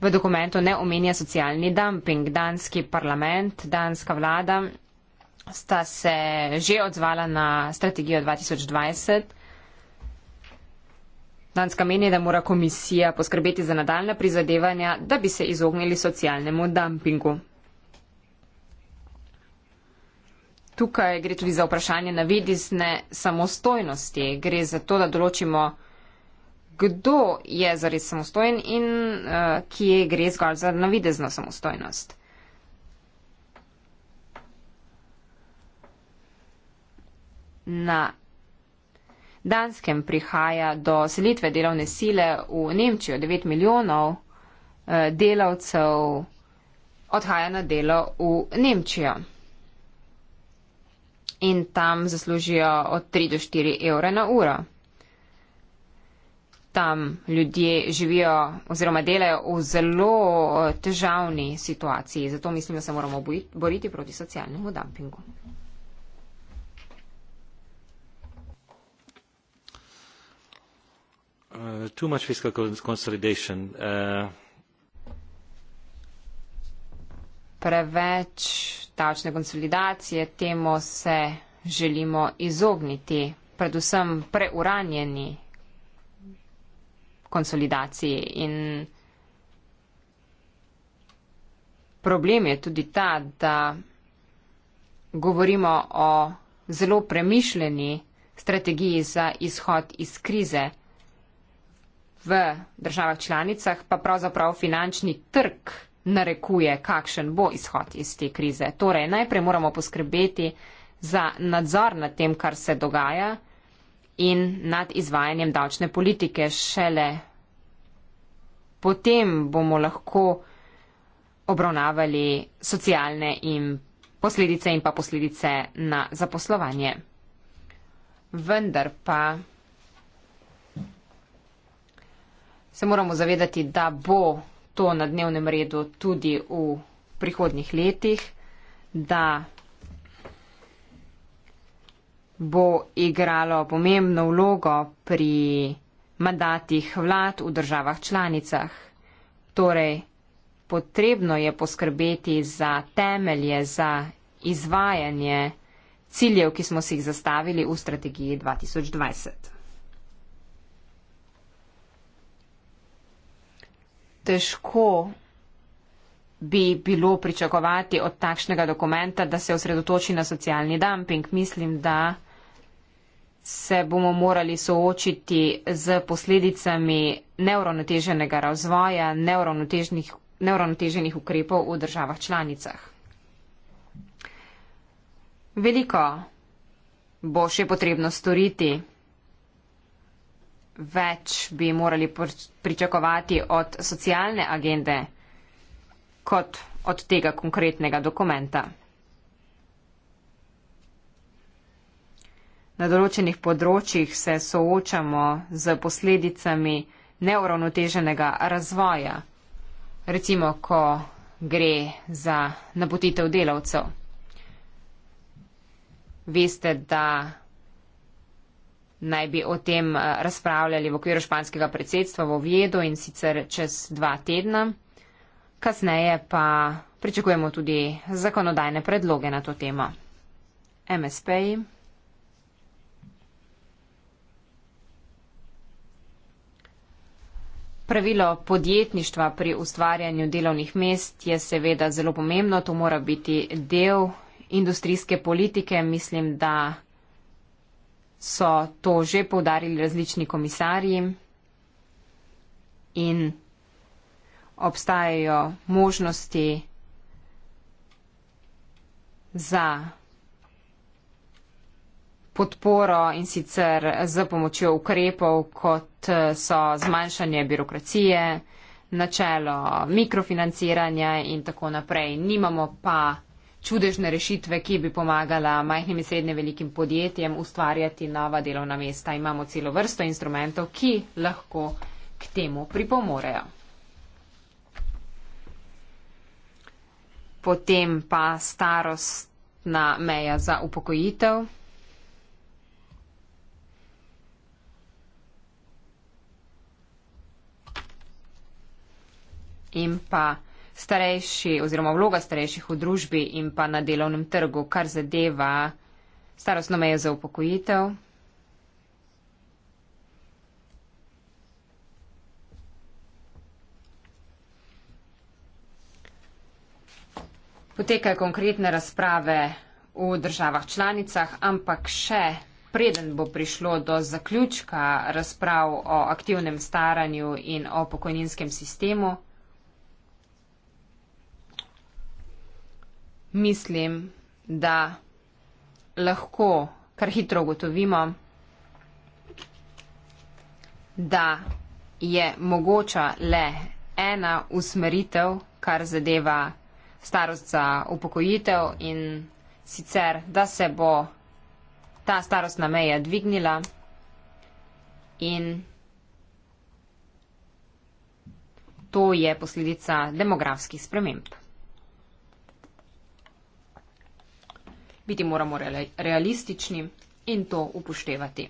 v dokumentu ne omenja socialni dumping. Danski parlament, danska vlada sta se že odzvala na strategijo 2020. Danska meni, da mora komisija poskrbeti za nadaljna prizadevanja, da bi se izognili socialnemu dumpingu. Tukaj gre tudi za vprašanje navidisne samostojnosti. Gre za to, da določimo, kdo je zares samostojen in uh, kje gre zgolj za navidezno samostojnost. Na Danskem prihaja do selitve delovne sile v Nemčijo. 9 milijonov eh, delavcev odhaja na delo v Nemčijo in tam zaslužijo od 3 do 4 evre na uro. Tam ljudje živijo oziroma delajo v zelo eh, težavni situaciji, zato mislim, da se moramo boriti proti socialnemu dumpingu. Uh, too much fiscal consolidation. Uh, preveč davčne konsolidacije, temu se želimo izogniti, predvsem preuranjeni konsolidaciji. In problem je tudi ta, da govorimo o zelo premišljeni strategiji za izhod iz krize v državah članicah, pa pravzaprav finančni trg narekuje, kakšen bo izhod iz te krize. Torej, najprej moramo poskrbeti za nadzor nad tem, kar se dogaja in nad izvajanjem davčne politike. Šele potem bomo lahko obravnavali socialne in posledice in pa posledice na zaposlovanje. Vendar pa se moramo zavedati, da bo to na dnevnem redu tudi v prihodnih letih, da bo igralo pomembno vlogo pri mandatih vlad v državah članicah. Torej, potrebno je poskrbeti za temelje, za izvajanje ciljev, ki smo si jih zastavili v strategiji 2020. težko bi bilo pričakovati od takšnega dokumenta, da se osredotoči na socialni dumping. Mislim, da se bomo morali soočiti z posledicami neuronoteženega razvoja, neuronoteženih, neuronoteženih ukrepov v državah članicah. Veliko bo še potrebno storiti, več bi morali pričakovati od socialne agende kot od tega konkretnega dokumenta. Na določenih področjih se soočamo z posledicami neuravnoteženega razvoja, recimo, ko gre za napotitev delavcev. Veste, da naj bi o tem eh, razpravljali v okviru španskega predsedstva v Ovjedu in sicer čez dva tedna. Kasneje pa pričakujemo tudi zakonodajne predloge na to temo. MSP. Pravilo podjetništva pri ustvarjanju delovnih mest je seveda zelo pomembno. To mora biti del industrijske politike. Mislim, da so to že povdarili različni komisarji in obstajajo možnosti za podporo in sicer z pomočjo ukrepov, kot so zmanjšanje birokracije, načelo mikrofinanciranja in tako naprej. Nimamo pa čudežne rešitve, ki bi pomagala majhnim in srednje velikim podjetjem ustvarjati nova delovna mesta. Imamo celo vrsto instrumentov, ki lahko k temu pripomorejo. Potem pa starostna meja za upokojitev. In pa starejši oziroma vloga starejših v družbi in pa na delovnem trgu, kar zadeva starostno mejo za upokojitev. Potekajo konkretne razprave v državah članicah, ampak še preden bo prišlo do zaključka razprav o aktivnem staranju in o pokojninskem sistemu, mislim, da lahko kar hitro ugotovimo, da je mogoča le ena usmeritev, kar zadeva starost za upokojitev in sicer, da se bo ta starostna meja dvignila in to je posledica demografskih sprememb. biti moramo realistični in to upoštevati,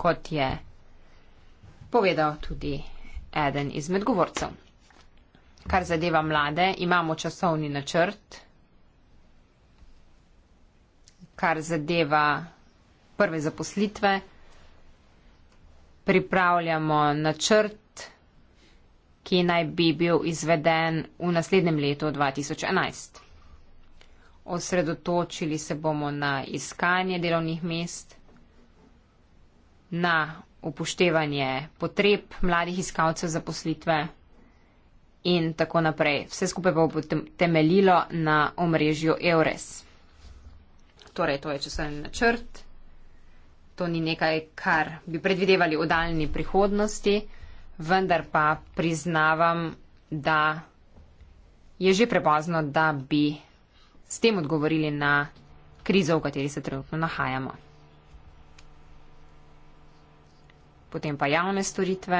kot je povedal tudi eden izmed govorcev. Kar zadeva mlade, imamo časovni načrt, kar zadeva prve zaposlitve, pripravljamo načrt, ki naj bi bil izveden v naslednjem letu 2011 osredotočili se bomo na iskanje delovnih mest, na upoštevanje potreb mladih iskalcev za poslitve in tako naprej. Vse skupaj bo temeljilo na omrežju EURES. Torej, to je časovni načrt. To ni nekaj, kar bi predvidevali v daljni prihodnosti, vendar pa priznavam, da je že prepozno, da bi s tem odgovorili na krizo, v kateri se trenutno nahajamo. Potem pa javne storitve.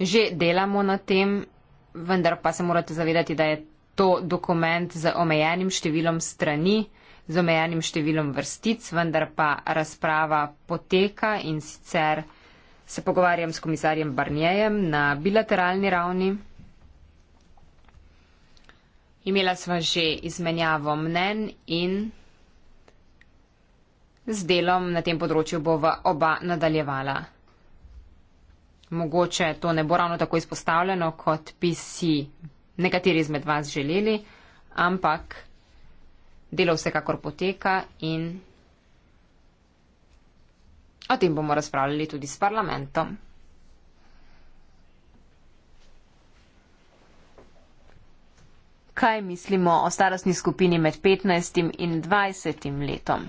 Že delamo na tem, vendar pa se morate zavedati, da je to dokument z omejenim številom strani, z omejenim številom vrstic, vendar pa razprava poteka in sicer se pogovarjam s komisarjem Barnjejem na bilateralni ravni. Imela sva že izmenjavo mnen in z delom na tem področju bova oba nadaljevala. Mogoče to ne bo ravno tako izpostavljeno, kot bi si nekateri izmed vas želeli, ampak delo vsekakor poteka in o tem bomo razpravljali tudi s parlamentom. kaj mislimo o starostni skupini med 15 in 20 letom.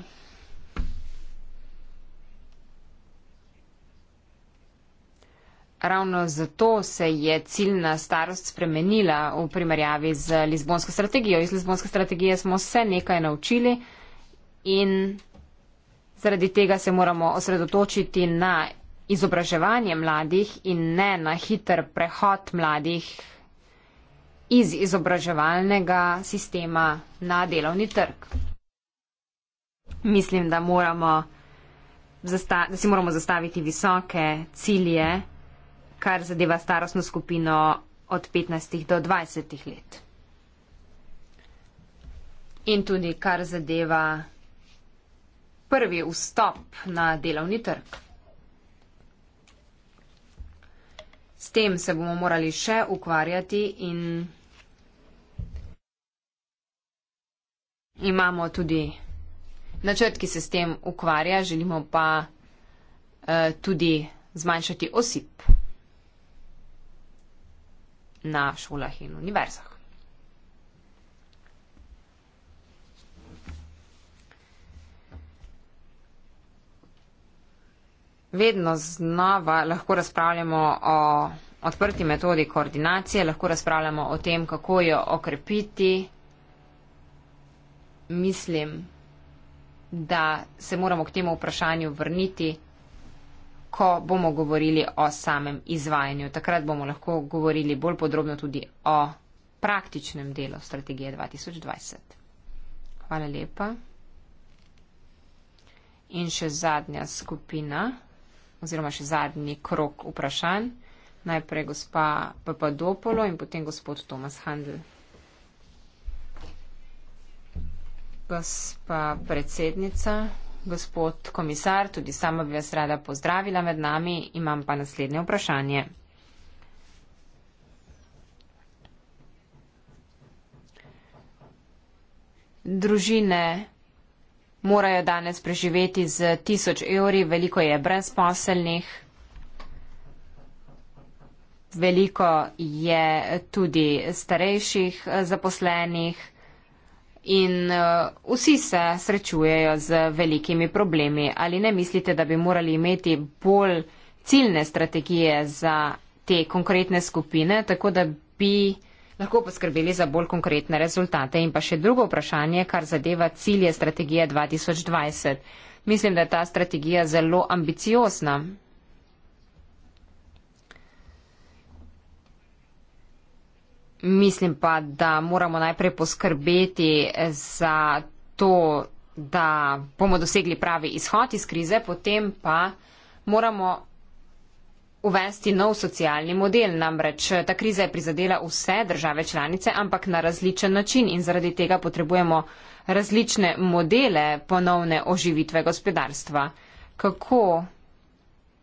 Ravno zato se je ciljna starost spremenila v primerjavi z Lizbonsko strategijo. Iz Lizbonske strategije smo se nekaj naučili in zaradi tega se moramo osredotočiti na izobraževanje mladih in ne na hiter prehod mladih iz izobraževalnega sistema na delovni trg. Mislim, da, moramo, da si moramo zastaviti visoke cilje, kar zadeva starostno skupino od 15 do 20 let. In tudi kar zadeva prvi vstop na delovni trg. S tem se bomo morali še ukvarjati in imamo tudi načrt, ki se s tem ukvarja, želimo pa uh, tudi zmanjšati osip na šolah in univerzah. vedno znova lahko razpravljamo o odprti metodi koordinacije, lahko razpravljamo o tem, kako jo okrepiti. Mislim, da se moramo k temu vprašanju vrniti, ko bomo govorili o samem izvajanju. Takrat bomo lahko govorili bolj podrobno tudi o praktičnem delu strategije 2020. Hvala lepa. In še zadnja skupina oziroma še zadnji krok vprašanj. Najprej gospa Papadopolo in potem gospod Tomas Handel. Gospa predsednica, gospod komisar, tudi sama bi vas rada pozdravila med nami, imam pa naslednje vprašanje. Družine morajo danes preživeti z tisoč evri, veliko je brezposelnih, veliko je tudi starejših zaposlenih in eh, vsi se srečujejo z velikimi problemi. Ali ne mislite, da bi morali imeti bolj ciljne strategije za te konkretne skupine, tako da bi lahko poskrbeli za bolj konkretne rezultate. In pa še drugo vprašanje, kar zadeva cilje strategije 2020. Mislim, da je ta strategija zelo ambiciozna. Mislim pa, da moramo najprej poskrbeti za to, da bomo dosegli pravi izhod iz krize, potem pa moramo uvesti nov socialni model. Namreč eh, ta kriza je prizadela vse države članice, ampak na različen način in zaradi tega potrebujemo različne modele ponovne oživitve gospodarstva. Kako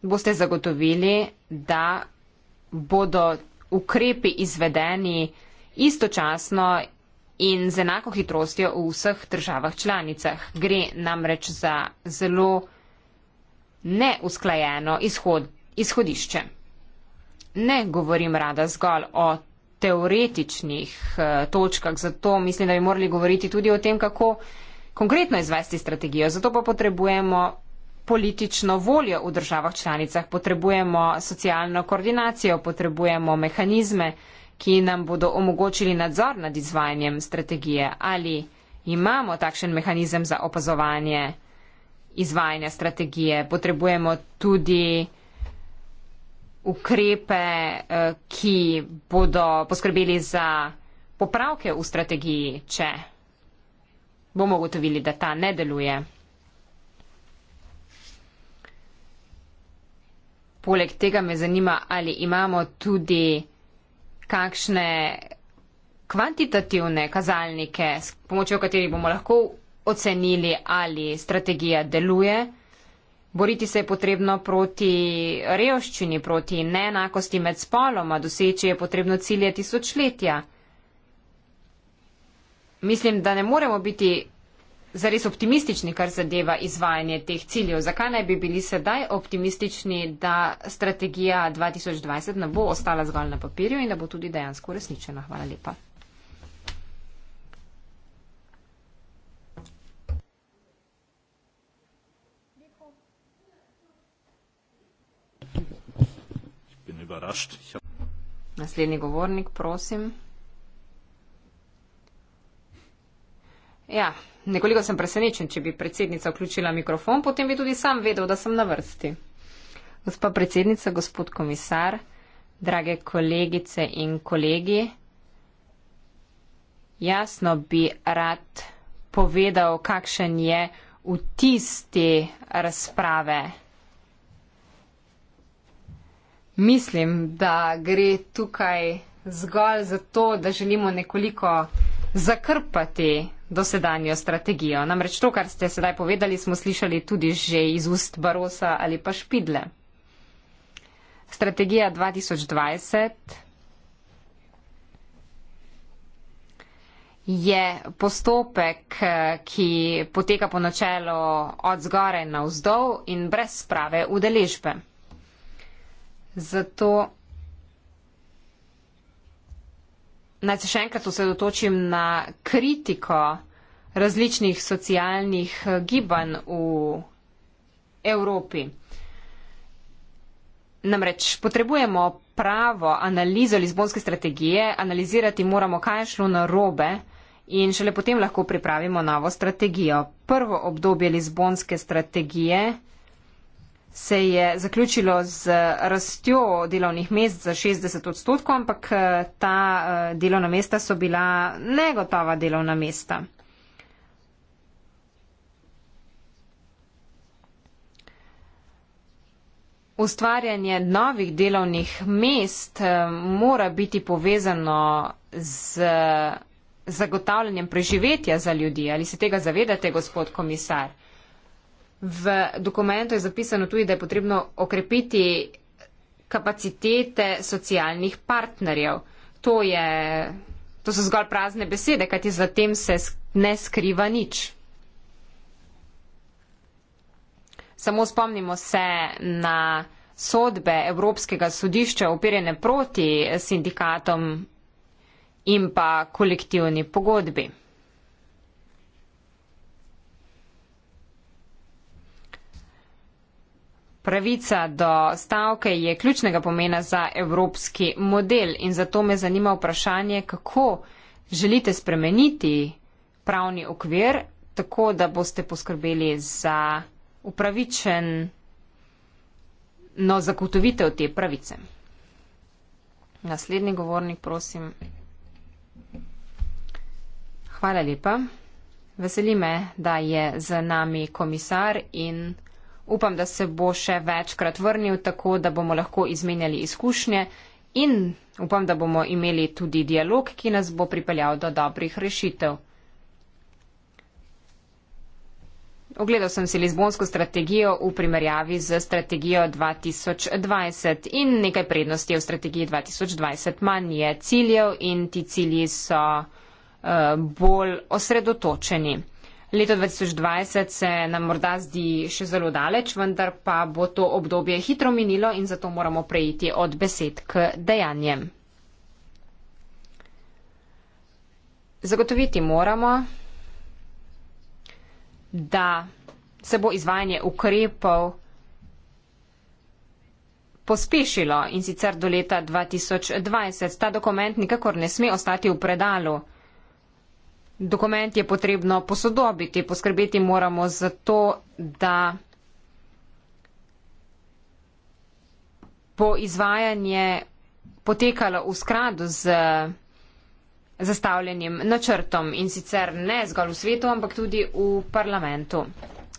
boste zagotovili, da bodo ukrepi izvedeni istočasno in z enako hitrostjo v vseh državah članicah? Gre namreč za zelo neusklajeno izhod izhodišče. Ne govorim rada zgolj o teoretičnih eh, točkah, zato mislim, da bi morali govoriti tudi o tem, kako konkretno izvesti strategijo. Zato pa potrebujemo politično voljo v državah članicah, potrebujemo socialno koordinacijo, potrebujemo mehanizme, ki nam bodo omogočili nadzor nad izvajanjem strategije. Ali imamo takšen mehanizem za opazovanje izvajanja strategije, potrebujemo tudi ukrepe, eh, ki bodo poskrbeli za popravke v strategiji, če bomo ugotovili, da ta ne deluje. Poleg tega me zanima, ali imamo tudi kakšne kvantitativne kazalnike, s pomočjo katerih bomo lahko ocenili, ali strategija deluje. Boriti se je potrebno proti revščini, proti neenakosti med spoloma, doseči je potrebno cilje tisočletja. Mislim, da ne moremo biti zares optimistični, kar zadeva izvajanje teh ciljev. Zakaj naj bi bili sedaj optimistični, da strategija 2020 ne bo ostala zgolj na papirju in da bo tudi dejansko uresničena? Hvala lepa. überrascht. Ich hab... Naslednji govornik, prosim. Ja, nekoliko sem presenečen, če bi predsednica vključila mikrofon, potem bi tudi sam vedel, da sem na vrsti. Gospa predsednica, gospod komisar, drage kolegice in kolegi, jasno bi rad povedal, kakšen je vtis te razprave. Mislim, da gre tukaj zgolj za to, da želimo nekoliko zakrpati dosedanjo strategijo. Namreč to, kar ste sedaj povedali, smo slišali tudi že iz ust Barosa ali pa Špidle. Strategija 2020 je postopek, ki poteka po načelu od zgore na vzdolj in brez sprave udeležbe. Zato naj se še enkrat osredotočim na kritiko različnih socialnih eh, gibanj v Evropi. Namreč potrebujemo pravo analizo Lizbonske strategije, analizirati moramo, kaj je šlo na robe in šele potem lahko pripravimo novo strategijo. Prvo obdobje Lizbonske strategije se je zaključilo z rastjo delovnih mest za 60 odstotkov, ampak eh, ta eh, delovna mesta so bila negotova delovna mesta. Ustvarjanje novih delovnih mest eh, mora biti povezano z zagotavljanjem preživetja za ljudi. Ali se tega zavedate, gospod komisar? V dokumentu je zapisano tudi, da je potrebno okrepiti kapacitete socialnih partnerjev. To, je, to so zgolj prazne besede, kajti za tem se ne skriva nič. Samo spomnimo se na sodbe Evropskega sodišča upirjene proti sindikatom in pa kolektivni pogodbi. Pravica do stavke je ključnega pomena za evropski model in zato me zanima vprašanje, kako želite spremeniti pravni okvir, tako da boste poskrbeli za upravičen no, zagotovitev te pravice. Naslednji govornik, prosim. Hvala lepa. Veseli me, da je z nami komisar in. Upam, da se bo še večkrat vrnil, tako da bomo lahko izmenjali izkušnje in upam, da bomo imeli tudi dialog, ki nas bo pripeljal do dobrih rešitev. Ogledal sem si Lizbonsko strategijo v primerjavi z strategijo 2020 in nekaj prednosti v strategiji 2020 manj je ciljev in ti cilji so uh, bolj osredotočeni. Leto 2020 se nam morda zdi še zelo daleč, vendar pa bo to obdobje hitro minilo in zato moramo preiti od besed k dejanjem. Zagotoviti moramo, da se bo izvajanje ukrepov pospešilo in sicer do leta 2020. Ta dokument nikakor ne sme ostati v predalu. Dokument je potrebno posodobiti, poskrbeti moramo za to, da bo izvajanje potekalo v skladu z zastavljenim načrtom in sicer ne zgolj v svetu, ampak tudi v parlamentu.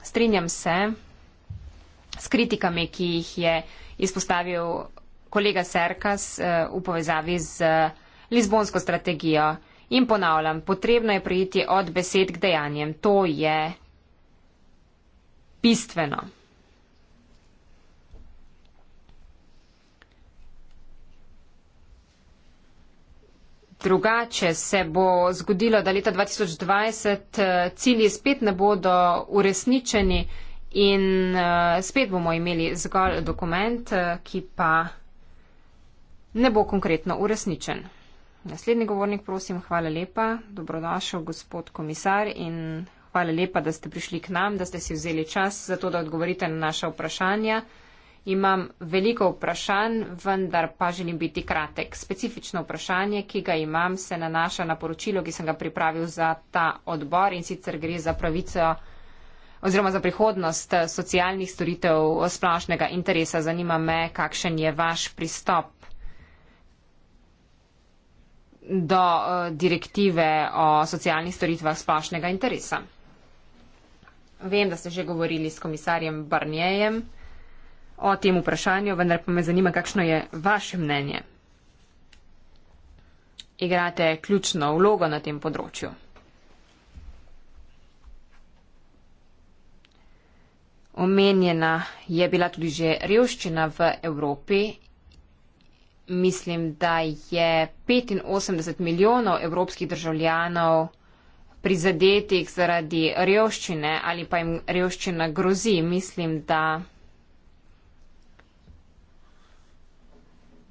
Strinjam se s kritikami, ki jih je izpostavil kolega Serkas eh, v povezavi z Lizbonsko strategijo. In ponavljam, potrebno je prejiti od besed k dejanjem. To je bistveno. Drugače se bo zgodilo, da leta 2020 eh, cilji spet ne bodo uresničeni in eh, spet bomo imeli zgolj dokument, eh, ki pa ne bo konkretno uresničen. Naslednji govornik, prosim, hvala lepa. Dobrodošel, gospod komisar in hvala lepa, da ste prišli k nam, da ste si vzeli čas za to, da odgovorite na naša vprašanja. Imam veliko vprašanj, vendar pa želim biti kratek. Specifično vprašanje, ki ga imam, se nanaša na poročilo, ki sem ga pripravil za ta odbor in sicer gre za pravico oziroma za prihodnost socialnih storitev splošnega interesa. Zanima me, kakšen je vaš pristop do eh, direktive o socialnih storitvah splošnega interesa. Vem, da ste že govorili s komisarjem Barnjejem o tem vprašanju, vendar pa me zanima, kakšno je vaše mnenje. Igrate ključno vlogo na tem področju. Omenjena je bila tudi že revščina v Evropi mislim, da je 85 milijonov evropskih državljanov prizadetih zaradi revščine ali pa jim revščina grozi. Mislim, da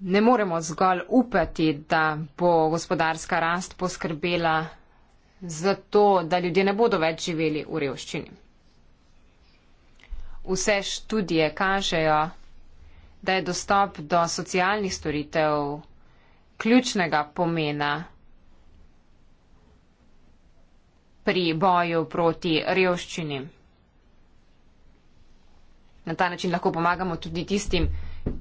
ne moremo zgolj upati, da bo gospodarska rast poskrbela za to, da ljudje ne bodo več živeli v revščini. Vse študije kažejo, da je dostop do socialnih storitev ključnega pomena pri boju proti revščini. Na ta način lahko pomagamo tudi tistim,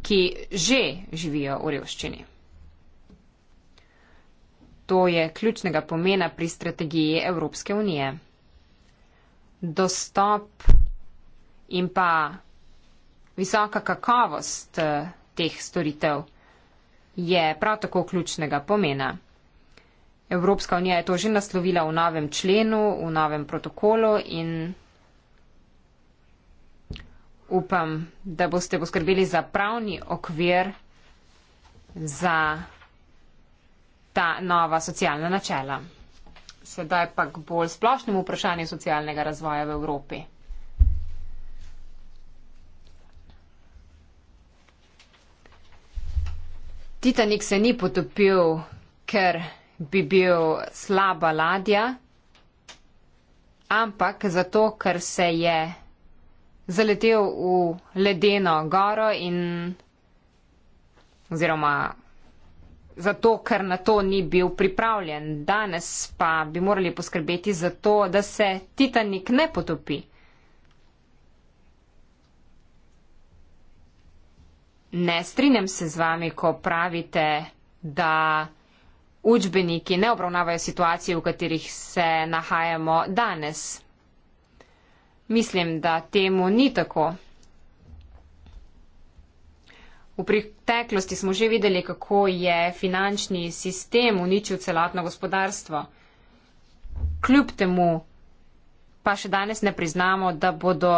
ki že živijo v revščini. To je ključnega pomena pri strategiji Evropske unije. Dostop in pa visoka kakovost eh, teh storitev je prav tako ključnega pomena. Evropska unija je to že naslovila v novem členu, v novem protokolu in upam, da boste poskrbeli za pravni okvir za ta nova socialna načela. Sedaj pa k bolj splošnemu vprašanju socialnega razvoja v Evropi. Titanik se ni potopil, ker bi bil slaba ladja, ampak zato, ker se je zaletel v ledeno goro in oziroma zato, ker na to ni bil pripravljen. Danes pa bi morali poskrbeti za to, da se Titanik ne potopi. ne strinjam se z vami, ko pravite, da učbeniki ne obravnavajo situacije, v katerih se nahajamo danes. Mislim, da temu ni tako. V preteklosti smo že videli, kako je finančni sistem uničil celotno gospodarstvo. Kljub temu pa še danes ne priznamo, da bodo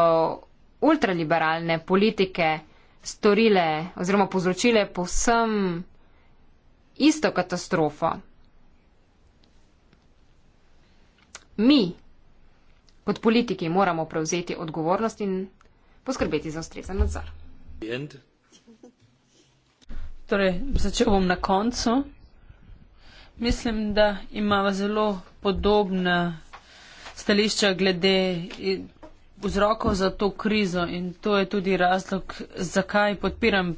ultraliberalne politike storile oziroma povzročile povsem isto katastrofo. Mi kot politiki moramo prevzeti odgovornost in poskrbeti za ustrezen nadzor. Torej, začel bom na koncu. Mislim, da imamo zelo podobna stališča glede vzrokov za to krizo in to je tudi razlog, zakaj podpiram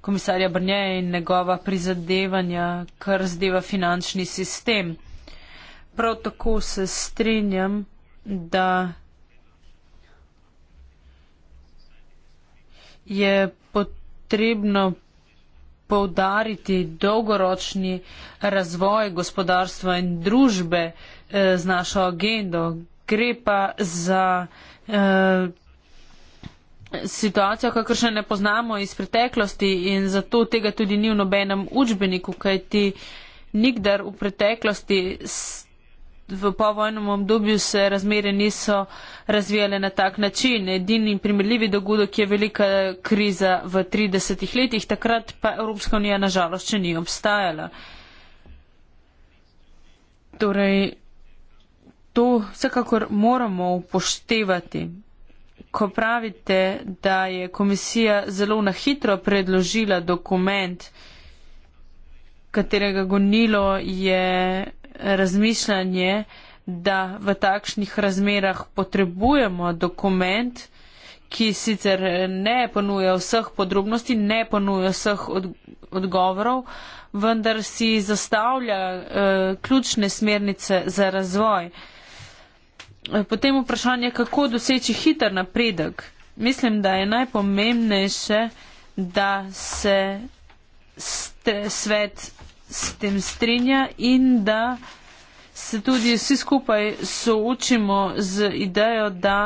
komisarja Brnjeja in njegova prizadevanja, kar zdeva finančni sistem. Prav tako se strinjam, da je potrebno povdariti dolgoročni razvoj gospodarstva in družbe eh, z našo agendo. Gre pa za Eh, situacijo, kakršne ne poznamo iz preteklosti in zato tega tudi ni v nobenem učbeniku, kaj ti nikdar v preteklosti v povojnem obdobju se razmere niso razvijale na tak način. Edini primerljivi dogodek je velika kriza v 30 letih, takrat pa Evropska unija nažalost še ni obstajala. Torej, to vsekakor moramo upoštevati. Ko pravite, da je komisija zelo na hitro predložila dokument, katerega gonilo je razmišljanje, da v takšnih razmerah potrebujemo dokument, ki sicer ne ponuja vseh podrobnosti, ne ponuja vseh od, odgovorov, vendar si zastavlja eh, ključne smernice za razvoj. Eh, Eh, potem vprašanje, kako doseči hiter napredek. Mislim, da je najpomembnejše, da se svet s tem strinja in da se tudi vsi skupaj soočimo z idejo, da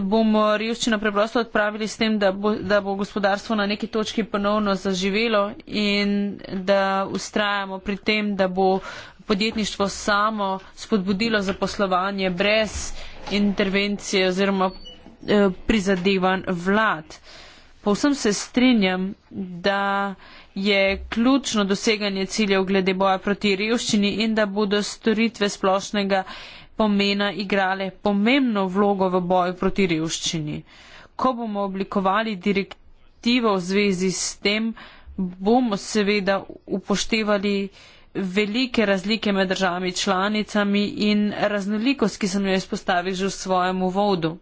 bomo revščino preprosto odpravili s tem, da bo, da bo gospodarstvo na neki točki ponovno zaživelo in da ustrajamo pri tem, da bo podjetništvo samo spodbudilo zaposlovanje brez intervencije oziroma eh, prizadevanj vlad. Povsem se strinjam, da je ključno doseganje ciljev glede boja proti revščini in da bodo storitve splošnega pomena igrale pomembno vlogo v boju proti revščini. Ko bomo oblikovali direktivo v zvezi s tem, bomo seveda upoštevali velike razlike med državami članicami in raznolikost, ki sem jo izpostavil že v svojem uvodu.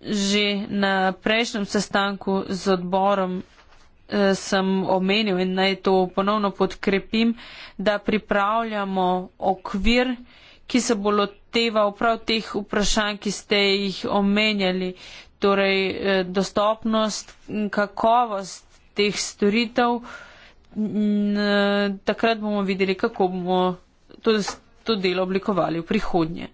Že na prejšnjem sestanku z odborom eh, sem omenil in naj to ponovno podkrepim, da pripravljamo okvir, ki se bo loteval prav teh vprašanj, ki ste jih omenjali, torej eh, dostopnost, kakovost teh storitev. Takrat bomo videli, kako bomo to, to delo oblikovali v prihodnje.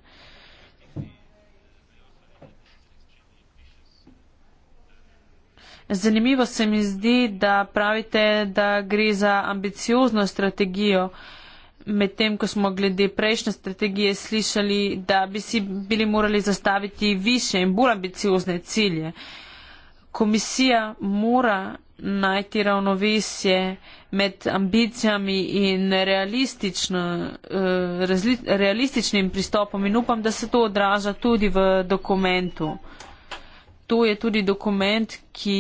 Zanimivo se mi zdi, da pravite, da gre za ambiciozno strategijo, medtem ko smo glede prejšnje strategije slišali, da bi si bili morali zastaviti više in bolj ambiciozne cilje. Uh, komisija mora najti ravnovesje med ambicijami in eh, realističnim pristopom in upam, da se to odraža tudi v dokumentu. To je tudi dokument, ki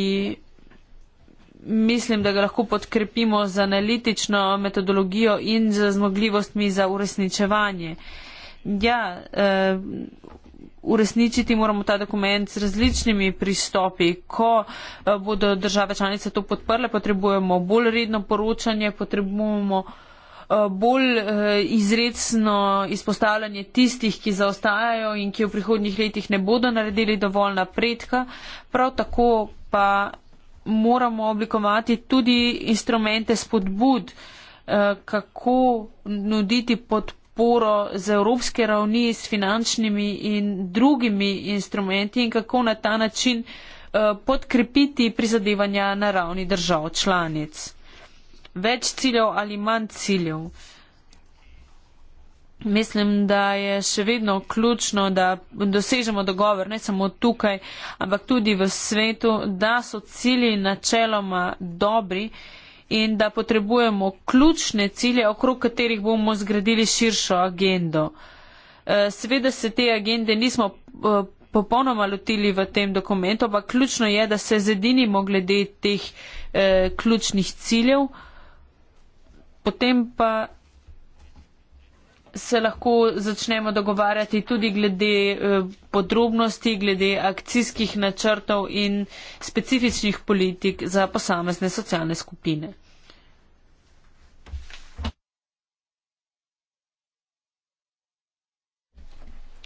mislim, da ga lahko podkrepimo z analitično metodologijo in z zmogljivostmi za uresničevanje. Ja, eh, uresničiti moramo ta dokument z različnimi pristopi. Ko eh, bodo države članice to podprle, potrebujemo bolj redno poročanje, potrebujemo eh, bolj eh, izredno izpostavljanje tistih, ki zaostajajo in ki v prihodnjih letih ne bodo naredili dovolj napredka. Prav tako pa moramo oblikovati tudi instrumente spodbud, kako nuditi podporo podporo z evropske ravni, s finančnimi in drugimi instrumenti in kako na ta način eh, podkrepiti prizadevanja na ravni držav članic. Več ciljev ali manj ciljev. Mislim, da je še vedno ključno, da dosežemo dogovor ne samo tukaj, ampak tudi v svetu, da so cilji načeloma dobri, in da potrebujemo ključne cilje, okrog katerih bomo zgradili širšo agendo. Eh, seveda se te agende nismo eh, popolnoma lotili v tem dokumentu, ampak ključno je, da se zedinimo glede teh eh, ključnih ciljev, potem pa se lahko začnemo dogovarjati tudi glede eh, podrobnosti, glede akcijskih načrtov in specifičnih politik za posamezne socialne skupine.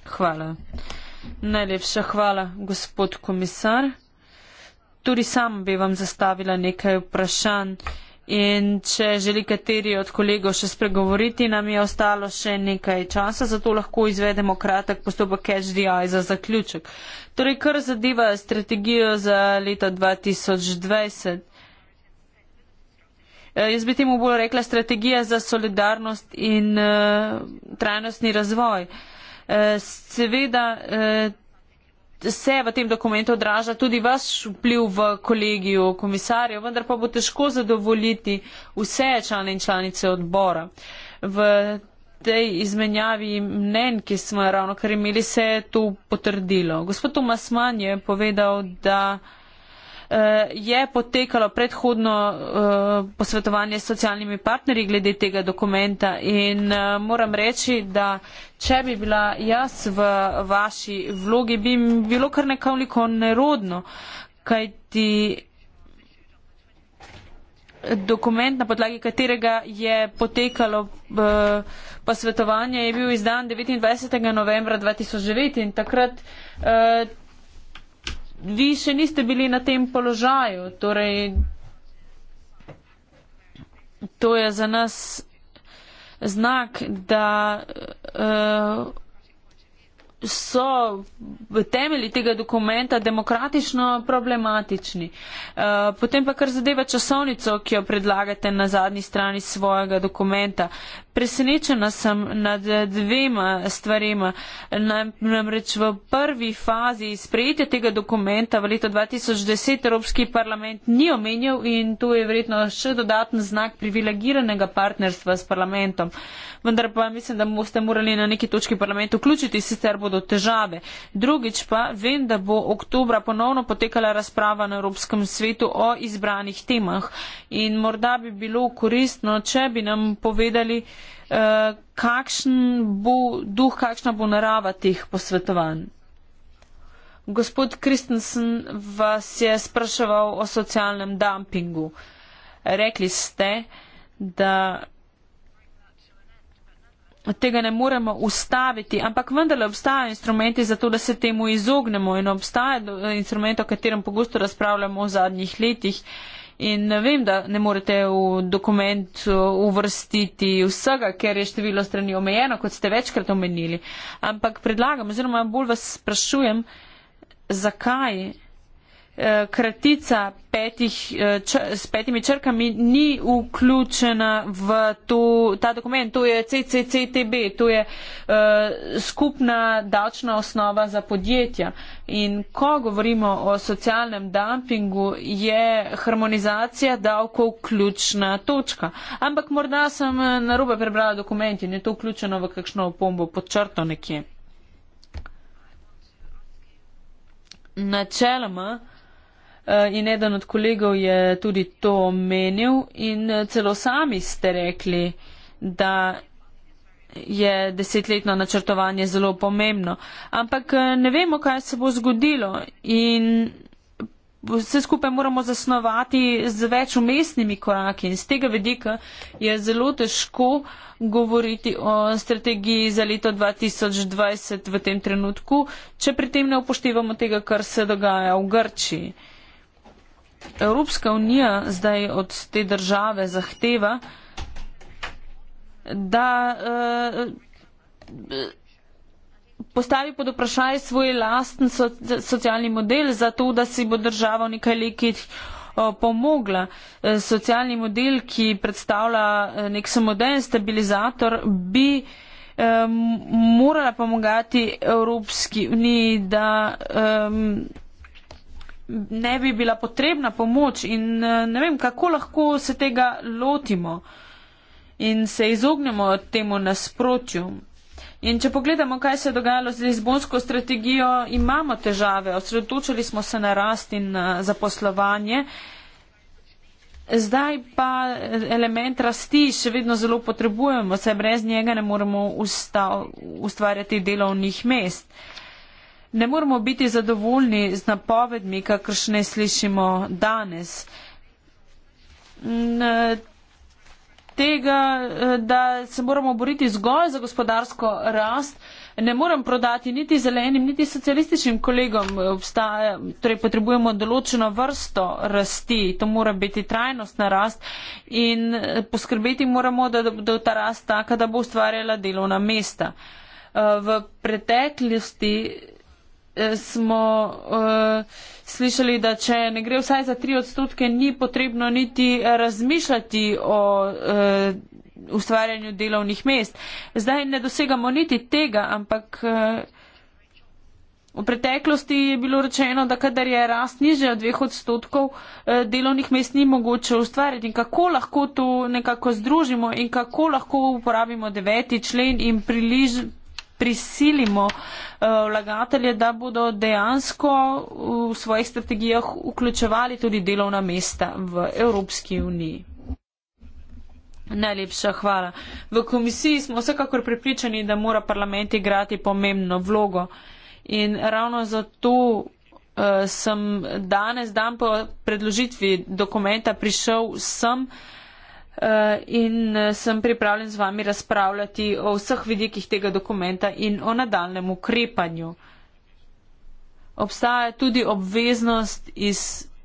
Hvala. Najlepša hvala, gospod komisar. Tudi sam bi vam zastavila nekaj vprašanj. In če želi kateri od kolegov še spregovoriti, nam je ostalo še nekaj časa, zato lahko izvedemo kratek postopek Catch the Eye za zaključek. Torej, kar zadeva strategijo za leto 2020. Eh, jaz bi temu bolj rekla strategija za solidarnost in uh, trajnostni razvoj. Uh, seveda, uh, se v tem dokumentu odraža tudi vaš vpliv v kolegiju komisarjev, vendar pa bo težko zadovoljiti vse člane in članice odbora. V tej izmenjavi mnen, ki smo ravno kar imeli, se je to potrdilo. Gospod Tomas Manj je povedal, da Eh, je potekalo predhodno eh, posvetovanje s socialnimi partnerji glede tega dokumenta in eh, moram reči, da če bi bila jaz v vaši vlogi, bi mi bilo kar nekoliko nerodno, kaj ti dokument, na podlagi katerega je potekalo posvetovanje, je bil izdan 29. novembra 2009 in takrat vi še niste bili na tem položaju. Torej, to je za nas znak, da. Uh, so v temelji tega dokumenta demokratično problematični. Eh, potem pa kar zadeva časovnico, ki jo predlagate na zadnji strani svojega dokumenta. Presenečena sem nad dvema stvarima. Namreč v prvi fazi sprejete tega dokumenta v letu 2010 Evropski parlament ni omenjal in to je verjetno še dodaten znak privilegiranega partnerstva s parlamentom. Vendar pa mislim, da boste morali na neki točki parlamentu vključiti, sicer bodo do težave. Drugič pa vem, da bo oktobra ponovno potekala razprava na Evropskem svetu o izbranih temah in morda bi bilo koristno, če bi nam povedali, eh, kakšen bo duh, kakšna bo narava teh posvetovanj. Gospod Kristensen vas je spraševal o socialnem dumpingu. Rekli ste, da tega ne moremo ustaviti, ampak vendarle obstajajo instrumenti za to, da se temu izognemo in obstaja eh, instrument, o katerem pogosto razpravljamo v zadnjih letih. In eh, vem, da ne morete v dokument eh, uvrstiti vsega, ker je število strani omejeno, kot ste večkrat omenili. Ampak predlagam, oziroma bolj vas sprašujem, zakaj Eh, kratica petih, eh, s petimi črkami ni vključena v to, ta dokument. To je CCCTB, to je eh, skupna davčna osnova za podjetja. In ko govorimo o socialnem dumpingu, je harmonizacija davkov ključna točka. Ampak morda sem narobe prebrala dokument in je to vključeno v kakšno pombo pod črto nekje. Načeloma, Eh, in eden od kolegov je tudi to omenil in eh, celo sami ste rekli, da je desetletno načrtovanje zelo pomembno. Ampak eh, ne vemo, kaj se bo zgodilo in vse skupaj moramo zasnovati z več umestnimi koraki in z tega vedika je zelo težko govoriti o strategiji za leto 2020 v tem trenutku, če pri tem ne upoštevamo tega, kar se dogaja v Grčiji. Evropska unija zdaj od te države zahteva, da uh, postavi pod vprašaj svoj lasten so, socialni model za to, da si bo država v nekaj letih pomogla. Eh, socialni model, ki predstavlja eh, nek samoden stabilizator, bi um, morala pomagati Evropski uniji, da um, ne bi bila potrebna pomoč in eh, ne vem, kako lahko se tega lotimo in se izognemo temu nasprotju. In če pogledamo, kaj se je dogajalo z Lizbonsko strategijo, imamo težave, osredotočili smo se na rast in na zaposlovanje. Zdaj pa element rasti še vedno zelo potrebujemo, saj brez njega ne moremo ustvarjati delovnih mest. Uh, ne moremo biti zadovoljni z napovedmi, kakršne slišimo danes. Tega, da se moramo boriti zgolj za gospodarsko rast, ne morem prodati niti zelenim, niti socialističnim kolegom. Obstaja, torej potrebujemo določeno vrsto rasti, to mora biti trajnostna rast in poskrbeti moramo, da bo ta rast taka, da bo ustvarjala delovna mesta. V preteklosti smo uh, slišali, da če ne gre vsaj za tri odstotke, ni potrebno niti razmišljati o uh, ustvarjanju delovnih mest. Zdaj ne dosegamo niti tega, ampak. Uh, V preteklosti je bilo rečeno, da kadar je rast niže od dveh odstotkov, delovnih mest ni mogoče ustvariti. In kako lahko to nekako združimo in kako lahko uporabimo deveti člen in priliž, prisilimo uh, Eh, vlagatelje, da bodo dejansko v svojih strategijah vključevali tudi delovna mesta v Evropski uniji. Najlepša hvala. V komisiji smo vsekakor pripričani, da mora parlament igrati pomembno vlogo in ravno zato uh, sem danes dan po predložitvi dokumenta prišel sem uh, Eh, in eh, sem pripravljen z vami razpravljati o vseh vidikih tega dokumenta in o nadaljem ukrepanju. Obstaja tudi obveznost iz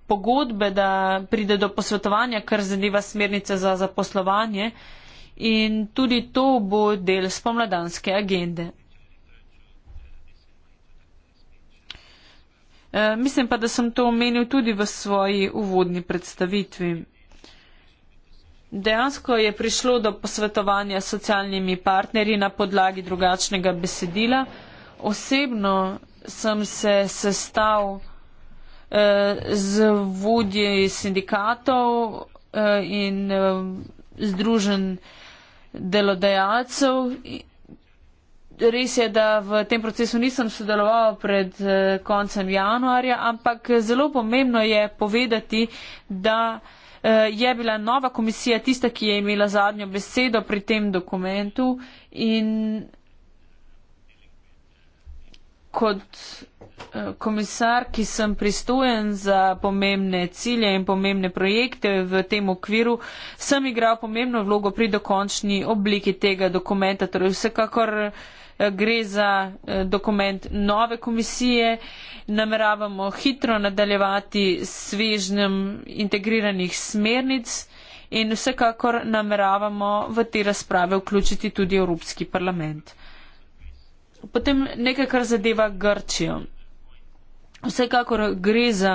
pogodbe, da pride do posvetovanja, kar zadeva smernice za zaposlovanje in tudi to bo del spomladanske agende. E, mislim pa, da sem to omenil tudi v svoji uvodni predstavitvi. Dejansko je prišlo do posvetovanja s socialnimi partnerji na podlagi drugačnega besedila. Osebno sem se sestal eh, z vodji sindikatov eh, in eh, združen delodajalcev. Res je, da v tem procesu nisem sodeloval pred eh, koncem januarja, ampak eh, zelo pomembno je povedati, da. Eh, je bila nova komisija tista, ki je imela zadnjo besedo pri tem dokumentu in kot eh, komisar, ki sem pristojen za pomembne cilje in pomembne projekte v tem okviru, sem igral pomembno vlogo pri dokončni obliki tega dokumenta. Torej vsekakor uh, Eh, gre za eh, dokument nove komisije. Nameravamo hitro nadaljevati s svežnjem integriranih smernic in vsekakor nameravamo v te razprave vključiti tudi Evropski parlament. Potem nekaj, kar zadeva Grčijo. Vsekakor gre za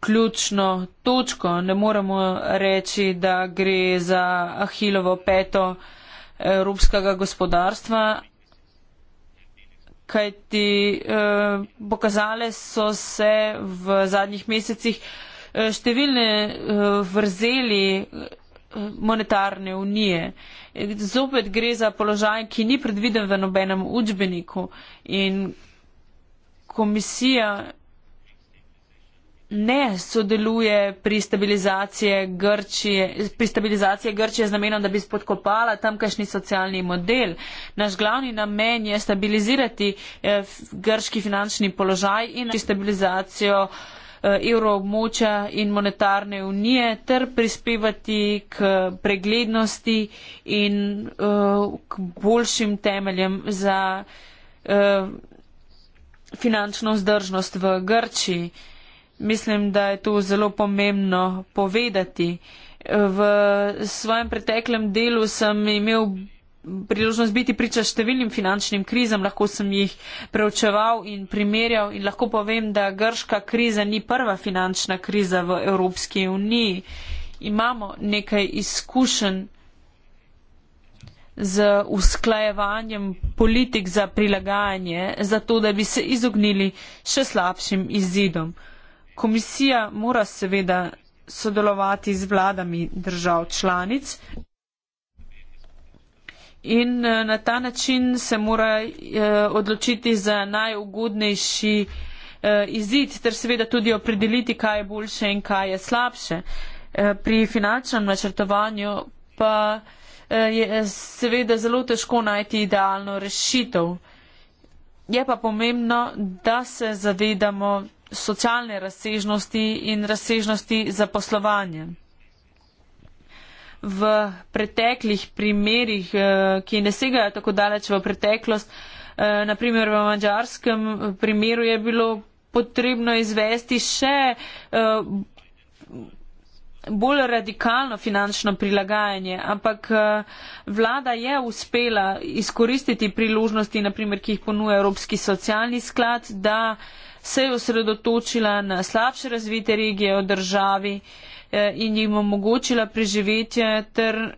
ključno točko, ne moremo reči, da gre za ahilovo peto eh, evropskega gospodarstva, kajti eh, pokazale so se v zadnjih mesecih eh, številne eh, vrzeli eh, monetarne unije. Zopet gre za položaj, ki ni predviden v nobenem učbeniku in komisija ne sodeluje pri stabilizaciji, Grčije, pri stabilizaciji Grčije z namenom, da bi spodkopala tamkajšnji socialni model. Naš glavni namen je stabilizirati eh, grški finančni položaj in stabilizacijo eh, evroobmoča in monetarne unije ter prispevati k preglednosti in eh, k boljšim temeljem za finančno vzdržnost v Grčiji. Mislim, da je to zelo pomembno povedati. V svojem preteklem delu sem imel priložnost biti priča številnim finančnim krizam, lahko sem jih preučeval in primerjal in lahko povem, da grška kriza ni prva finančna kriza v Evropski uniji. Imamo nekaj izkušenj z usklajevanjem politik za prilagajanje, zato da bi se izognili še slabšim izidom. Iz Komisija mora seveda sodelovati z vladami držav članic in eh, na ta način se mora eh, odločiti za najugodnejši eh, izid ter seveda tudi opredeliti, kaj je boljše in kaj je slabše. Pri finančnem načrtovanju pa je seveda zelo težko najti idealno rešitev. Je pa pomembno, da se zavedamo socialne razsežnosti in razsežnosti zaposlovanja. V preteklih primerjih, eh, ki ne segajo tako daleč v preteklost, eh, naprimer v mađarskem eh, primeru je bilo potrebno izvesti še bolj radikalno finančno prilagajanje, ampak vlada je uspela izkoristiti priložnosti, naprimer, ki jih ponuja Evropski socialni sklad, da uh, se je osredotočila na slabše razvite regije v državi eh, in jim omogočila preživetje ter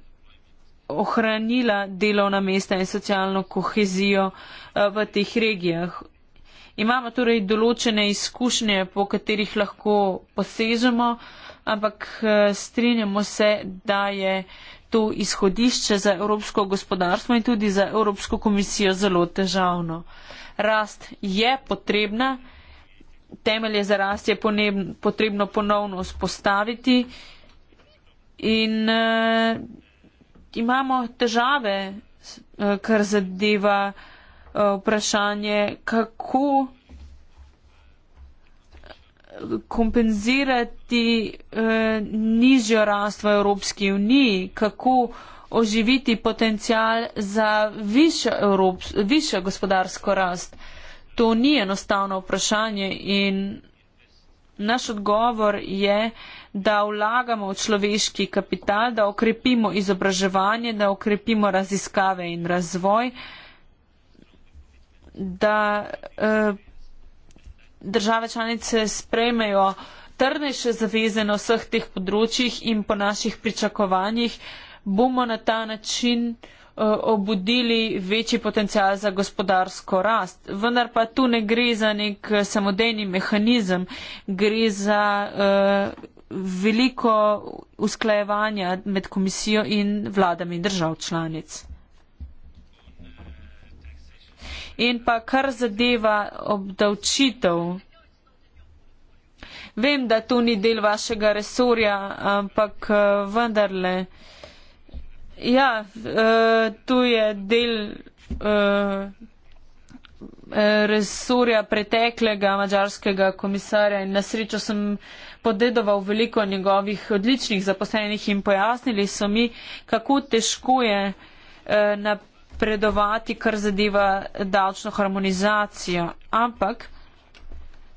ohranila delovna mesta in socialno kohezijo eh, v teh regijah. Imamo torej določene izkušnje, po katerih lahko posežemo, ampak eh, strinjamo se, da je to izhodišče za Evropsko gospodarstvo in tudi za Evropsko komisijo zelo težavno. Rast je potrebna, temelje za rast je potrebno ponovno spostaviti in uh, imamo težave, uh, kar zadeva uh, vprašanje, kako kompenzirati uh, nižjo rast v Evropski uniji, kako oživiti potencial za višjo gospodarsko rast. Uh, to ni enostavno vprašanje in naš odgovor je, da vlagamo v človeški kapital, da okrepimo izobraževanje, da okrepimo raziskave in razvoj, da eh, države članice sprejmejo trnejše zaveze na vseh teh področjih in po naših pričakovanjih bomo na ta način eh, Eh, obudili večji potencial za gospodarsko rast. Vendar pa tu ne gre za nek eh, samodejni mehanizem, gre za uh, veliko usklajevanja med komisijo in vladami držav članic. In pa kar zadeva obdavčitev. Vem, da to ni del vašega resorja, ampak vendarle. Uh, Ja, uh, tu je del uh, eh, eh, resurja preteklega mađarskega komisarja in na srečo sem podedoval veliko njegovih odličnih zaposlenih in pojasnili so mi, kako težko je uh, napredovati, kar zadeva davčno harmonizacijo. Ampak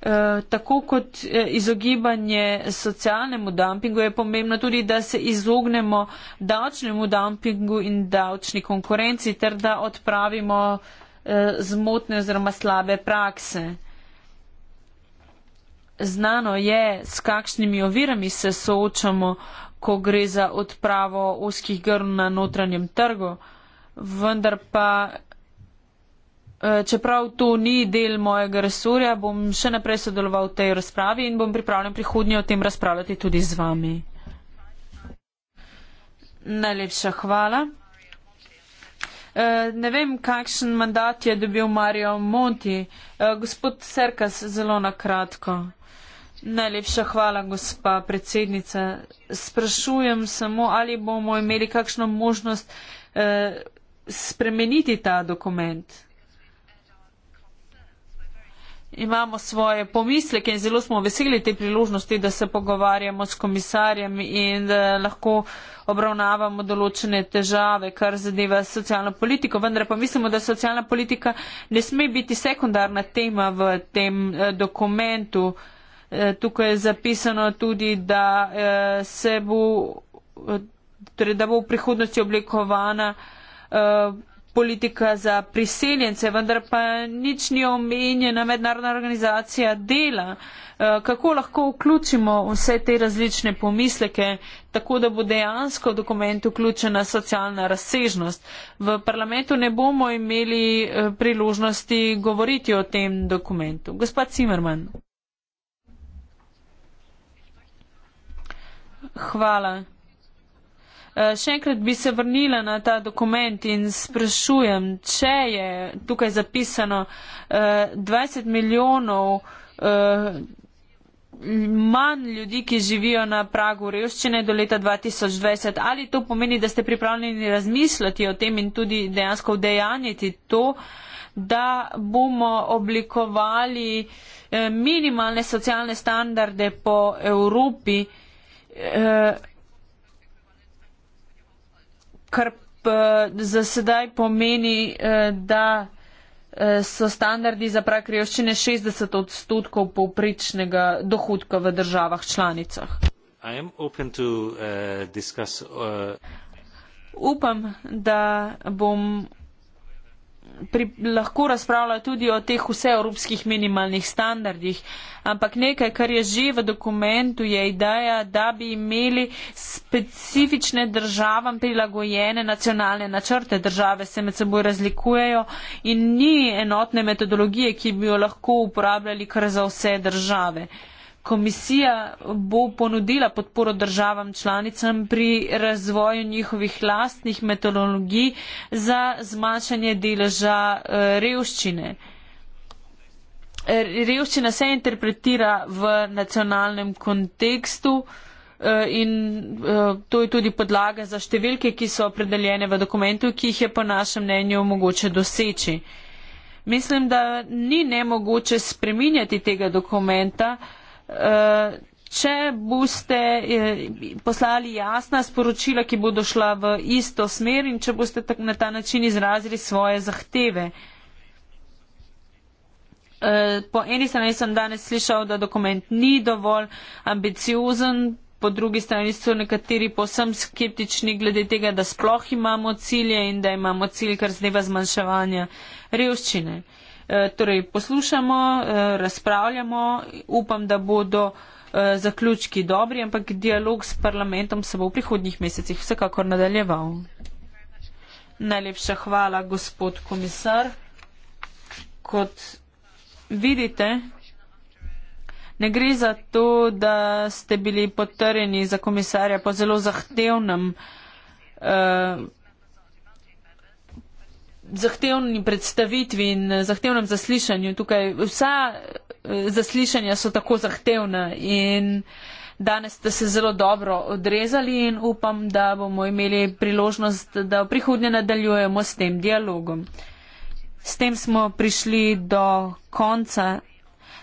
Eh, tako kot eh, izogibanje socialnemu dumpingu je pomembno tudi, da se izognemo davčnemu dumpingu in davčni konkurenci ter da odpravimo eh, zmotne oziroma slabe prakse. Znano je, s kakšnimi ovirami se soočamo, ko gre za odpravo oskih grn na notranjem trgu, vendar pa Eh, čeprav to ni del mojega resurja, bom še naprej sodeloval v tej razpravi in bom pripravljen prihodnje o tem razpravljati tudi z vami. Najlepša hvala. Eh, ne vem, kakšen mandat je dobil Mario Monti. Eh, gospod Serkas, zelo nakratko. Najlepša hvala, gospa predsednica. Sprašujem samo, ali bomo imeli kakšno možnost eh, spremeniti ta dokument imamo svoje pomisleke in zelo smo veseli te priložnosti, da se pogovarjamo s komisarjem in da eh, lahko obravnavamo določene težave, kar zadeva socialno politiko. Vendar pa mislimo, da socialna politika ne sme biti sekundarna tema v tem eh, dokumentu. Eh, tukaj je zapisano tudi, da se bo, torej, da bo v prihodnosti oblikovana politika za priseljence, vendar pa nič ni omenjena mednarodna organizacija dela. Eh, kako lahko vključimo vse te različne pomisleke, tako da bo dejansko v dokument vključena socialna razsežnost? V parlamentu ne bomo imeli eh, priložnosti govoriti o tem dokumentu. Gospod Zimmerman. Hvala. Eh, še enkrat bi se vrnila na ta dokument in sprašujem, če je tukaj zapisano 20 eh, milijonov eh, manj ljudi, ki živijo na pragu revščine do leta 2020. Ali to pomeni, da ste pripravljeni razmišljati o tem in tudi dejansko vdejaniti to, da bomo oblikovali minimalne socialne standarde po Evropi? kar eh, za sedaj pomeni, eh, da eh, so standardi za prak revščine 60 odstotkov povprečnega dohodka v državah članicah. To, uh, discuss, uh... Upam, da bom pri, lahko razpravljajo tudi o teh vseevropskih minimalnih standardih, ampak nekaj, kar je že v dokumentu, je ideja, da bi imeli specifične državam prilagojene nacionalne načrte. Države se med seboj razlikujejo in ni enotne metodologije, ki bi jo lahko uporabljali kar za vse države. Uh, komisija bo ponudila podporo državam članicam pri razvoju njihovih lastnih metodologij za zmanjšanje deleža eh, revščine. Eh, revščina se interpretira v nacionalnem kontekstu eh, in to je tudi podlaga za številke, ki so opredeljene v dokumentu, ki jih je po našem mnenju mogoče doseči. Mislim, da ni nemogoče spreminjati tega dokumenta, uh, Če boste eh, poslali jasna sporočila, ki bodo šla v isto smer in če boste na ta način izrazili svoje zahteve. Eh, po eni strani sem danes slišal, da dokument ni dovolj ambiciozen, po drugi strani so nekateri posem skeptični glede tega, da sploh imamo cilje in da imamo cilj kar zneva zmanjševanja revščine. Eh, torej poslušamo, eh, razpravljamo, upam, da bodo eh, zaključki dobri, ampak dialog s parlamentom se bo v prihodnjih mesecih vsekakor nadaljeval. Najlepša hvala, gospod komisar. Kot vidite, ne gre za to, da ste bili potrjeni za komisarja po zelo zahtevnem. Uh, zahtevni predstavitvi in eh, zahtevnem zaslišanju. Tukaj vsa eh, zaslišanja so tako zahtevna in danes ste se zelo dobro odrezali in upam, da bomo imeli priložnost, da v prihodnje nadaljujemo s tem dialogom. S tem smo prišli do konca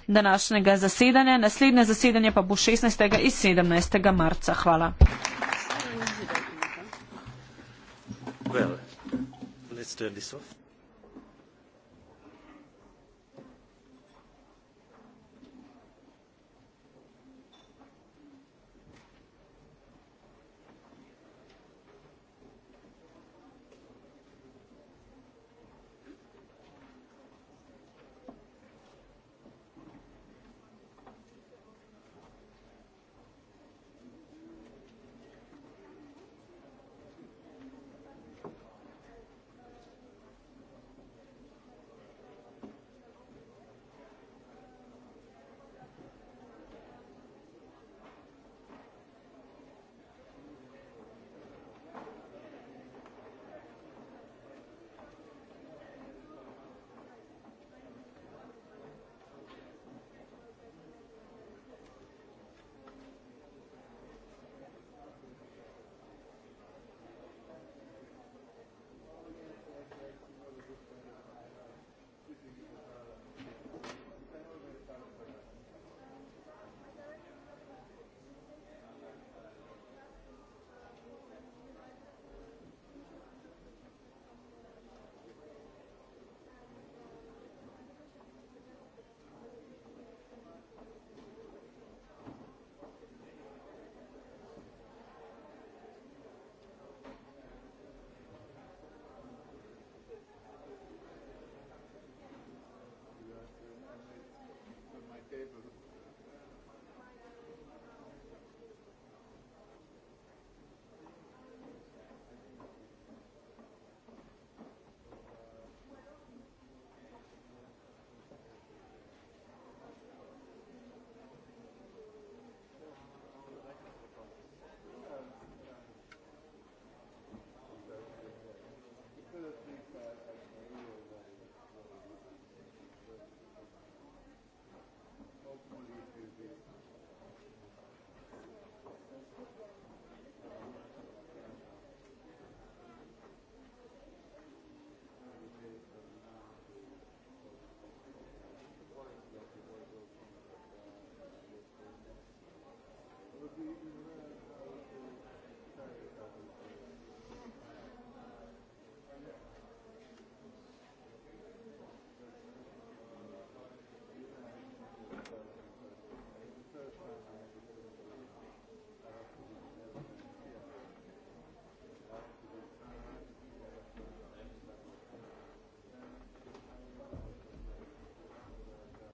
današnjega zasedanja. Naslednje zasedanje pa bo 16. in 17. marca. Hvala. Well mr lisov.